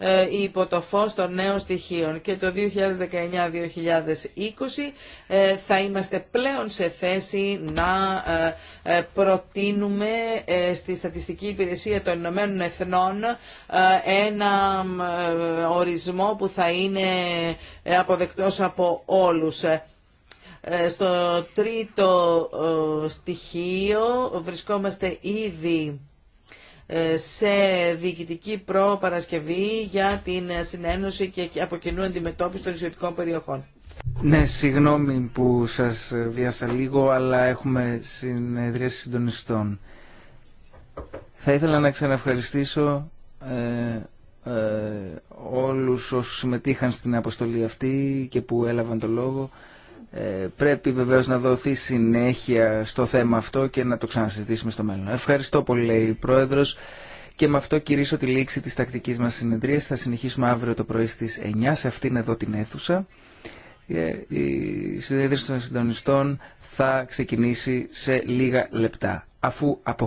ε, υπό το φως των νέων στοιχείων. Και το 2019-2020 ε, θα είμαστε πλέον σε θέση να ε, προτείνουμε στη Στατιστική Υπηρεσία των Ηνωμένων Εθνών ένα ορισμό που θα είναι αποδεκτός από όλους. Στο τρίτο στοιχείο βρισκόμαστε ήδη ε, σε διοικητική προπαρασκευή για την συνένωση και από κοινού αντιμετώπιση των ισοτικών περιοχών. Ναι, συγγνώμη που σας βιάσα λίγο, αλλά έχουμε συνεδρίαση συντονιστών. Θα ήθελα να ξαναευχαριστήσω ε, ε, όλους όσους συμμετείχαν στην αποστολή αυτή και που έλαβαν το λόγο. Ε, πρέπει βεβαίως να δοθεί συνέχεια στο θέμα αυτό και να το ξανασυζητήσουμε στο μέλλον. Ευχαριστώ πολύ, λέει η Πρόεδρος. Και με αυτό κηρύσω τη λήξη της τακτικής μας συνεδρίας. Θα συνεχίσουμε αύριο το πρωί στις 9 σε αυτήν εδώ την αίθουσα. Ε, η συνέδριση των συντονιστών θα ξεκινήσει σε λίγα λεπτά. Αφού αποχωρήσουμε.